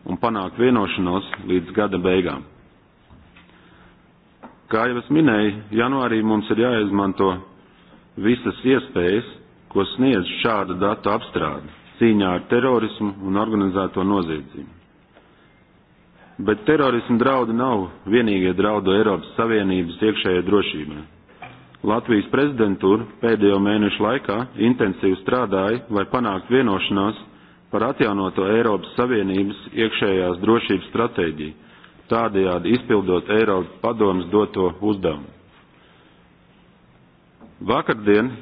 un panākt vienošanos līdz gada beigām. Kā jau es minēju, janvārī mums ir jāizmanto visas iespējas, ko sniedz šāda datu apstrāde cīņā ar terorismu un organizēto noziedzību. Bet terorismu draudi nav vienīgie draudi Eiropas Savienības iekšējai drošībai. Latvijas prezidentūra pēdējo mēnešu laikā intensīvi strādāja, lai panāktu vienošanos par atjaunoto Eiropas Savienības iekšējās drošības stratēģiju, tādējādi izpildot Eiropas padomas doto uzdevumu. Vakardien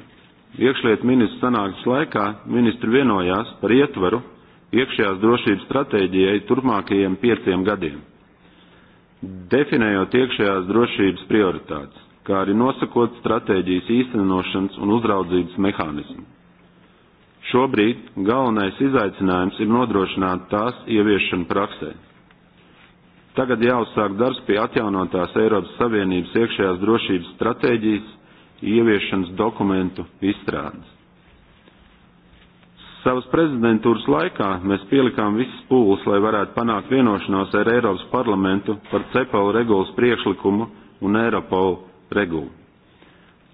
iekšlietu ministru sanāksmes laikā ministri vienojās par ietvaru iekšējās drošības stratēģijai turpmākajiem pieciem gadiem, definējot iekšējās drošības prioritātes, kā arī nosakot stratēģijas īstenošanas un uzraudzības mehānismu. Šobrīd galvenais izaicinājums ir nodrošināt tās ieviešanu praksē. Tagad jāuzsāk darbs pie atjaunotās Eiropas Savienības iekšējās drošības stratēģijas ieviešanas dokumentu izstrādes. Savas prezidentūras laikā mēs pielikām visas pūles, lai varētu panākt vienošanos ar Eiropas parlamentu par CEPAU regulas priekšlikumu un Eiropolu regulu.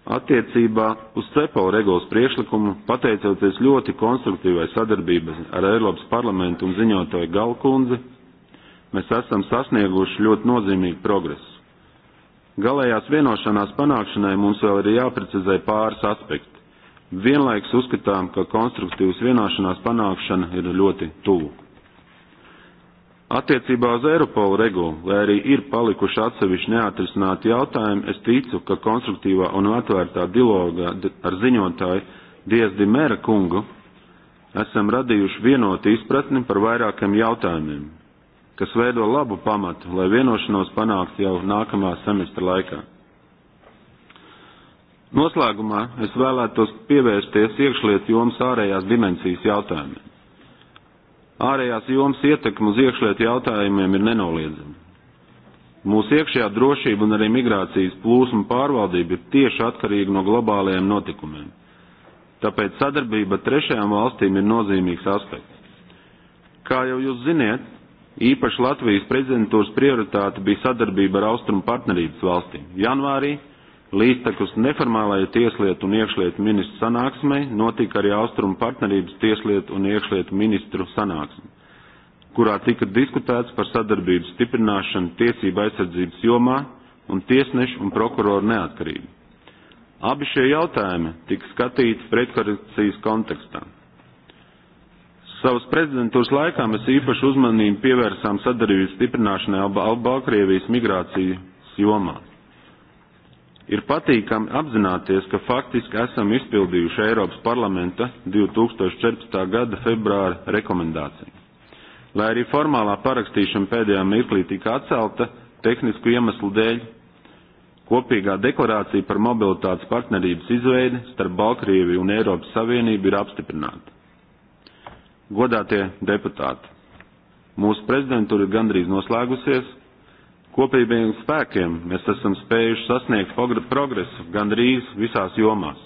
Attiecībā uz CEPAU regulas priekšlikumu, pateicoties ļoti konstruktīvai sadarbībai ar Eiropas parlamentu un ziņotāju Galkundzi, mēs esam sasnieguši ļoti nozīmīgu progresu. Galējās vienošanās panākšanai mums vēl ir jāprecizē pāris aspekti. Vienlaiks uzskatām, ka konstruktīvas vienošanās panākšana ir ļoti tuvu. Attiecībā uz Eiropolu regulu, lai arī ir palikuši atsevišķi neatrisināti jautājumi, es ticu, ka konstruktīvā un atvērtā dialogā ar ziņotāju Diezdi Mēra kungu esam radījuši vienotu izpratni par vairākiem jautājumiem, kas veido labu pamatu, lai vienošanos panākt jau nākamā semestra laikā. Noslēgumā es vēlētos pievērsties iekšlietu jomas ārējās dimensijas jautājumiem. Ārējās jomas ietekme uz iekšlietu jautājumiem ir nenoliedzama. Mūsu iekšējā drošība un arī migrācijas plūsma pārvaldība ir tieši atkarīga no globālajiem notikumiem. Tāpēc sadarbība trešajām valstīm ir nozīmīgs aspekts. Kā jau jūs ziniet, Īpaši Latvijas prezidentūras prioritāte bija sadarbība ar austrumu partnerības valstīm. Janvārī līdztekus neformālajai tieslietu un iekšlietu ministru sanāksmei notika arī austrumu partnerības tieslietu un iekšlietu ministru sanāksme, kurā tika diskutēts par sadarbības stiprināšanu tiesību aizsardzības jomā un tiesnešu un prokuroru neatkarību. Abi šie jautājumi tika skatīti pretkorupcijas kontekstā. Savas prezidentūras laikā mēs īpašu uzmanību pievērsām sadarbības stiprināšanai Baltkrievijas migrācijas jomā. Ir patīkami apzināties, ka faktiski esam izpildījuši Eiropas parlamenta 2014. gada februāra rekomendāciju. Lai arī formālā parakstīšana pēdējā mirklī tika atcelta tehnisku iemeslu dēļ, kopīgā deklarācija par mobilitātes partnerības izveidi starp Baltkrieviju un Eiropas Savienību ir apstiprināta. Godātie deputāti, mūsu prezidentūra ir gandrīz noslēgusies. Kopīgiem spēkiem mēs esam spējuši sasniegt progresu gandrīz visās jomās.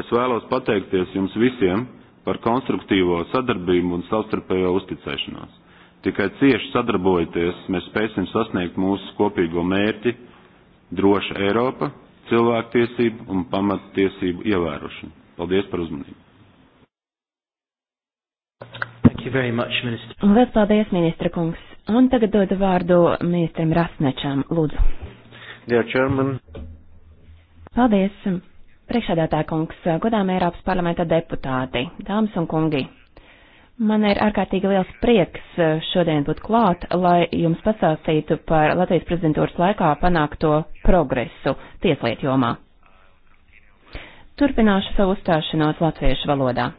Es vēlos pateikties jums visiem par konstruktīvo sadarbību un savstarpējo uzticēšanos. Tikai cieši sadarbojoties, mēs spēsim sasniegt mūsu kopīgo mērķi - droša Eiropa, cilvēktiesību un pamattiesību ievērošanu. Paldies par uzmanību! Lielas paldies, ministra kungs. Un tagad dodu vārdu ministram Rasnečam, lūdzu. Dear Chairman. Paldies, priekšādātā kungs, godām Eiropas parlamenta deputāti, dāmas un kungi. Man ir ārkārtīgi liels prieks šodien būt klāt, lai jums pastāstītu par Latvijas prezidentūras laikā panākto progresu tieslietu jomā. Turpināšu savu uzstāšanos latviešu valodā.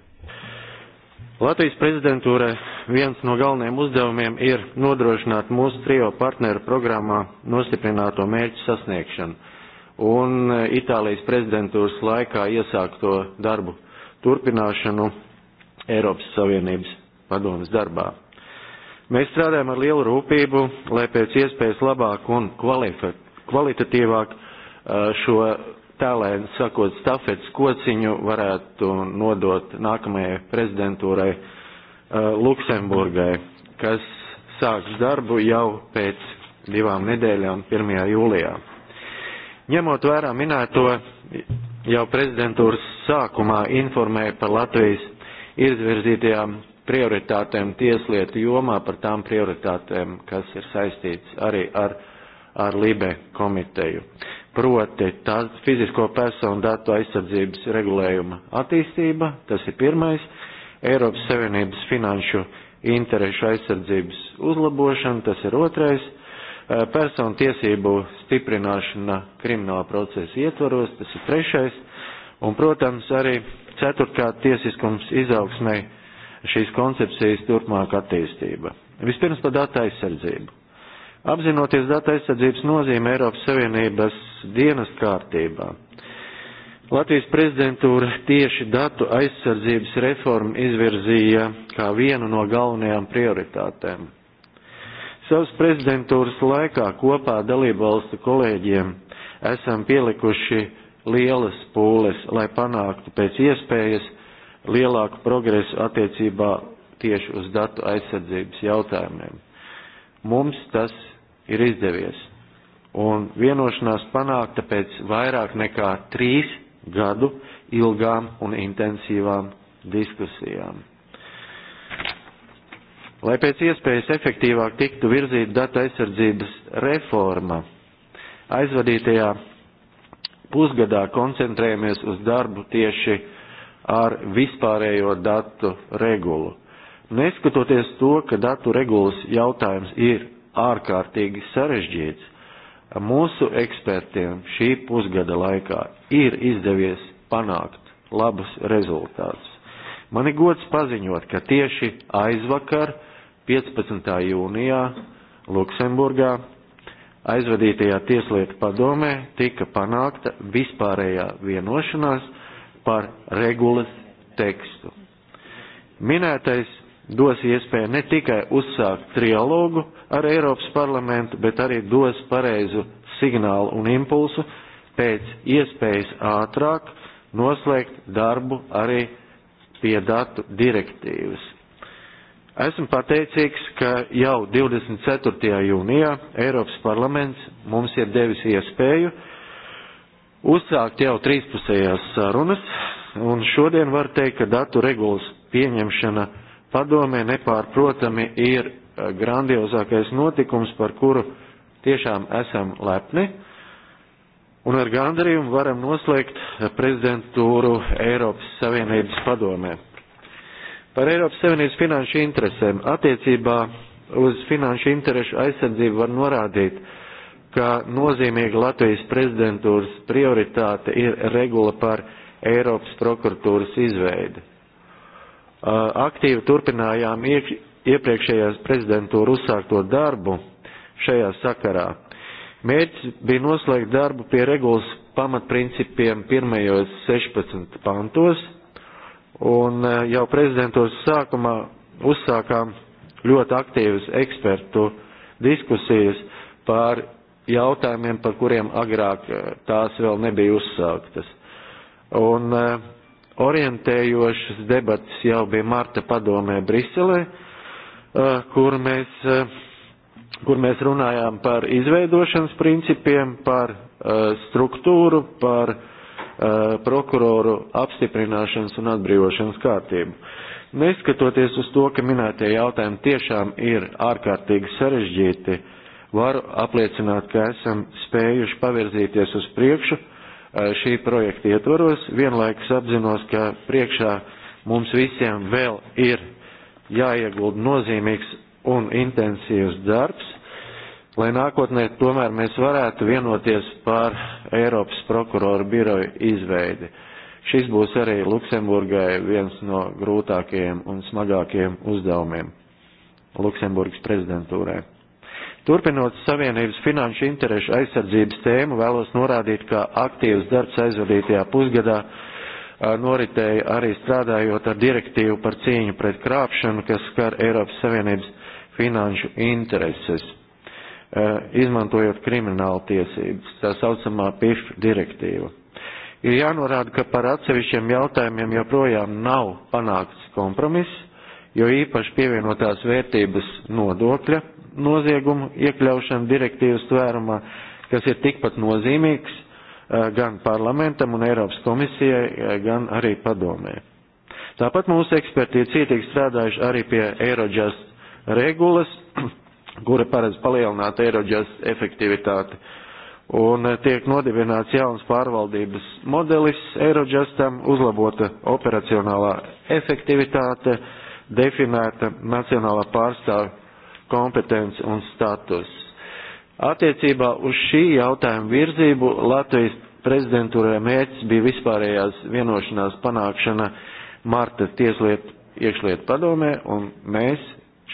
Latvijas prezidentūrai viens no galvenajiem uzdevumiem ir nodrošināt mūsu trijo partneru programmā nostiprināto mērķu sasniegšanu un e, Itālijas prezidentūras laikā iesākto darbu turpināšanu Eiropas Savienības padomas darbā. Mēs strādājam ar lielu rūpību, lai pēc iespējas labāk un kvalitatīvāk e, šo tā, lai, sakot, stafets kociņu varētu nodot nākamajai prezidentūrai uh, Luksemburgai, kas sāks darbu jau pēc divām nedēļām, 1. jūlijā. Ņemot vērā minēto, jau prezidentūras sākumā informēja par Latvijas izvirzītajām prioritātēm tieslietu jomā, par tām prioritātēm, kas ir saistīts arī ar, ar Libe komiteju proti tā fizisko personu datu aizsardzības regulējuma attīstība, tas ir pirmais, Eiropas Savienības finanšu interešu aizsardzības uzlabošana, tas ir otrais, eh, personu tiesību stiprināšana krimināla procesa ietvaros, tas ir trešais, un, protams, arī ceturtkārt tiesiskums izaugsmai šīs koncepcijas turpmāk attīstība. Vispirms par datu aizsardzību apzinoties data aizsardzības nozīme Eiropas Savienības dienas kārtībā. Latvijas prezidentūra tieši datu aizsardzības reformu izvirzīja kā vienu no galvenajām prioritātēm. Savas prezidentūras laikā kopā dalībvalstu kolēģiem esam pielikuši lielas pūles, lai panāktu pēc iespējas lielāku progresu attiecībā tieši uz datu aizsardzības jautājumiem. Mums tas ir izdevies. Un vienošanās panākta pēc vairāk nekā trīs gadu ilgām un intensīvām diskusijām. Lai pēc iespējas efektīvāk tiktu virzīta data aizsardzības reforma, aizvadītajā pusgadā koncentrējamies uz darbu tieši ar vispārējo datu regulu. Neskatoties to, ka datu regulas jautājums ir ārkārtīgi sarežģīts. Mūsu ekspertiem šī pusgada laikā ir izdevies panākt labus rezultātus. Man ir gods paziņot, ka tieši aizvakar, 15. jūnijā, Luksemburgā aizvadītajā Tieslietu padomē tika panākta vispārējā vienošanās par regulas tekstu. Minētais dos iespēju ne tikai uzsākt trialogu ar Eiropas parlamentu, bet arī dos pareizu signālu un impulsu pēc iespējas ātrāk noslēgt darbu arī pie datu direktīvas. Esmu pateicīgs, ka jau 24. jūnijā Eiropas parlaments mums ir devis iespēju uzsākt jau trīspusējās sarunas, un šodien var teikt, ka datu regulas pieņemšana padomē nepārprotami ir eh, grandiozākais notikums, par kuru tiešām esam lepni. Un ar gandarījumu varam noslēgt eh, prezidentūru Eiropas Savienības padomē. Par Eiropas Savienības finanšu interesēm attiecībā uz finanšu interešu aizsardzību var norādīt, ka nozīmīga Latvijas prezidentūras prioritāte ir regula par Eiropas prokuratūras izveidi aktīvi turpinājām iepriekšējās prezidentūru uzsākto darbu šajā sakarā. Mērķis bija noslēgt darbu pie regulas pamatprincipiem pirmajos 16 pantos, un jau prezidentos sākumā uzsākām ļoti aktīvas ekspertu diskusijas par jautājumiem, par kuriem agrāk tās vēl nebija uzsāktas. Un uh, orientējošas debatas jau bija Marta padomē Briselē, eh, kur mēs, eh, kur mēs runājām par izveidošanas principiem, par eh, struktūru, par prokuroru apstiprināšanas un atbrīvošanas kārtību. Neskatoties uz to, ka minētie jautājumi tiešām ir ārkārtīgi sarežģīti, varu apliecināt, ka esam spējuši pavirzīties uz priekšu Eh, šī projekta ietvaros. Vienlaikus apzinos, ka priekšā mums visiem vēl ir jāiegulda nozīmīgs un intensīvs darbs, lai nākotnē tomēr mēs varētu vienoties par Eiropas prokuroru biroju izveidi. Šis būs arī Luksemburgai viens no grūtākajiem un smagākajiem uzdevumiem Luksemburgas prezidentūrai. Turpinot Savienības finanšu interešu aizsardzības tēmu, vēlos norādīt, ka aktīvs darbs aizvadītajā pusgadā noritēja arī strādājot ar direktīvu par cīņu pret krāpšanu, kas skar Eiropas Savienības finanšu intereses, izmantojot kriminālu tiesības, tā saucamā PIF direktīva. Ir jānorāda, ka par atsevišķiem jautājumiem joprojām nav panākts kompromiss, jo īpaši pievienotās vērtības nodokļa noziegumu iekļaušanu direktīvas tvērumā, kas ir tikpat nozīmīgs gan parlamentam un Eiropas komisijai, gan arī padomē. Tāpat mūsu eksperti ir cītīgi strādājuši arī pie Eirodžast regulas, kura paredz palielināt Eirodžast efektivitāti. Un tiek nodibināts jauns pārvaldības modelis Eirodžastam, uzlabota operacionālā efektivitāte, definēta nacionālā pārstāvja kompetenci un status. Attiecībā uz šī jautājuma virzību Latvijas prezidentūrē mērķis bija vispārējās vienošanās panākšana Marta tieslietu iekšlietu padomē, un mēs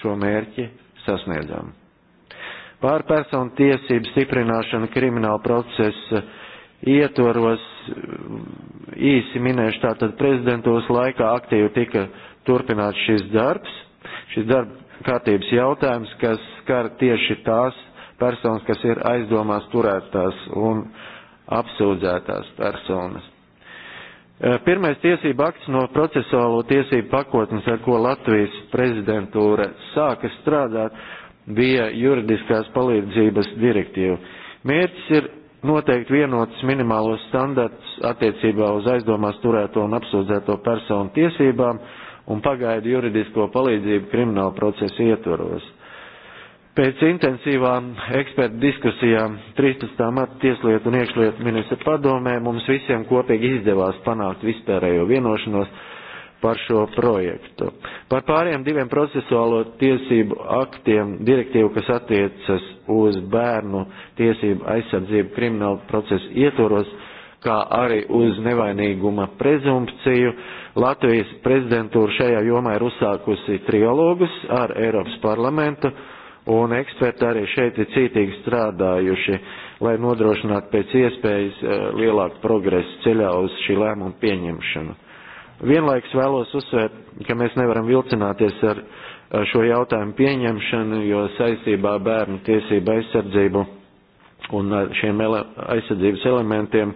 šo mērķi sasniedzām. Pār personu tiesību stiprināšana krimināla procesa ietvaros īsi minēšu tātad prezidentūras laikā aktīvi tika turpināts šis darbs. Šis darba kārtības jautājums, kas skar tieši tās personas, kas ir aizdomās turētās un apsūdzētās personas. Eh, pirmais tiesība akts no procesuālo tiesību pakotnes, ar ko Latvijas prezidentūra sāka strādāt, bija juridiskās palīdzības direktīva. Mērķis ir noteikt vienotus minimālos standartus attiecībā uz aizdomās turēto un apsūdzēto personu tiesībām, un pagaidu juridisko palīdzību krimināla procesa ietvaros. Pēc intensīvām ekspertu diskusijām 13. marta Tieslietu un iekšlietu ministra padomē mums visiem kopīgi izdevās panākt vispārējo vienošanos par šo projektu. Par pāriem diviem procesuālo tiesību aktiem direktīvu, kas attiecas uz bērnu tiesību aizsardzību kriminālu procesu ietvaros, kā arī uz nevainīguma prezumpciju, uh, Latvijas prezidentūra šajā jomā ir uzsākusi trialogus ar Eiropas parlamentu, un eksperti arī šeit ir cītīgi strādājuši, lai nodrošinātu pēc iespējas eh, lielāku progresu ceļā uz šī lēmuma pieņemšanu. Vienlaiks vēlos uzsvērt, ka mēs nevaram vilcināties ar šo jautājumu pieņemšanu, jo saistībā bērnu tiesību aizsardzību un šiem ele aizsardzības elementiem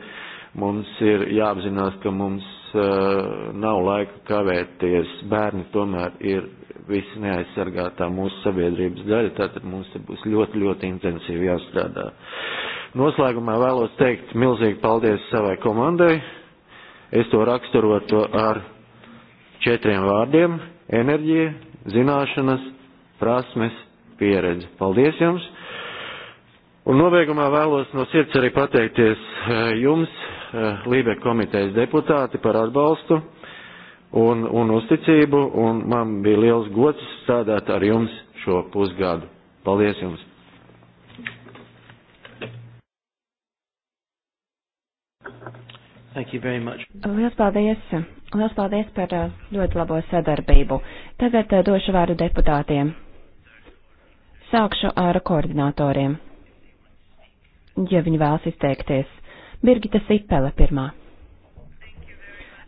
mums ir jāapzinās, ka mums Eh, nav laika kavēties. Bērni tomēr ir visi neaizsargātā mūsu sabiedrības daļa, tātad mums te būs ļoti, ļoti intensīvi jāstrādā. Noslēgumā vēlos teikt milzīgi paldies savai komandai. Es to raksturotu ar četriem vārdiem - enerģija, zināšanas, prasmes, pieredze. Paldies jums! Un nobeigumā vēlos no sirds arī pateikties eh, jums, Eh, Lībe komitejas deputāti par atbalstu un, un uzticību, un man bija liels gods strādāt ar jums šo pusgadu. Paldies jums! Thank you very much. Liels paldies! Liels paldies par eh, ļoti labo sadarbību. Tagad eh, došu vārdu deputātiem. Sākšu ar koordinatoriem, ja viņi vēlas izteikties. Birgita Sipele pirmā.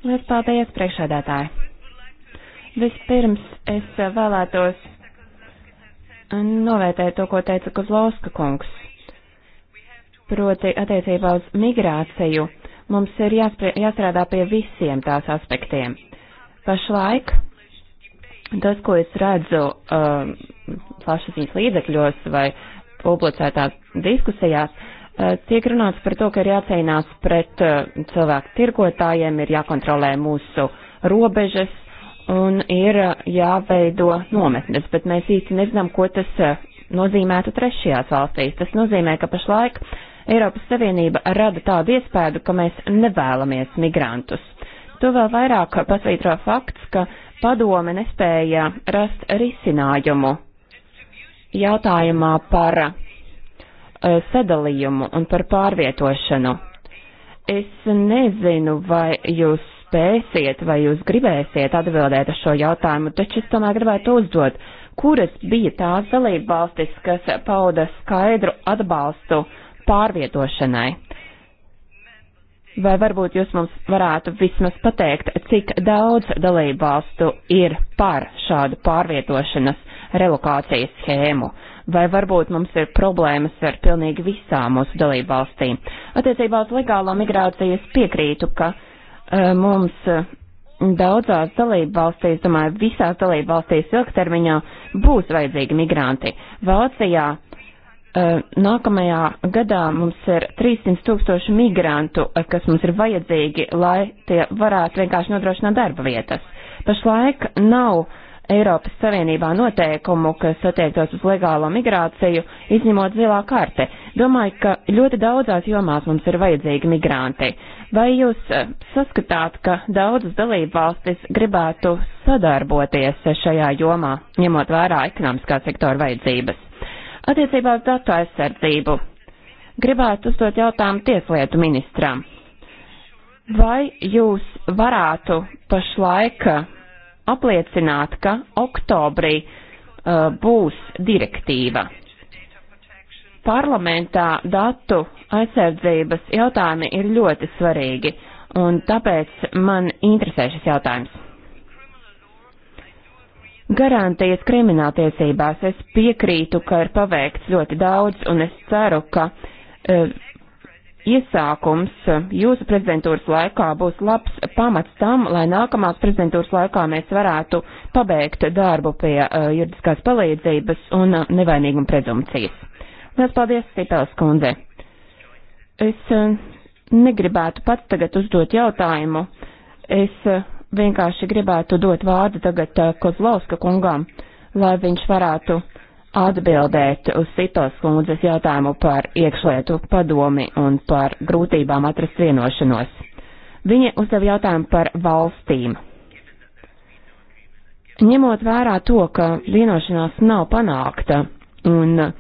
Lielas paldies, priekšādātāji! Vispirms es vēlētos novērtēt to, ko teica Kozlovska kungs. Proti attiecībā uz migrāciju mums ir jāstrādā pie visiem tās aspektiem. Pašlaik tas, ko es redzu uh, plašsaziņas līdzekļos vai publicētās diskusijās, Eh, tiek runāts par to, ka ir jācīnās pret eh, cilvēku tirgotājiem, ir jākontrolē mūsu robežas un ir eh, jāveido nometnes, bet mēs īsti nezinām, ko tas nozīmētu trešajās valstīs. Tas nozīmē, ka pašlaik Eiropas Savienība rada tādu iespēju, ka mēs nevēlamies migrantus. To vēl vairāk pasvītro fakts, ka padome nespēja rast risinājumu jautājumā par Eh, sadalījumu un par pārvietošanu. Es nezinu, vai jūs spēsiet, vai jūs gribēsiet atbildēt uz šo jautājumu, taču es tomēr gribētu uzdot, kuras bija tās dalība valstis, kas pauda skaidru atbalstu pārvietošanai? Vai varbūt jūs mums varētu vismaz pateikt, cik daudz dalību valstu ir par šādu pārvietošanas relokācijas schēmu. Vai varbūt mums ir problēmas ar pilnīgi visām mūsu dalību valstīm? Attiecībā uz legālo migrācijas piekrītu, ka uh, mums uh, daudzās dalību valstīs, domāju, visās dalību valstīs ilgtermiņā būs vajadzīgi migranti. Vācijā e, nākamajā gadā mums ir 300 tūkstoši migrantu, kas mums ir vajadzīgi, lai tie varētu vienkārši nodrošināt darba vietas. Pašlaik nav Eiropas Savienībā noteikumu, kas attiecas uz legālo migrāciju, izņemot zilā karte. Domāju, ka ļoti daudzās jomās mums ir vajadzīgi migranti. Vai jūs eh, saskatāt, ka daudzas dalībvalstis gribētu sadarboties šajā jomā, ņemot vērā ekonomiskā sektora vajadzības? Attiecībā uz datu aizsardzību gribētu uzdot jautājumu tieslietu ministram. Vai jūs varētu pašlaik apliecināt, ka oktobrī uh, būs direktīva. Parlamentā datu aizsardzības jautājumi ir ļoti svarīgi, un tāpēc man interesē šis jautājums. Garantijas krimināltiesībās es piekrītu, ka ir paveikts ļoti daudz, un es ceru, ka uh, iesākums jūsu prezidentūras laikā būs labs pamats tam, lai nākamās prezidentūras laikā mēs varētu pabeigt darbu pie uh, juridiskās palīdzības un uh, nevainīguma prezumcijas. Lielas paldies, Sipels kundze. Es uh, negribētu pats tagad uzdot jautājumu. Es uh, vienkārši gribētu dot vārdu tagad uh, Kozlovska kungam, lai viņš varētu atbildēt uz Sitos kundzes jautājumu par iekšlietu padomi un par grūtībām atrast vienošanos. Viņa uzdev jautājumu par valstīm. Ņemot vērā to, ka vienošanās nav panākta un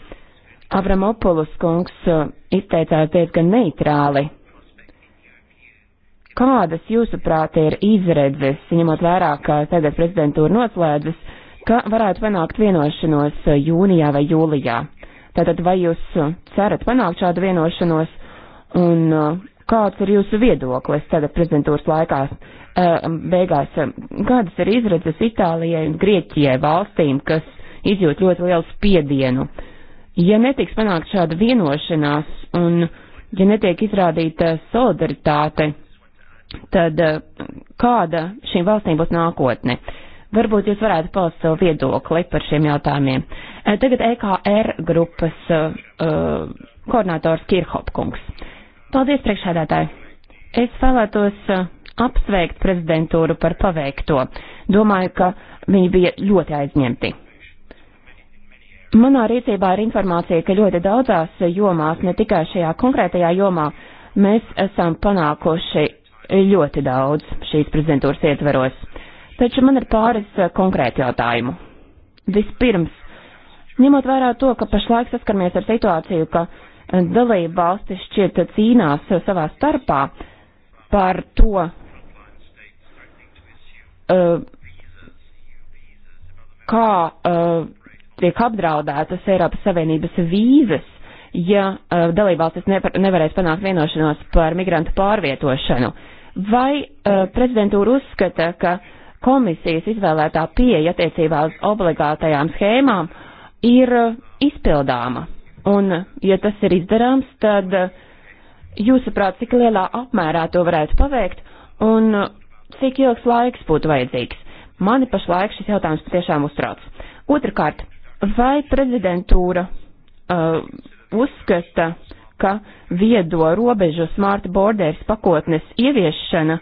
Avramopulus kungs uh, izteicās diezgan neitrāli, kādas jūsuprāt ir izredzes, ņemot vērā, ka tagad prezidentūra noslēdzas, ka varētu panākt vienošanos eh, jūnijā vai jūlijā. Tātad vai jūs eh, cerat panākt šādu vienošanos un eh, kāds ir jūsu viedoklis tagad prezidentūras laikā? Beigās, kādas ir izredzes Itālijai un Grieķijai valstīm, kas izjūt ļoti lielu spiedienu? Ja netiks panākt šāda vienošanās un ja netiek izrādīta solidaritāte, tad kāda šīm valstīm būs nākotne? Uh, Varbūt jūs varētu paust savu viedokli par šiem jautājumiem. E, tagad EKR grupas uh, koordinators Kirhopkungs. Paldies, priekšādātāji! Es vēlētos apsveikt prezidentūru par paveikto. Domāju, ka viņi bija ļoti aizņemti. Manā rīcībā ir informācija, ka ļoti daudzās jomās, ne tikai šajā konkrētajā jomā, mēs esam panākuši ļoti daudz šīs prezidentūras ietveros. Taču man ir pāris eh, konkrēti jautājumu. Vispirms, ņemot vērā to, ka pašlaik saskaramies ar situāciju, ka eh, dalība valstis šķiet cīnās eh, savā starpā par to, kā tiek apdraudētas Eiropas Savienības vīzes, ja dalībvalstis nevarēs panākt vienošanos par migrantu pārvietošanu. Vai prezidentūra uzskata, ka uh, komisijas izvēlētā pieeja attiecībā uz obligātajām schēmām ir uh, izpildāma. Un, ja tas ir izdarāms, tad uh, jūsuprāt, cik lielā apmērā to varētu paveikt un uh, cik ilgs laiks būtu vajadzīgs? Mani pašlaik šis jautājums patiešām uztrauc. Otrakārt, vai prezidentūra uh, uzskata, ka viedo robežu smart borders pakotnes ieviešana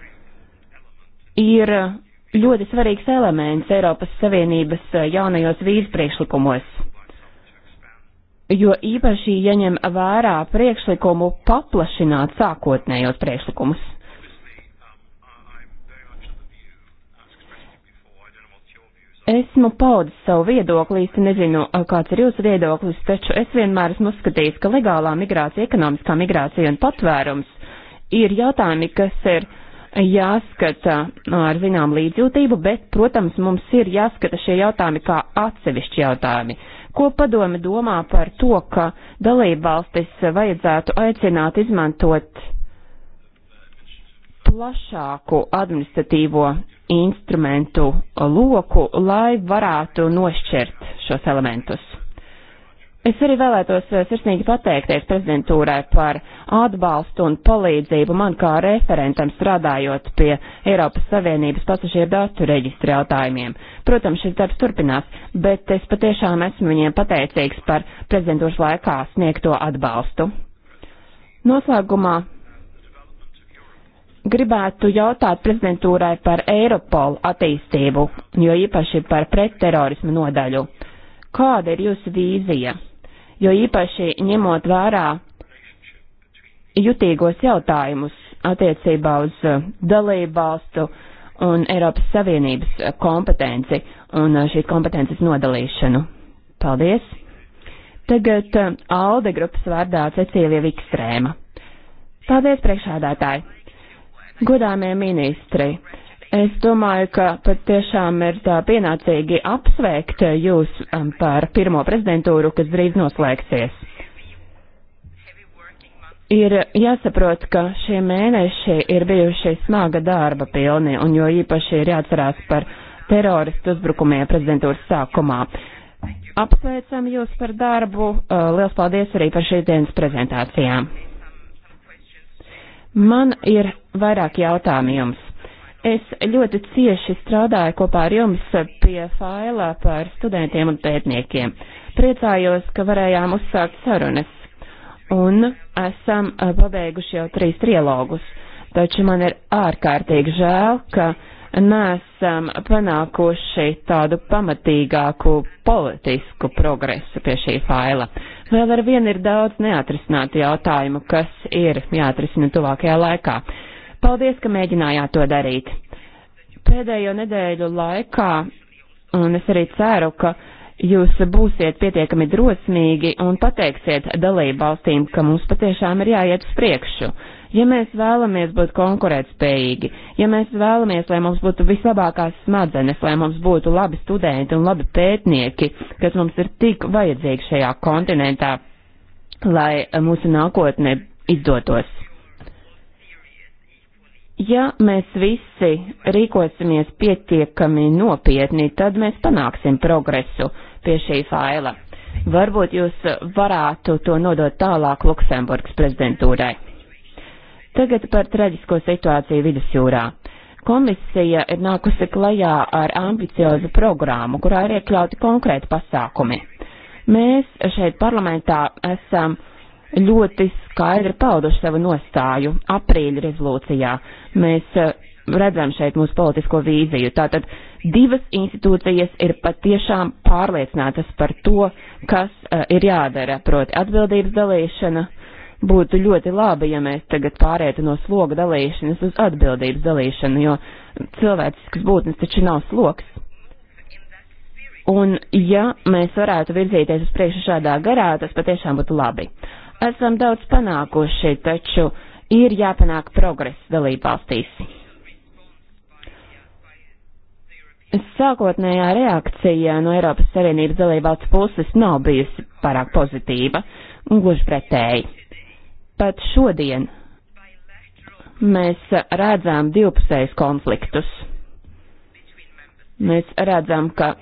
ir ļoti svarīgs elements Eiropas Savienības eh, jaunajos vīzu priekšlikumos, jo īpaši jaņem vērā priekšlikumu paplašināt sākotnējos priekšlikumus. Esmu paudis savu viedokli, īsti nezinu, eh, kāds ir jūsu viedoklis, taču es vienmēr esmu uzskatījis, ka legālā migrācija, ekonomiskā migrācija un patvērums ir jautājumi, kas ir uh, jāskata ar zinām līdzjūtību, bet, protams, mums ir jāskata šie jautājumi kā atsevišķi jautājumi. Ko padome domā par to, ka dalībvalstis vajadzētu aicināt izmantot plašāku administratīvo instrumentu loku, lai varētu nošķirt šos elementus? Es arī vēlētos eh, sirsnīgi pateikties prezidentūrai par atbalstu un palīdzību man kā referentam strādājot pie Eiropas Savienības pasažieru datu reģistra jautājumiem. Protams, šis darbs turpinās, bet es patiešām esmu viņiem pateicīgs par prezidentūras laikā sniegto atbalstu. Noslēgumā gribētu jautāt prezidentūrai par Eiropolu attīstību, jo īpaši par pretterorismu nodaļu. Kāda ir jūsu vīzija? jo īpaši ņemot vērā jutīgos jautājumus attiecībā uz uh, dalību valstu un Eiropas Savienības uh, kompetenci un uh, šīs kompetences nodalīšanu. Paldies! Tagad Alde grupas vārdā Cecīlija Vikstrēma. Paldies, priekšādātāji! Godāmie ministri! Es domāju, ka pat tiešām ir pienācīgi apsveikt jūs um, par pirmo prezidentūru, kas drīz noslēgsies. Ir jāsaprot, ka šie mēneši ir bijuši smaga darba pilni, un jo īpaši ir jāatcerās par teroristu uzbrukumiem prezidentūras sākumā. Apsveicam jūs par darbu, uh, liels paldies arī par šīs dienas prezentācijām. Man ir vairāk jautājumu jums. Es ļoti cieši strādāju kopā ar jums pie failā par studentiem un pētniekiem. Priecājos, ka varējām uzsākt sarunas. Un esam eh, pabeiguši jau trīs trilogus. Taču man ir ārkārtīgi žēl, ka nesam panākuši tādu pamatīgāku politisku progresu pie šī faila. Vēl ar vienu ir daudz neatrisinātu jautājumu, kas ir jāatrisina tuvākajā laikā. Paldies, ka mēģinājāt to darīt. Pēdējo nedēļu laikā, un es arī ceru, ka jūs būsiet pietiekami drosmīgi un pateiksiet dalību valstīm, ka mums patiešām ir jāiet uz priekšu. Ja mēs vēlamies būt konkurētspējīgi, ja mēs vēlamies, lai mums būtu vislabākās smadzenes, lai mums būtu labi studenti un labi pētnieki, kas mums ir tik vajadzīgi šajā kontinentā, lai mūsu nākotne izdotos. Ja mēs visi rīkosimies pietiekami nopietni, tad mēs panāksim progresu pie šī faila. Varbūt jūs varētu to nodot tālāk Luksemburgas prezidentūrai. Tagad par traģisko situāciju vidusjūrā. Komisija ir nākusi klajā ar ambiciozu programmu, kurā ir iekļauti konkrēti pasākumi. Mēs šeit parlamentā esam uh, ļoti skaidri pauduši savu nostāju aprīļa rezolūcijā. Mēs eh, redzam šeit mūsu politisko vīziju. Tātad divas institūcijas ir patiešām pārliecinātas par to, kas uh, ir jādara, proti atbildības dalīšana. Būtu ļoti labi, ja mēs tagad pārētu no sloga dalīšanas uz atbildības dalīšanu, jo cilvēcisks būtnes taču nav sloks. Un ja mēs varētu virzīties uz priekšu šādā garā, tas patiešām būtu labi. Uh, esam daudz panākuši, taču ir jāpanāk progress dalībvalstīs. Sākotnējā reakcija no Eiropas Savienības dalībvalsts puses nav bijusi pārāk pozitīva, gluži pretēji. Pat šodien mēs redzam divpusējus konfliktus. Mēs redzam, ka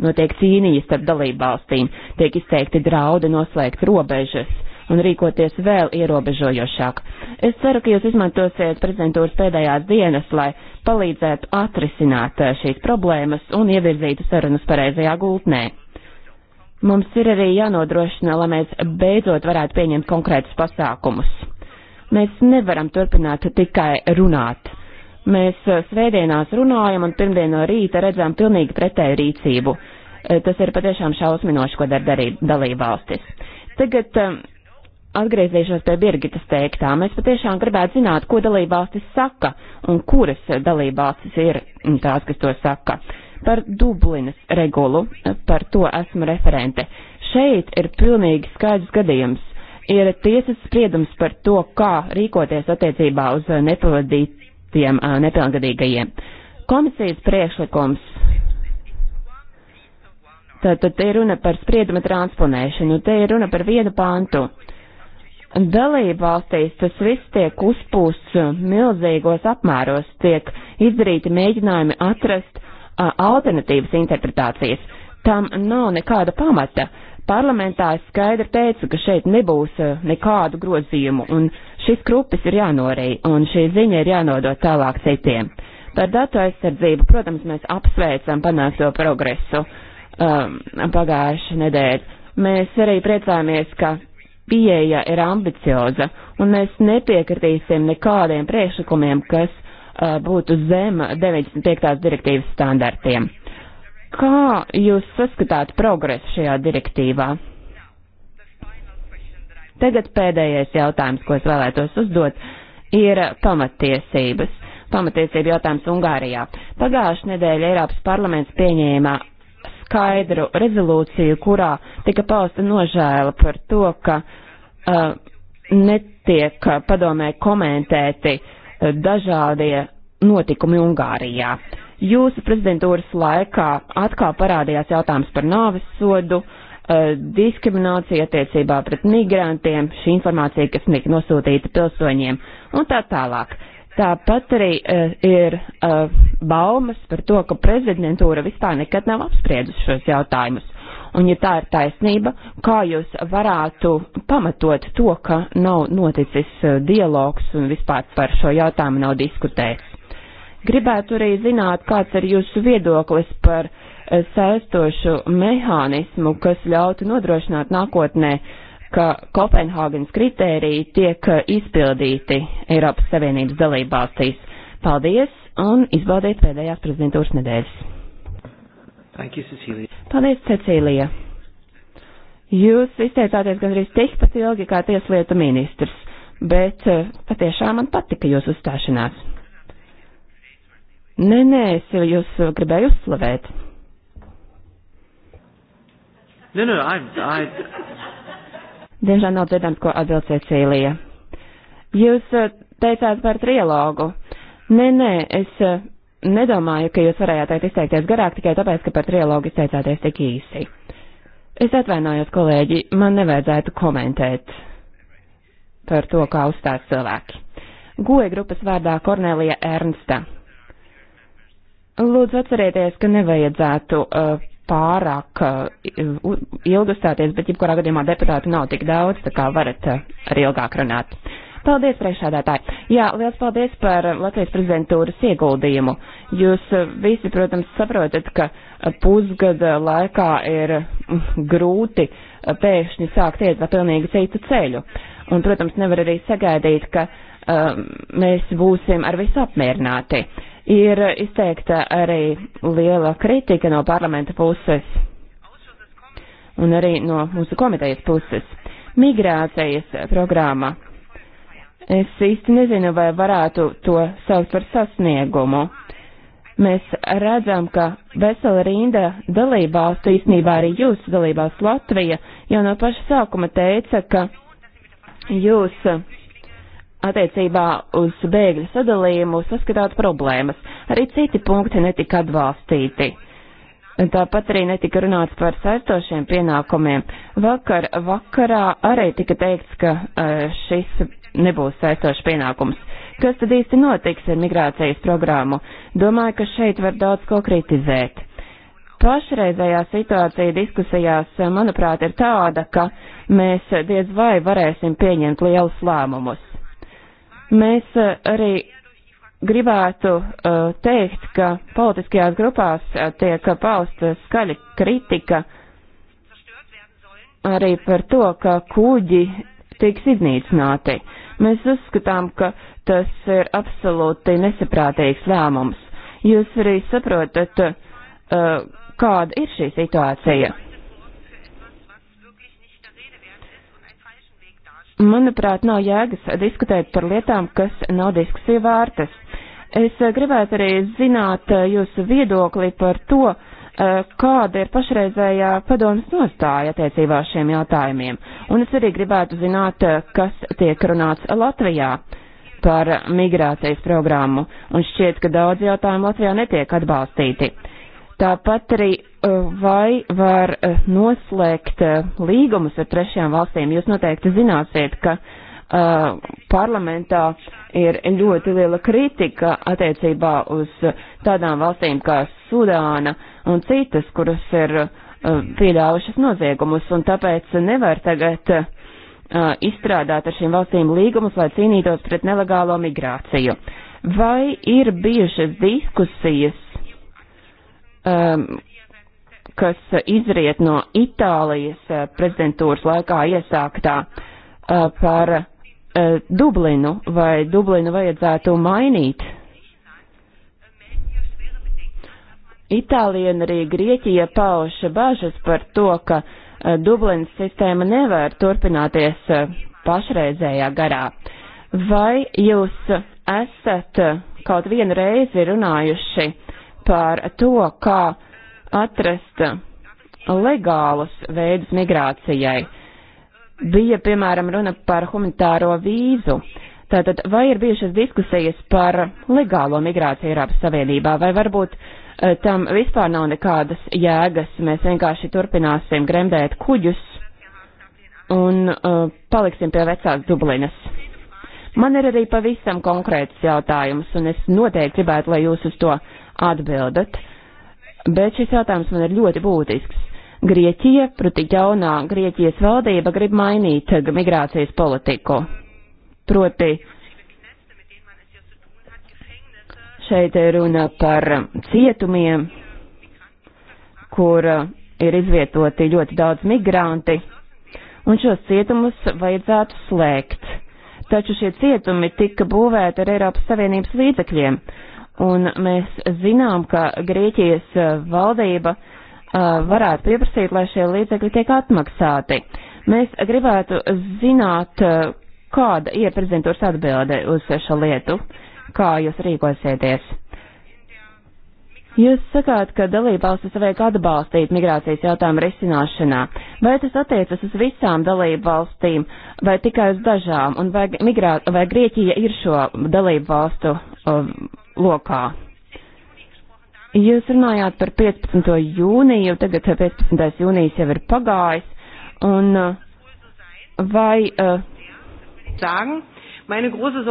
notiek cīnījas starp dalībvalstīm, tiek izteikti draudi noslēgt robežas un rīkoties vēl ierobežojošāk. Es ceru, ka jūs izmantosiet prezidentūras pēdējās dienas, lai palīdzētu atrisināt eh, šīs problēmas un ievirzītu sarunas pareizajā gultnē. Mums ir arī jānodrošina, lai mēs beidzot varētu pieņemt konkrētus pasākumus. Mēs nevaram turpināt tikai runāt. Mēs eh, svētdienās runājam un pirmdien no rīta redzam pilnīgi pretēju rīcību. Eh, tas ir patiešām šausminoši, ko dara darība dalībvalstis. Tagad um, atgriezīšos pie Birgitas teiktā. Mēs patiešām gribētu zināt, ko dalībvalstis saka un kuras dalībvalstis ir tās, kas to saka. Par Dublinas regulu, par to esmu referente. Šeit ir pilnīgi skaidrs gadījums. Ir tiesas spriedums par to, kā rīkoties attiecībā uz nepavadītiem nepilngadīgajiem. Komisijas priekšlikums Tātad te ir runa par sprieduma transponēšanu, te ir runa par vienu pantu dalībvalstīs tas viss tiek uzpūsts eh, milzīgos apmēros, tiek izdarīti mēģinājumi atrast a, eh, alternatīvas interpretācijas. Tam nav nekāda pamata. Parlamentā es skaidri teicu, ka šeit nebūs a, eh, nekādu grozījumu, un šis krupis ir jānorī, un šī ziņa ir jānodot tālāk citiem. Par datu aizsardzību, protams, mēs apsveicam panākto progresu um, pagājušu nedēļu. Mēs arī priecājamies, ka pieeja ir ambicioza, un mēs nepiekritīsim nekādiem priekšlikumiem, kas uh, būtu zem 95. direktīvas standartiem. Kā jūs saskatāt progresu šajā direktīvā? Tagad pēdējais jautājums, ko es vēlētos uzdot, ir pamatiesības. Pamatiesība jautājums Ungārijā. Pagājušajā nedēļā Eiropas parlaments pieņēma skaidru rezolūciju, kurā tika pausta nožēla par to, ka uh, netiek uh, padomē komentēti uh, dažādie notikumi Ungārijā. Jūsu prezidentūras laikā atkal parādījās jautājums par nāves sodu, uh, diskriminācija attiecībā pret migrantiem, šī informācija, kas tika nosūtīta pilsoņiem un tā tālāk. Tāpat arī uh, ir uh, baumas par to, ka prezidentūra vispār nekad nav apspriedusi šos jautājumus. Un, ja tā ir taisnība, kā jūs varētu pamatot to, ka nav noticis eh, dialogs un vispār par šo jautājumu nav diskutēts? Gribētu arī zināt, kāds ir jūsu viedoklis par saistošu mehānismu, kas ļautu nodrošināt nākotnē uh, ka Kopenhāgenes kritēriji tiek eh, izpildīti Eiropas Savienības dalībvalstīs. Paldies un izbaudiet pēdējās prezidentūras nedēļas. Thank you, Cecilija. Paldies, Cecīlija. Jūs izteicāties gandrīz tikpat ilgi kā tieslietu ministrs, bet eh, patiešām man patika jūs uzstāšanās. Nē, nē, es jūs gribēju uzslavēt. Nē, no, nē, no, I, I, Diemžēl nav dzirdams, ko atbild Cecīlija. Jūs eh, teicāt par trilogu. Nē, nē, es eh, nedomāju, ka jūs varējāt teikt izteikties garāk tikai tāpēc, ka par trilogu izteicāties tik īsi. Es atvainojos, kolēģi, man nevajadzētu komentēt par to, kā uzstās cilvēki. Goja grupas vārdā Kornelija Ernsta. Lūdzu, atcerieties, ka nevajadzētu uh, pārāk uh, ilgi uzstāties, bet jebkurā gadījumā deputātu nav tik daudz, tā kā varat uh, arī ilgāk runāt. Paldies, priekšādātāji. Jā, liels paldies par Latvijas prezidentūras ieguldījumu. Jūs uh, visi, protams, saprotat, ka pusgada laikā ir grūti pēkšņi sākt iet pa pilnīgi citu ceļu. Un, protams, nevar arī sagaidīt, ka um, mēs būsim ar visu apmierināti. Uh, Ir izteikta arī liela kritika no parlamenta puses un arī no mūsu komitejas puses. Migrācijas programma. Es īsti nezinu, vai varētu to saukt par sasniegumu. Mēs redzam, ka vesela rinda dalībvalstu, īstenībā arī jūsu dalībvalsts Latvija, jau no paša sākuma teica, ka jūs attiecībā uz bēgļu sadalījumu saskatāt problēmas. Arī citi punkti netika atbalstīti. Tāpat arī netika runāts par saistošiem pienākumiem. Vakar vakarā arī tika teikts, ka e, šis nebūs saistošs pienākums. Kas tad īsti notiks ar migrācijas programmu? Domāju, ka šeit var daudz ko kritizēt. Pašreizējā situācija diskusijās, e, manuprāt, ir tāda, ka mēs diez vai varēsim pieņemt lielus lēmumus Mēs eh, arī gribētu eh, teikt, ka politiskajās grupās eh, tiek pausta skaļa kritika arī par to, ka kuģi tiks iznīcināti. Mēs uzskatām, ka tas ir absolūti nesaprātīgs lēmums. Jūs arī saprotat, kāda ir šī situācija. manuprāt, nav jēgas diskutēt par lietām, kas nav diskusiju vērtas. Es eh, gribētu arī zināt eh, jūsu viedokli par to, eh, kāda ir pašreizējā padomas nostāja attiecībā uz šiem jautājumiem. Un es arī gribētu zināt, kas tiek runāts Latvijā par migrācijas programmu. Un šķiet, ka daudz jautājumu Latvijā netiek atbalstīti. Tāpat arī eh, vai var eh, noslēgt eh, līgumus ar trešajām valstīm. Jūs noteikti zināsiet, ka uh, parlamentā ir ļoti liela kritika attiecībā uz tādām valstīm kā Sudāna un citas, kuras ir uh, pieļāvušas noziegumus, un tāpēc nevar tagad uh, izstrādāt ar šīm valstīm līgumus, lai cīnītos pret nelegālo migrāciju. Vai ir bijušas diskusijas um, kas izriet no Itālijas uh, prezidentūras laikā iesāktā uh, par uh, Dublinu, vai Dublinu vajadzētu mainīt. Itālija un arī Grieķija pauž bažas par to, ka uh, Dublinas sistēma nevar turpināties uh, pašreizējā garā. Vai jūs esat uh, kaut vienu reizi runājuši uh, par to, kā atrast legālus veidus migrācijai. Bija, piemēram, runa par humanitāro vīzu. Tātad, vai ir bijušas diskusijas par legālo migrāciju Eiropas Savienībā, vai varbūt e, tam vispār nav nekādas jēgas, mēs vienkārši turpināsim gremdēt kuģus un uh, paliksim pie vecās Dublinas. Man ir arī pavisam konkrēts jautājums, un es noteikti gribētu, lai jūs uz to atbildat, bet šis jautājums man ir ļoti būtisks. Grieķija, proti jaunā Grieķijas valdība, grib mainīt migrācijas politiku. Proti, šeit ir runa par cietumiem, kur ir izvietoti ļoti daudz migranti, un šos cietumus vajadzētu slēgt. Taču šie cietumi tika būvēti ar Eiropas Savienības līdzekļiem. Un mēs zinām, ka Grieķijas eh, valdība eh, varētu pieprasīt, lai šie līdzekļi tiek atmaksāti. Mēs gribētu zināt, eh, kāda ir prezidentūras atbilde uz šo lietu, kā jūs rīkosieties. Jūs sakāt, ka dalībvalstis vajag atbalstīt migrācijas jautājumu risināšanā. Vai tas attiecas uz visām dalībvalstīm vai tikai uz dažām? Un vai, migrā, vai Grieķija ir šo dalībvalstu um, lokā. Jūs runājāt par 15. jūniju, tagad 15. jūnijas jau ir pagājis, un uh, vai, uh,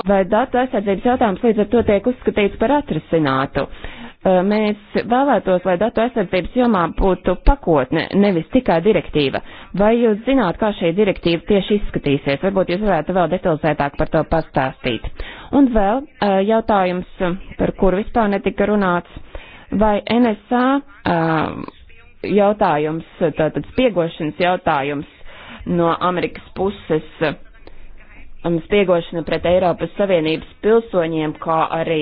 vai datu aizsardzības jautājums līdz ar to tiek uzskatīts par atrisinātu? Uh, Mēs vēlētos, lai datu aizsardzības jomā būtu pakotne, nevis tikai direktīva. Vai jūs zināt, kā šī direktīva tieši izskatīsies? Varbūt jūs varētu vēl detalizētāk par to pastāstīt. Un vēl jautājums, par kuru vispār netika runāts. Vai NSA jautājums, tātad spiegošanas jautājums no Amerikas puses spiegošana pret Eiropas Savienības pilsoņiem, kā arī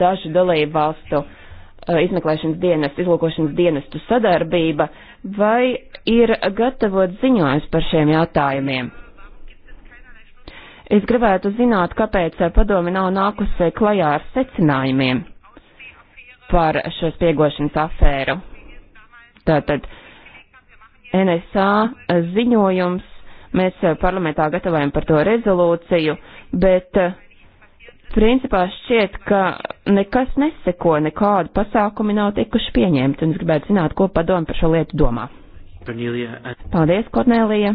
dažu dalību valstu Uh, izmeklēšanas dienas, izlūkošanas dienestu sadarbība, vai ir gatavot ziņojums par šiem jautājumiem? Es gribētu zināt, kāpēc padomi nav nākusi klajā ar secinājumiem par šo spiegošanas afēru. Tātad NSA ziņojums, mēs parlamentā gatavojam par to rezolūciju, bet uh, Principā šķiet, ka nekas neseko, nekādu pasākumu nav tikuši pieņemti, un es gribētu zināt, ko padomu par šo lietu domā. Uh, Paldies, Kornēlija.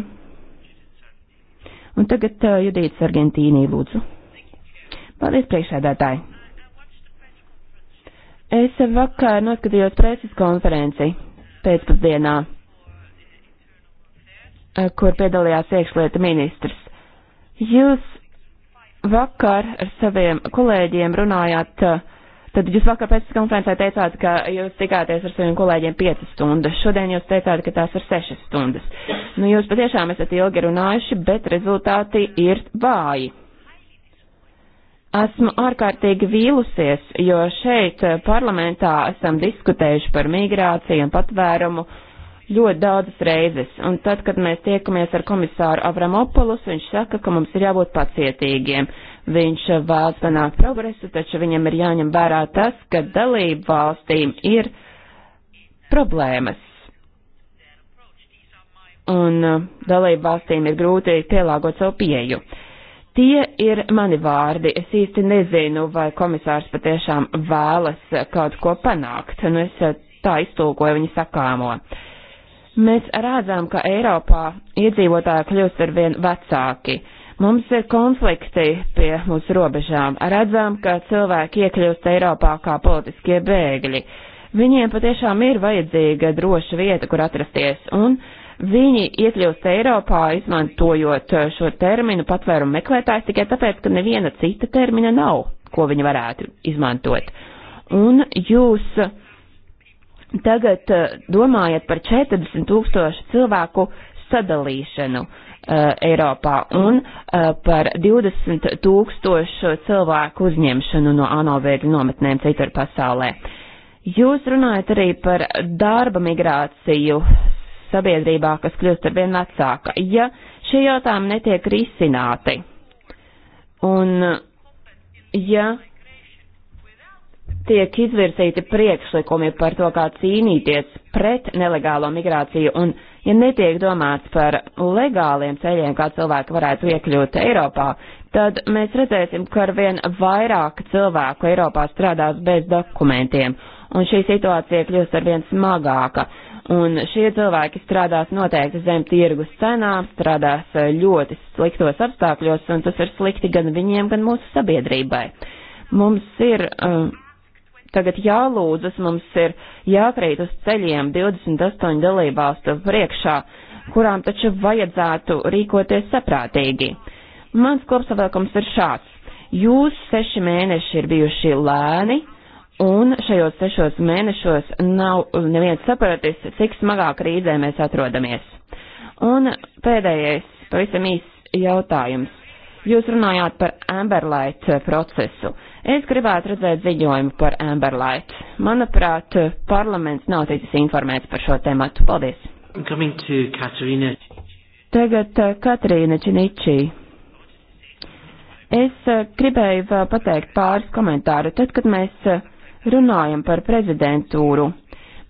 Un tagad uh, Judīts Argentīnī lūdzu. Paldies, priekšēdētāji. Es vakar noskatījos preses konferenci pēcpusdienā, uh, kur piedalījās iekšlieta ministrs. Jūs vakar ar saviem kolēģiem runājāt, eh, tad jūs vakar pēc konferencē teicāt, ka jūs tikāties ar saviem kolēģiem 5 stundas, šodien jūs teicāt, ka tās ir 6 stundas. Nu, jūs patiešām esat ilgi runājuši, bet rezultāti ir vāji. Esmu ārkārtīgi vīlusies, jo šeit eh, parlamentā esam diskutējuši par migrāciju un patvērumu ļoti daudzas reizes, un tad, kad mēs tiekamies ar komisāru Avramopolus, viņš saka, ka mums ir jābūt pacietīgiem. Viņš eh, vēlas panākt progresu, taču viņam ir jāņem vērā tas, ka dalību valstīm ir problēmas. Un eh, dalību valstīm ir grūti pielāgot savu pieju. Tie ir mani vārdi. Es īsti nezinu, vai komisārs patiešām vēlas eh, kaut ko panākt. Nu, es tā iztulkoju viņa sakāmo. Uh, Mēs redzam, ka Eiropā iedzīvotāji kļūst ar vien vecāki. Mums ir konflikti pie mūsu robežām. Redzam, ka cilvēki iekļūst Eiropā kā politiskie bēgļi. Viņiem patiešām ir vajadzīga droša vieta, kur atrasties, un viņi iekļūst Eiropā, izmantojot šo terminu patvērumu meklētājs tikai tāpēc, ka neviena cita termina nav, ko viņi varētu izmantot. Un jūs uh, Tagad eh, domājiet par 40 tūkstošu cilvēku sadalīšanu uh, Eiropā un uh, par 20 tūkstošu cilvēku uzņemšanu no ANO bēgļu nometnēm citur pasaulē. Jūs runājat arī par darba migrāciju sabiedrībā, kas kļūst ar vien vecāka, ja šie jautājumi netiek risināti. Un ja tiek izvirzīti priekšlikumi par to, kā cīnīties pret nelegālo migrāciju, un ja netiek domāts par legāliem ceļiem, kā cilvēki varētu iekļūt Eiropā, tad mēs redzēsim, ka arvien vairāk cilvēku Eiropā strādās bez dokumentiem, un šī situācija kļūst arvien smagāka. Un šie cilvēki strādās noteikti zem tirgus cenām, strādās ļoti sliktos apstākļos, un tas ir slikti gan viņiem, gan mūsu sabiedrībai. Mums ir uh, tagad jālūdzas, mums ir jākrīt uz ceļiem 28 dalībvalstu priekšā, kurām taču vajadzētu rīkoties saprātīgi. Mans kopsavēkums ir šāds. Jūs seši mēneši ir bijuši lēni, un šajos sešos mēnešos nav neviens sapratis, cik smagā krīzē mēs atrodamies. Un pēdējais, pavisam īsts jautājums. Jūs runājāt par Amberlight procesu. Es gribētu redzēt ziņojumu par Amberlight. Manuprāt, parlaments nav ticis informēts par šo tematu. Paldies! Tagad eh, Katrīna Činičī. Es eh, gribēju pateikt pāris komentāru. Tad, kad mēs eh, runājam par prezidentūru,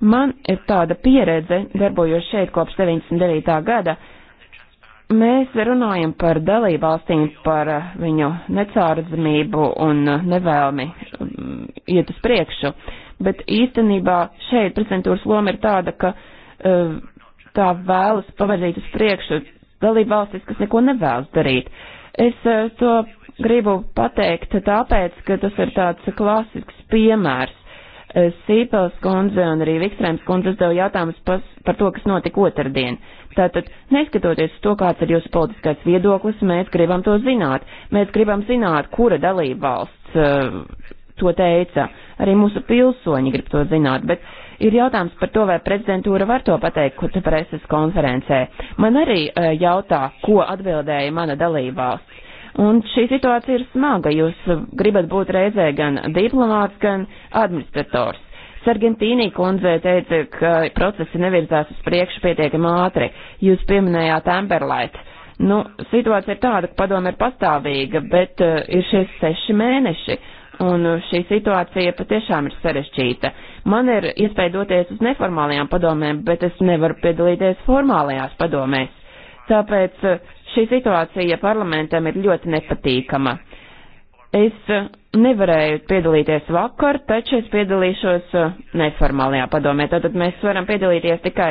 man ir tāda pieredze, darbojos šeit kopš 99. gada, Mēs runājam par dalībvalstīm, par viņu necārdzamību un nevēlmi um, iet uz priekšu, bet īstenībā šeit prezidentūras loma ir tāda, ka uh, tā vēlas pavadīt uz priekšu dalībvalstis, kas neko nevēlas darīt. Es uh, to gribu pateikt tāpēc, ka tas ir tāds klasisks piemērs Eh, Sīpels kundze un arī Vikstrēms kundze uzdeva jautājumus par to, kas notika otrdien. Tātad, neskatoties to, kāds ir jūsu politiskais viedoklis, mēs gribam to zināt. Mēs gribam zināt, kura dalība valsts uh, to teica. Arī mūsu pilsoņi grib to zināt, bet ir jautājums par to, vai prezidentūra var to pateikt, kur preses konferencē. Man arī uh, jautā, ko atbildēja mana dalība valsts. Un šī situācija ir smaga. Jūs gribat būt reizē gan diplomāts, gan administrators. Sargentīnī kundze teica, ka procesi nevirzās uz priekšu pietiekami ātri. Jūs pieminējāt Amberlaitu. Nu, situācija ir tāda, ka padoma ir pastāvīga, bet uh, ir šie seši mēneši, un šī situācija patiešām ir sarežģīta. Man ir iespēja doties uz neformālajām padomēm, bet es nevaru piedalīties formālajās padomēs. Tāpēc uh, Šī situācija parlamentam ir ļoti nepatīkama. Es nevarēju piedalīties vakar, taču es piedalīšos uh, neformālajā padomē. Tātad mēs varam piedalīties tikai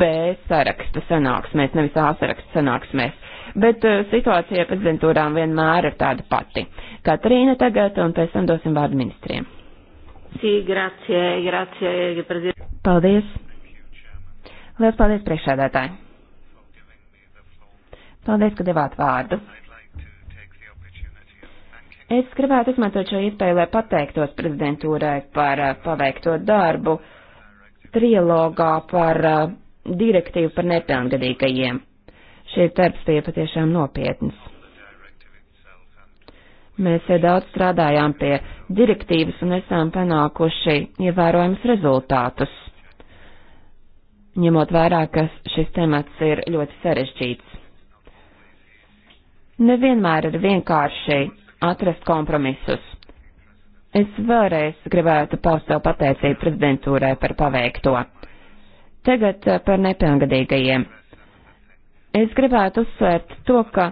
B saraksta sanāksmēs, nevis A saraksta sanāksmēs. Bet uh, situācija prezidentūrām vienmēr ir tāda pati. Katrīna tagad, un pēc tam dosim vārdu ministriem. Sī, grazie, grazie, prezident. Paldies. Lielas paldies priekšādātāji. Paldies, ka devāt vārdu. Es gribētu izmantot šo iespēju, lai pateiktos prezidentūrai par uh, paveikto darbu trilogā par uh, direktīvu par nepilngadīgajiem. Šī darbs bija patiešām nopietns. Mēs daudz strādājām pie direktīvas un esam panākuši ievērojams rezultātus, ņemot vērā, ka šis temats ir ļoti sarežģīts nevienmēr ir vienkārši atrast kompromisus. Es vēlreiz gribētu paust savu pateicību prezidentūrai par paveikto. Tagad eh, par nepilngadīgajiem. Es gribētu uzsvērt to, ka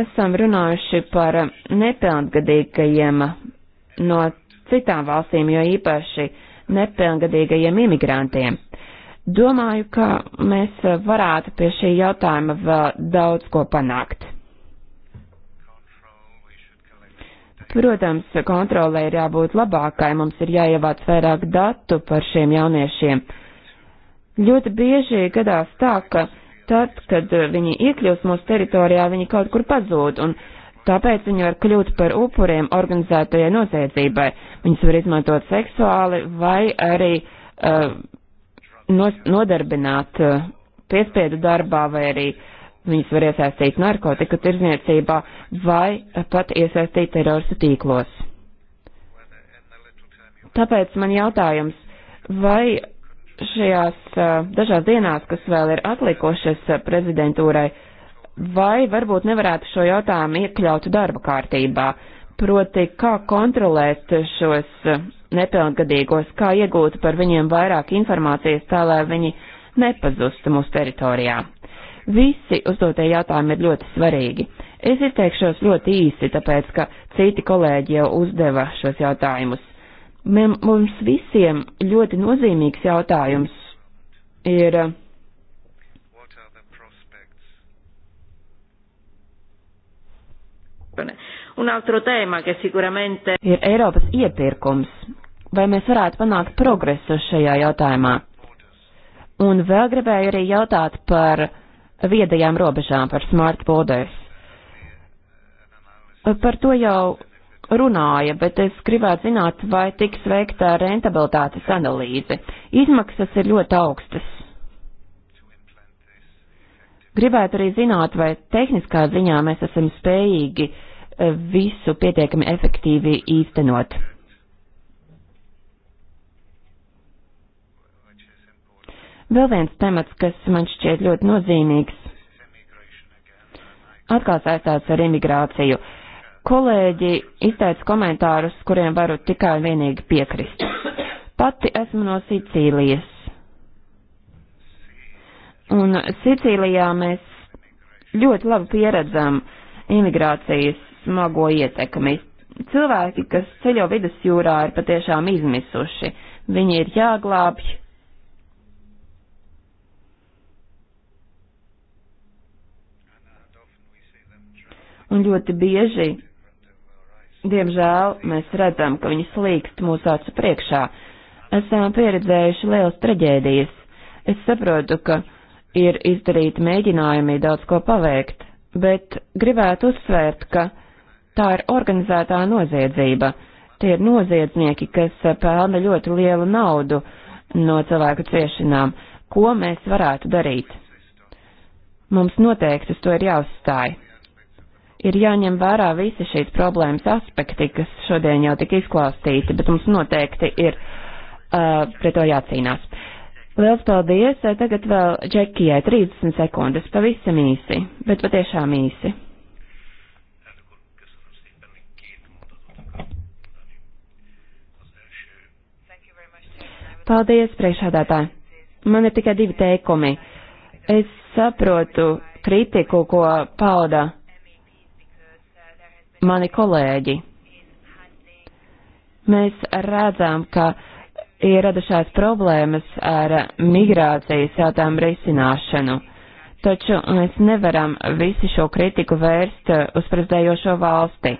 esam runājuši par nepilngadīgajiem no citām valstīm, jo īpaši nepilngadīgajiem imigrantiem. Domāju, ka mēs varētu pie šī jautājuma vēl daudz ko panākt. Protams, kontrolē ir jābūt labākai, mums ir jāievāc vairāk datu par šiem jauniešiem. Ļoti bieži gadās tā, ka tad, kad viņi iekļūst mūsu teritorijā, viņi kaut kur pazūd, un tāpēc viņi var kļūt par upuriem organizētajai noziedzībai. Viņus var izmantot seksuāli vai arī uh, nos, nodarbināt uh, piespiedu darbā vai arī uh, Viņas var iesaistīt narkotiku tirzniecībā vai pat iesaistīt terorista tīklos. Tāpēc man jautājums, vai šajās dažās dienās, kas vēl ir atlikušas prezidentūrai, vai varbūt nevarētu šo jautājumu iekļaut darba kārtībā? Proti, kā kontrolēt šos nepilngadīgos, kā iegūt par viņiem vairāk informācijas tā, lai viņi nepazustu mūsu teritorijā. Visi uzdotie jautājumi ir ļoti svarīgi. Es izteikšos ļoti īsi, tāpēc, ka citi kolēģi jau uzdeva šos jautājumus. Mums visiem ļoti nozīmīgs jautājums ir. Uh, Un altro tēma, kas sicuramente. Ir Eiropas iepirkums. Vai mēs varētu panākt progresu šajā jautājumā? Un vēl gribēju arī jautāt par viedajām robežām, par smart borders. Par to jau runāja, bet es gribētu zināt, vai tiks veikta rentabilitātes analīze. Izmaksas ir ļoti augstas. Gribētu arī zināt, vai tehniskā ziņā mēs esam spējīgi eh, visu pietiekami efektīvi īstenot. Vēl viens temats, kas man šķiet ļoti nozīmīgs, atkal saistās ar imigrāciju. Kolēģi izteica komentārus, kuriem varu tikai un vienīgi piekrist. Pati esmu no Sicīlijas. Un Sicīlijā mēs ļoti labi pieredzam imigrācijas smago ietekmi. Cilvēki, kas ceļo vidusjūrā, ir patiešām izmisuši. Viņi ir jāglābj, un ļoti bieži, diemžēl, mēs redzam, ka viņi slīkst mūsu acu priekšā. Esam pieredzējuši lielas traģēdijas. Es saprotu, ka ir izdarīti mēģinājumi daudz ko paveikt, bet gribētu uzsvērt, ka tā ir organizētā noziedzība. Tie ir noziedznieki, kas pelna ļoti lielu naudu no cilvēku ciešanām. Ko mēs varētu darīt? Mums noteikti uz to ir jāuzstāj ir jāņem vērā visi šīs problēmas aspekti, kas šodien jau tik izklāstīti, bet mums noteikti ir uh, pret to jācīnās. Liels paldies! Eh, tagad vēl Džekijai 30 sekundes, pavisam īsi, bet patiešām īsi. Paldies, priekšādātāji! Man ir tikai divi teikumi. Es saprotu kritiku, ko pauda mani kolēģi. Mēs redzam, ka ir radušās problēmas ar migrācijas jautājumu risināšanu, taču mēs nevaram visu šo kritiku vērst uz prezidējošo valsti.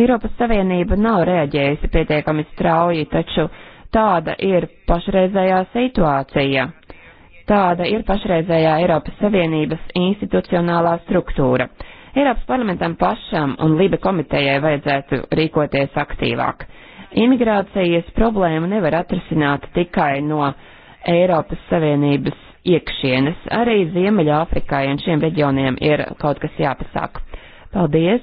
Eiropas Savienība nav reaģējusi pietiekami strauji, taču tāda ir pašreizējā situācija. Tāda ir pašreizējā Eiropas Savienības institucionālā struktūra. Eiropas parlamentam pašam un Libe komitejai vajadzētu rīkoties aktīvāk. Imigrācijas problēmu nevar atrisināt tikai no Eiropas Savienības iekšienes. Arī Ziemeļāfrikai un šiem reģioniem ir kaut kas jāpasāk. Paldies!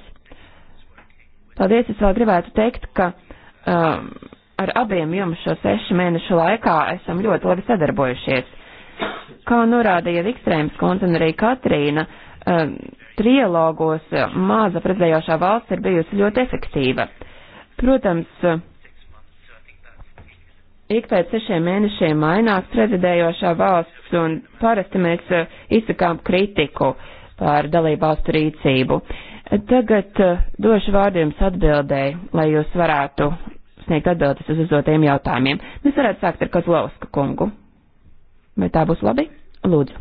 Paldies! Es vēl gribētu teikt, ka um, ar abiem jums šo sešu mēnešu laikā esam ļoti labi sadarbojušies. Kā norādīja Vikstrēms kundze un arī Katrīna, uh, um, trialogos maza prezidējošā valsts ir bijusi ļoti efektīva. Protams, ik pēc sešiem mēnešiem mainās prezidējošā valsts un parasti mēs uh, izsakām kritiku par dalību valstu rīcību. Tagad uh, došu vārdu jums atbildēji, lai jūs varētu sniegt atbildes uz uzdotiem jautājumiem. Mēs varētu sākt ar Kozlovska kungu. Vai tā būs labi? Lūdzu.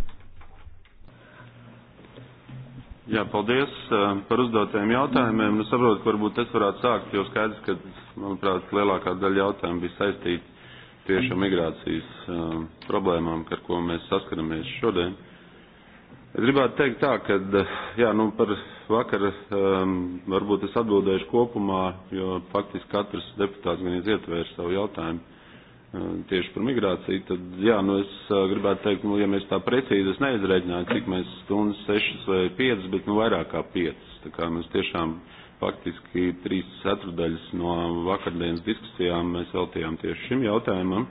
Jā, paldies eh, par uzdotajiem jautājumiem. Nu, saprotu, ka varbūt es varētu sākt, jo skaidrs, ka, manuprāt, lielākā daļa jautājumu bija saistīta tieši ar migrācijas eh, problēmām, ar ko mēs saskaramies šodien. Es gribētu teikt tā, ka, eh, jā, nu, par vakar um, varbūt es atbildēšu kopumā, jo faktiski katrs deputāts gan ietvērs savu jautājumu tieši par migrāciju, tad, jā, nu es gribētu teikt, nu, ja mēs tā precīzi, es neizreģināju, cik mēs stundas, sešas vai piecas, bet, nu, vairāk kā piecas. Tā kā mēs tiešām faktiski trīs ceturdaļas no vakardienas diskusijām mēs veltījām tieši šim jautājumam.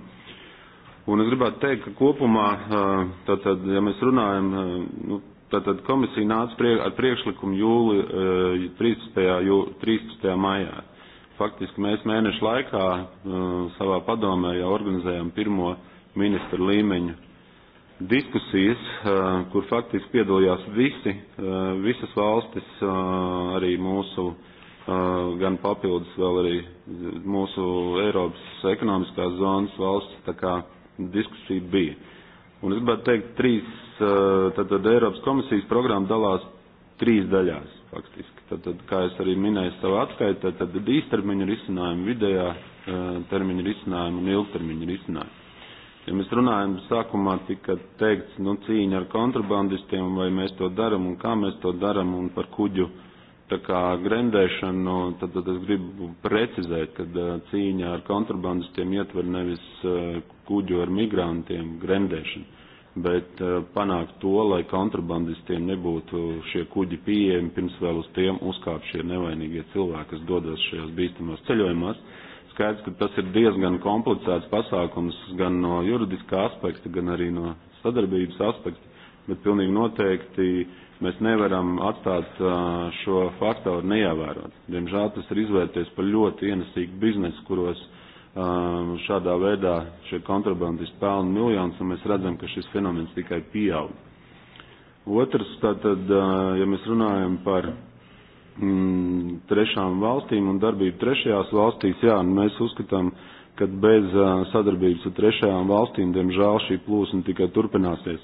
Un es gribētu teikt, ka kopumā, tātad, ja mēs runājam, nu, tātad komisija nāca priek ar priekšlikumu jūli 13. Jū, 13. maijā. Faktiski mēs mēnešu laikā uh, savā padomē jau organizējam pirmo ministru līmeņu diskusijas, uh, kur faktiski piedalījās visi, uh, visas valstis, arī mūsu gan papildus vēl arī mūsu Eiropas ekonomiskās zonas valsts, tā kā diskusija bija. Un es gribētu teikt, trīs, tad, tad Eiropas komisijas programma dalās trīs daļās faktiski. Tad, tad, kā es arī minēju savā atskaitē, tad, tad īstermiņa risinājumi, vidējā e, termiņa risinājumi un ilgtermiņa risinājumi. Ja mēs runājam, sākumā tika teikts, nu, cīņa ar kontrabandistiem, vai mēs to daram un kā mēs to daram un par kuģu tā kā grendēšanu, tad, tad es gribu precizēt, ka e, cīņa ar kontrabandistiem ietver nevis e, kuģu ar migrantiem grendēšanu bet eh, panākt to, lai kontrabandistiem nebūtu šie kuģi pieejami, pirms vēl uz tiem uzkāp šie nevainīgie cilvēki, kas dodas šajās bīstamās ceļojumās. Skaidrs, ka tas ir diezgan komplicēts pasākums gan no juridiskā aspekta, gan arī no sadarbības aspekta, bet pilnīgi noteikti mēs nevaram atstāt eh, šo faktoru neievērot. Diemžēl tas ir izvērties par ļoti ienesīgu biznesu, kuros uh, Um, šādā veidā šie kontrabandisti pelna miljonus, un mēs redzam, ka šis fenomens tikai pieaug. Otrs, tātad, uh, ja mēs runājam par mm, trešām valstīm un darbību trešajās valstīs, jā, mēs uzskatām, ka bez uh, sadarbības ar trešajām valstīm, diemžēl, šī plūsma tikai turpināsies.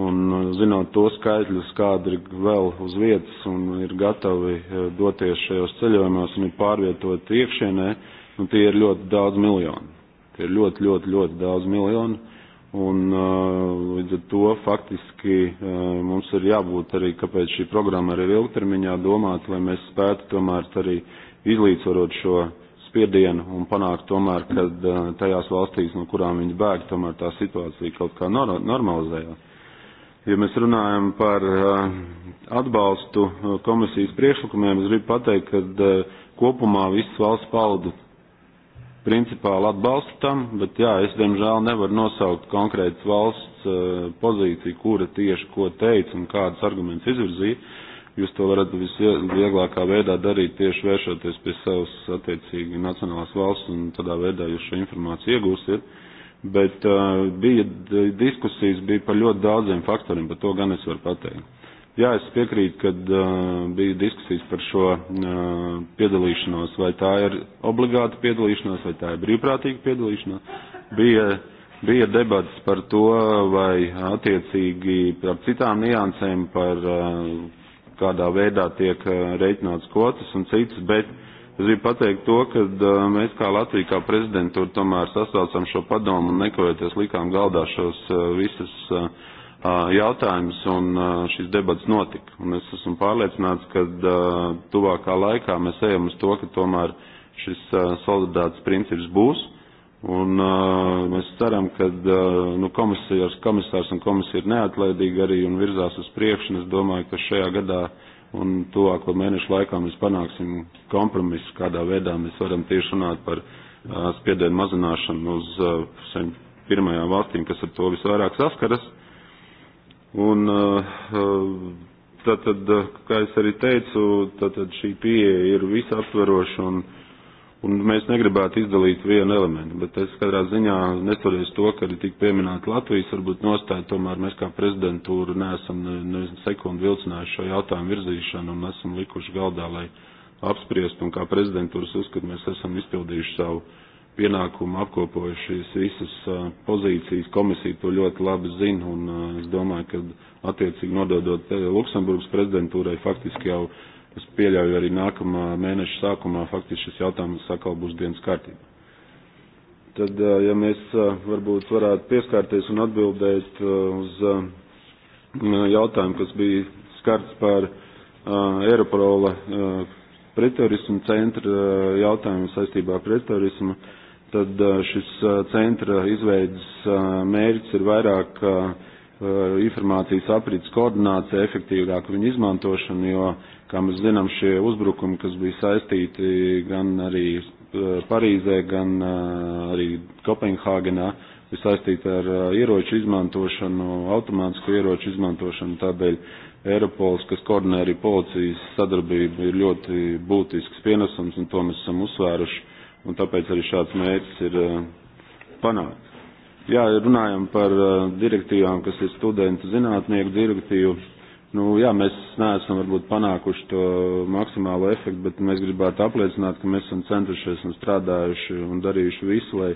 Un uh, zinot to skaitļus, kāda ir vēl uz vietas un ir gatavi doties šajos ceļojumos un ir pārvietoti iekšienē, uh, nu, tie ir ļoti daudz miljonu. Tie ir ļoti, ļoti, ļoti daudz miljonu. Un uh, līdz ar to faktiski uh, mums ir jābūt arī, kāpēc šī programma arī ir ilgtermiņā domāta, lai mēs spētu tomēr arī izlīdzvarot šo spiedienu un panākt tomēr, ka uh, tajās valstīs, no kurām viņi bēg, tomēr tā situācija kaut kā nor normalizējās. Ja mēs runājam par atbalstu komisijas priekšlikumiem, es gribu pateikt, ka kopumā visas valsts paldu principāli atbalstu tam, bet jā, es diemžēl nevaru nosaukt konkrētas valsts eh, pozīciju, kura tieši ko teica un kādas argumentus izvirzīja. Jūs to varat visvieglākā veidā darīt tieši vēršoties pie savas attiecīgi nacionālās valsts un tādā veidā jūs šo informāciju iegūsiet. Bet uh, bija diskusijas bija par ļoti daudziem faktoriem, par to gan es varu pateikt. Jā, es piekrītu, kad uh, bija diskusijas par šo uh, piedalīšanos, vai tā ir obligāta piedalīšanās, vai tā ir brīvprātīga piedalīšanās. Bija, bija debats par to, vai attiecīgi par citām niansēm, par uh, kādā veidā tiek uh, reiķināts kvotas un citas, bet es gribu pateikt to, ka uh, mēs kā Latvija, kā prezidentūra tomēr sasaucam šo padomu un nekavēties likām galdā šos uh, visas. Uh, jautājums un šis debats notika. Un es esmu pārliecināts, ka tuvākā laikā mēs ejam uz to, ka tomēr šis solidāts princips būs. Un mēs ceram, ka nu, komisārs, komisārs un komisija ir neatlaidīgi arī un virzās uz priekšu. Es domāju, ka šajā gadā un tuvāko mēnešu laikā mēs panāksim kompromisu, kādā veidā mēs varam tieši runāt par spiedienu mazināšanu uz pirmajām valstīm, kas ar to visvairāk saskaras. Uh, Un tātad, eh, eh, eh, kā es arī teicu, tātad šī pieeja ir visaptveroša un, un mēs negribētu izdalīt vienu elementu, bet es katrā ziņā nestoties to, ka arī tik pieminēt Latvijas varbūt nostāja, tomēr mēs kā prezidentūra neesam nevis sekundu vilcinājuši šo jautājumu virzīšanu un esam likuši galdā, lai apspriest un kā prezidentūras uzskat mēs esam izpildījuši savu pienākumu apkopoju šīs visas pozīcijas. Komisija to ļoti labi zina, un es domāju, ka attiecīgi nododot Luksemburgas prezidentūrai faktiski jau, es pieļauju arī nākamā mēneša sākumā, faktiski šis jautājums atkal būs dienas kārtībā. Tad, ja mēs varbūt varētu pieskārties un atbildēt uz jautājumu, kas bija skarts par Eiropola pretterorismu centra jautājumu saistībā ar pretterorismu. Uh, tad šis centra izveidas mērķis ir vairāk informācijas aprits koordinācija, efektīvāk viņa izmantošana, jo, kā mēs zinām, šie uzbrukumi, kas bija saistīti gan arī Parīzē, gan arī Kopenhāgenā, ir saistīti ar ieroču izmantošanu, automātisku ieroču izmantošanu, tādēļ Eiropols, kas koordinē arī policijas sadarbību, ir ļoti būtisks pienesums, un to mēs esam uzsvēruši un tāpēc arī šāds mērķis ir eh, panākts. Jā, runājam par eh, direktīvām, kas ir studentu zinātnieku direktīvu. Nu, jā, mēs neesam varbūt panākuši to maksimālo efektu, bet mēs gribētu apliecināt, ka mēs esam centušies un strādājuši un darījuši visu, lai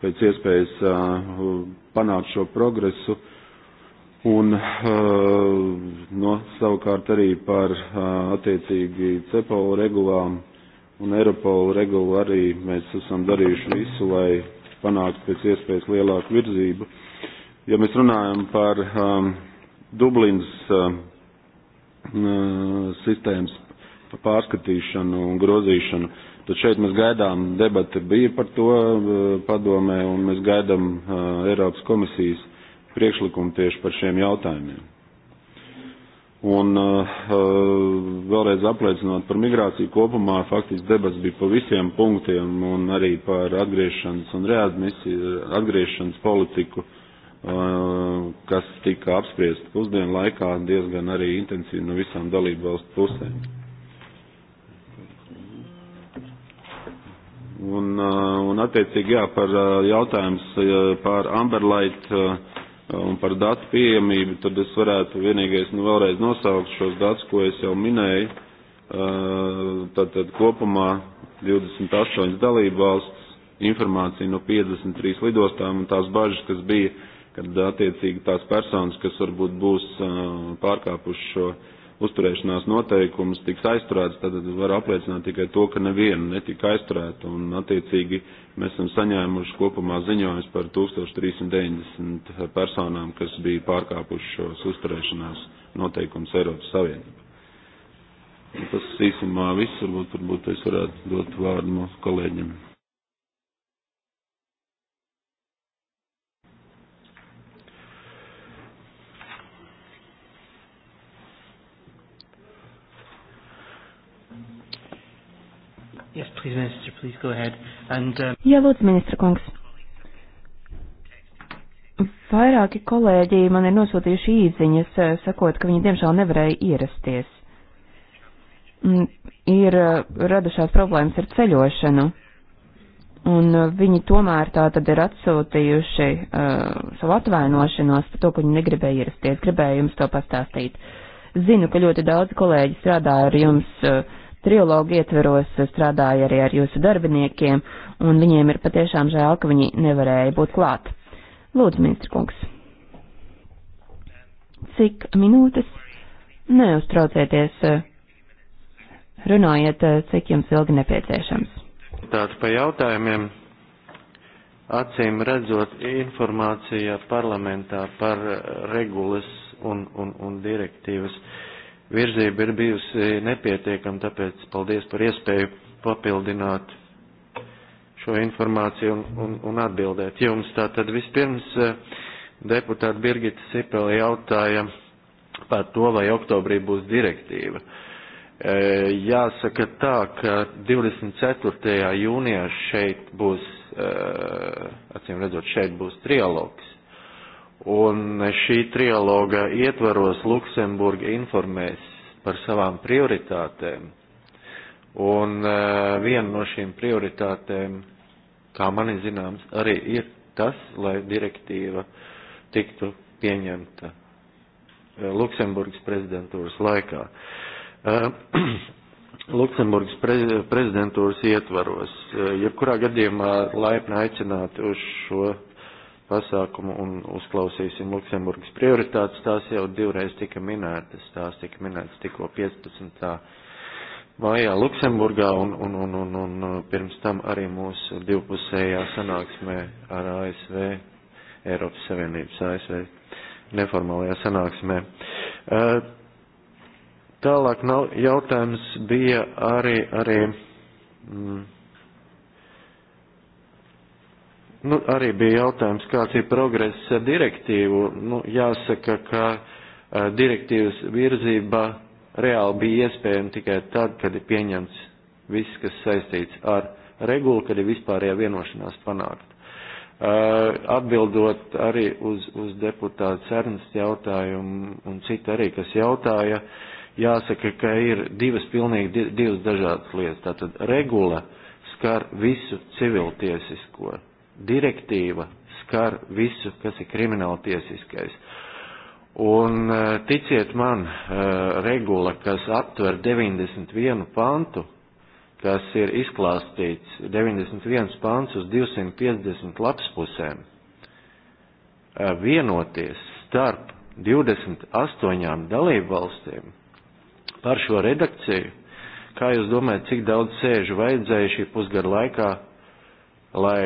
pēc iespējas uh, panākt šo progresu. Un uh, no, savukārt arī par uh, attiecīgi CEPO regulām un Eiropola regulu arī mēs esam darījuši visu, lai panāktu pēc iespējas lielāku virzību. Ja mēs runājam par um, Dublins um, uh, sistēmas pārskatīšanu un grozīšanu, tad šeit mēs gaidām debati bija par to uh, padomē, un mēs gaidām uh, Eiropas komisijas priekšlikumu tieši par šiem jautājumiem. Un uh, uh, vēlreiz apliecinot par migrāciju kopumā, faktiski debats bija pa visiem punktiem un arī par atgriešanas un readmisiju, atgriešanas politiku, uh, kas tika apspriest pusdienu laikā diezgan arī intensīvi no visām dalību valstu pusēm. Un, uh, un attiecīgi jā, par uh, jautājums uh, par Amberlight. Uh, un par datu pieejamību, tad es varētu vienīgais nu vēlreiz nosaukt šos datus, ko es jau minēju. Tātad uh, kopumā 28 dalību valsts informācija no 53 lidostām un tās bažas, kas bija, kad attiecīgi tās personas, kas varbūt būs uh, pārkāpuši šo uh, uzturēšanās noteikumus tiks aizturēts, tad var apliecināt tikai to, ka neviena netika aizturēta, un attiecīgi mēs esam saņēmuši kopumā ziņojums par 1390 personām, kas bija pārkāpuši šos uzturēšanās noteikumus Eiropas Savienībā. Tas īsumā viss, varbūt, varbūt es varētu dot vārdu mūsu kolēģiem. Yes, please, minister, please go ahead. And, um... Jā, lūdzu, ministra kungs. Vairāki kolēģi man ir nosūtījuši īziņas, eh, sakot, ka viņi diemžēl nevarēja ierasties. Mm, ir eh, radušās problēmas ar ceļošanu, un eh, viņi tomēr tā tad ir atsūtījuši uh, savu atvainošanos par to, ka viņi negribēja ierasties. Gribēju jums to pastāstīt. Zinu, ka ļoti daudz kolēģi strādā ar jums. Uh, trilogu ietveros strādāju arī ar jūsu darbiniekiem, un viņiem ir patiešām žēl, ka viņi nevarēja būt klāt. Lūdzu, ministra kungs. Cik minūtes? Neuztraucieties, runājiet, cik jums ilgi nepieciešams. Tātad pa jautājumiem acīm redzot informācija parlamentā par regulas un, un, un direktīvas uh, virzība ir bijusi nepietiekama, tāpēc paldies par iespēju papildināt šo informāciju un, un, un atbildēt jums. Tātad vispirms eh, deputāta Birgita Sipele jautāja par to, vai oktobrī būs direktīva. Eh, jāsaka tā, ka 24. jūnijā šeit būs, eh, acīm redzot, šeit būs trialogs Un šī trialoga ietvaros Luksemburga informēs par savām prioritātēm. Un uh, viena no šīm prioritātēm, kā man ir zināms, arī ir tas, lai direktīva tiktu pieņemta uh, Luksemburgas prezidentūras laikā. Uh, Luksemburgas prez, prezidentūras ietvaros, jebkurā gadījumā laipni aicināt uz šo pasākumu un uzklausīsim Luksemburgas prioritātes. Tās jau divreiz tika minētas, tās tika minētas tikko 15. maijā Luksemburgā un, un, un, un, un pirms tam arī mūsu divpusējā sanāksmē ar ASV, Eiropas Savienības ASV neformālajā sanāksmē. Eh, tālāk jautājums bija arī, arī mm, Nu, arī bija jautājums, kāds ir progress ar eh, direktīvu. Nu, jāsaka, ka uh, direktīvas virzība reāli bija iespējama tikai tad, kad ir pieņemts viss, kas saistīts ar regulu, kad ir vispārējā vienošanās panākt. Uh, atbildot arī uz, uz deputāta Cernsts jautājumu un citu arī, kas jautāja, jāsaka, ka ir divas pilnīgi divas dažādas lietas. Tātad regula skar visu civiltiesisko direktīva skar visu, kas ir krimināla tiesiskais. Un e, ticiet man, e, regula, kas aptver 91 pantu, kas ir izklāstīts 91 pants uz 250 lapspusēm, e, vienoties starp 28 dalību valstīm par šo redakciju, kā jūs domājat, cik daudz sēžu vajadzēja šī pusgada laikā, lai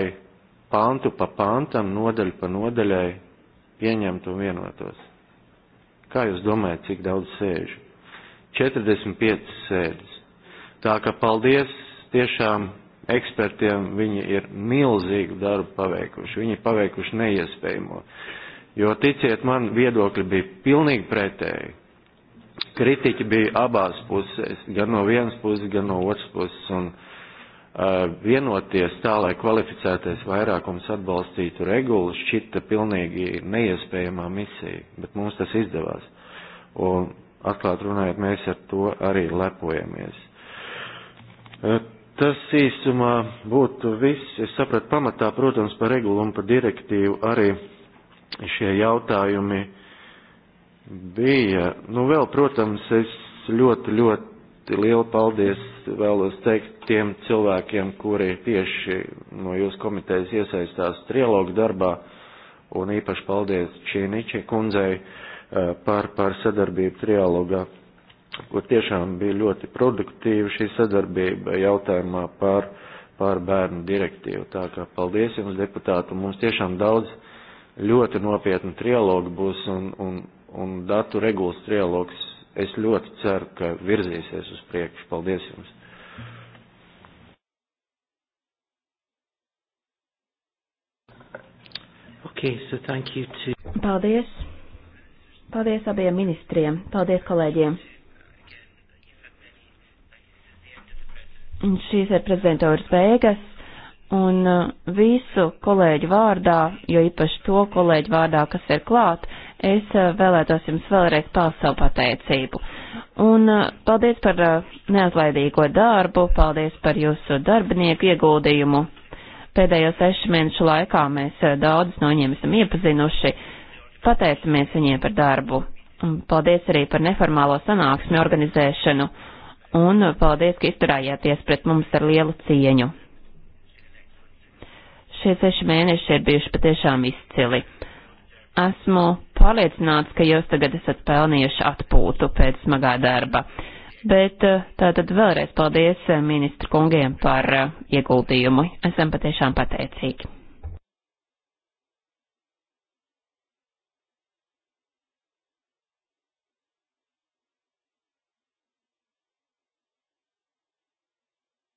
pantu pa pantam, nodaļu pa nodaļai pieņemt un vienotos. Kā jūs domājat, cik daudz sēžu? 45 sēdes. Tā ka paldies tiešām ekspertiem, viņi ir milzīgu darbu paveikuši. Viņi paveikuši neiespējamo. Jo ticiet man, viedokļi bija pilnīgi pretēji. Kritiķi bija abās pusēs, gan no vienas puses, gan no otras puses. Un, uh, Uh, vienoties tā, lai kvalificētais vairākums atbalstītu regulu, šķita pilnīgi neiespējamā misija, bet mums tas izdevās. Un, atklāt runājot, mēs ar to arī lepojamies. Uh, tas īsumā būtu viss. Es sapratu pamatā, protams, par regulu un par direktīvu arī šie jautājumi bija. Nu, vēl, protams, es ļoti, ļoti lielu paldies vēlos teikt tiem cilvēkiem, kuri tieši no jūsu komitejas iesaistās trialogu darbā, un īpaši paldies Čīniķi kundzei eh, par, par sadarbību trialogā, kur tiešām bija ļoti produktīva šī sadarbība jautājumā par, par bērnu direktīvu. Tā kā paldies jums, deputāti, un mums tiešām daudz ļoti nopietnu trialogu būs, un, un, un datu regulas trialogs es ļoti ceru, ka virzīsies uz priekšu. Paldies jums! Okay, so thank you to... Paldies! Paldies abiem ministriem! Paldies kolēģiem! Un šīs ir prezidentūras beigas, un uh, visu kolēģu vārdā, jo īpaši to kolēģu vārdā, kas ir klāt, es eh, vēlētos jums vēlreiz paust savu pateicību. Un eh, paldies par eh, neatlaidīgo darbu, paldies par jūsu darbinieku ieguldījumu. Pēdējo sešu mēnešu laikā mēs daudz no viņiem esam iepazinuši. Pateicamies viņiem par darbu. Un paldies arī par neformālo sanāksmi organizēšanu. Un paldies, ka izturājāties pret mums ar lielu cieņu. Šie seši mēneši ir bijuši patiešām izcili. Esmu pārliecināts, ka jūs tagad esat pelnījuši atpūtu pēc smagā darba. Bet eh, tātad vēlreiz paldies eh, ministru kungiem par eh, ieguldījumu. Esam patiešām pateicīgi.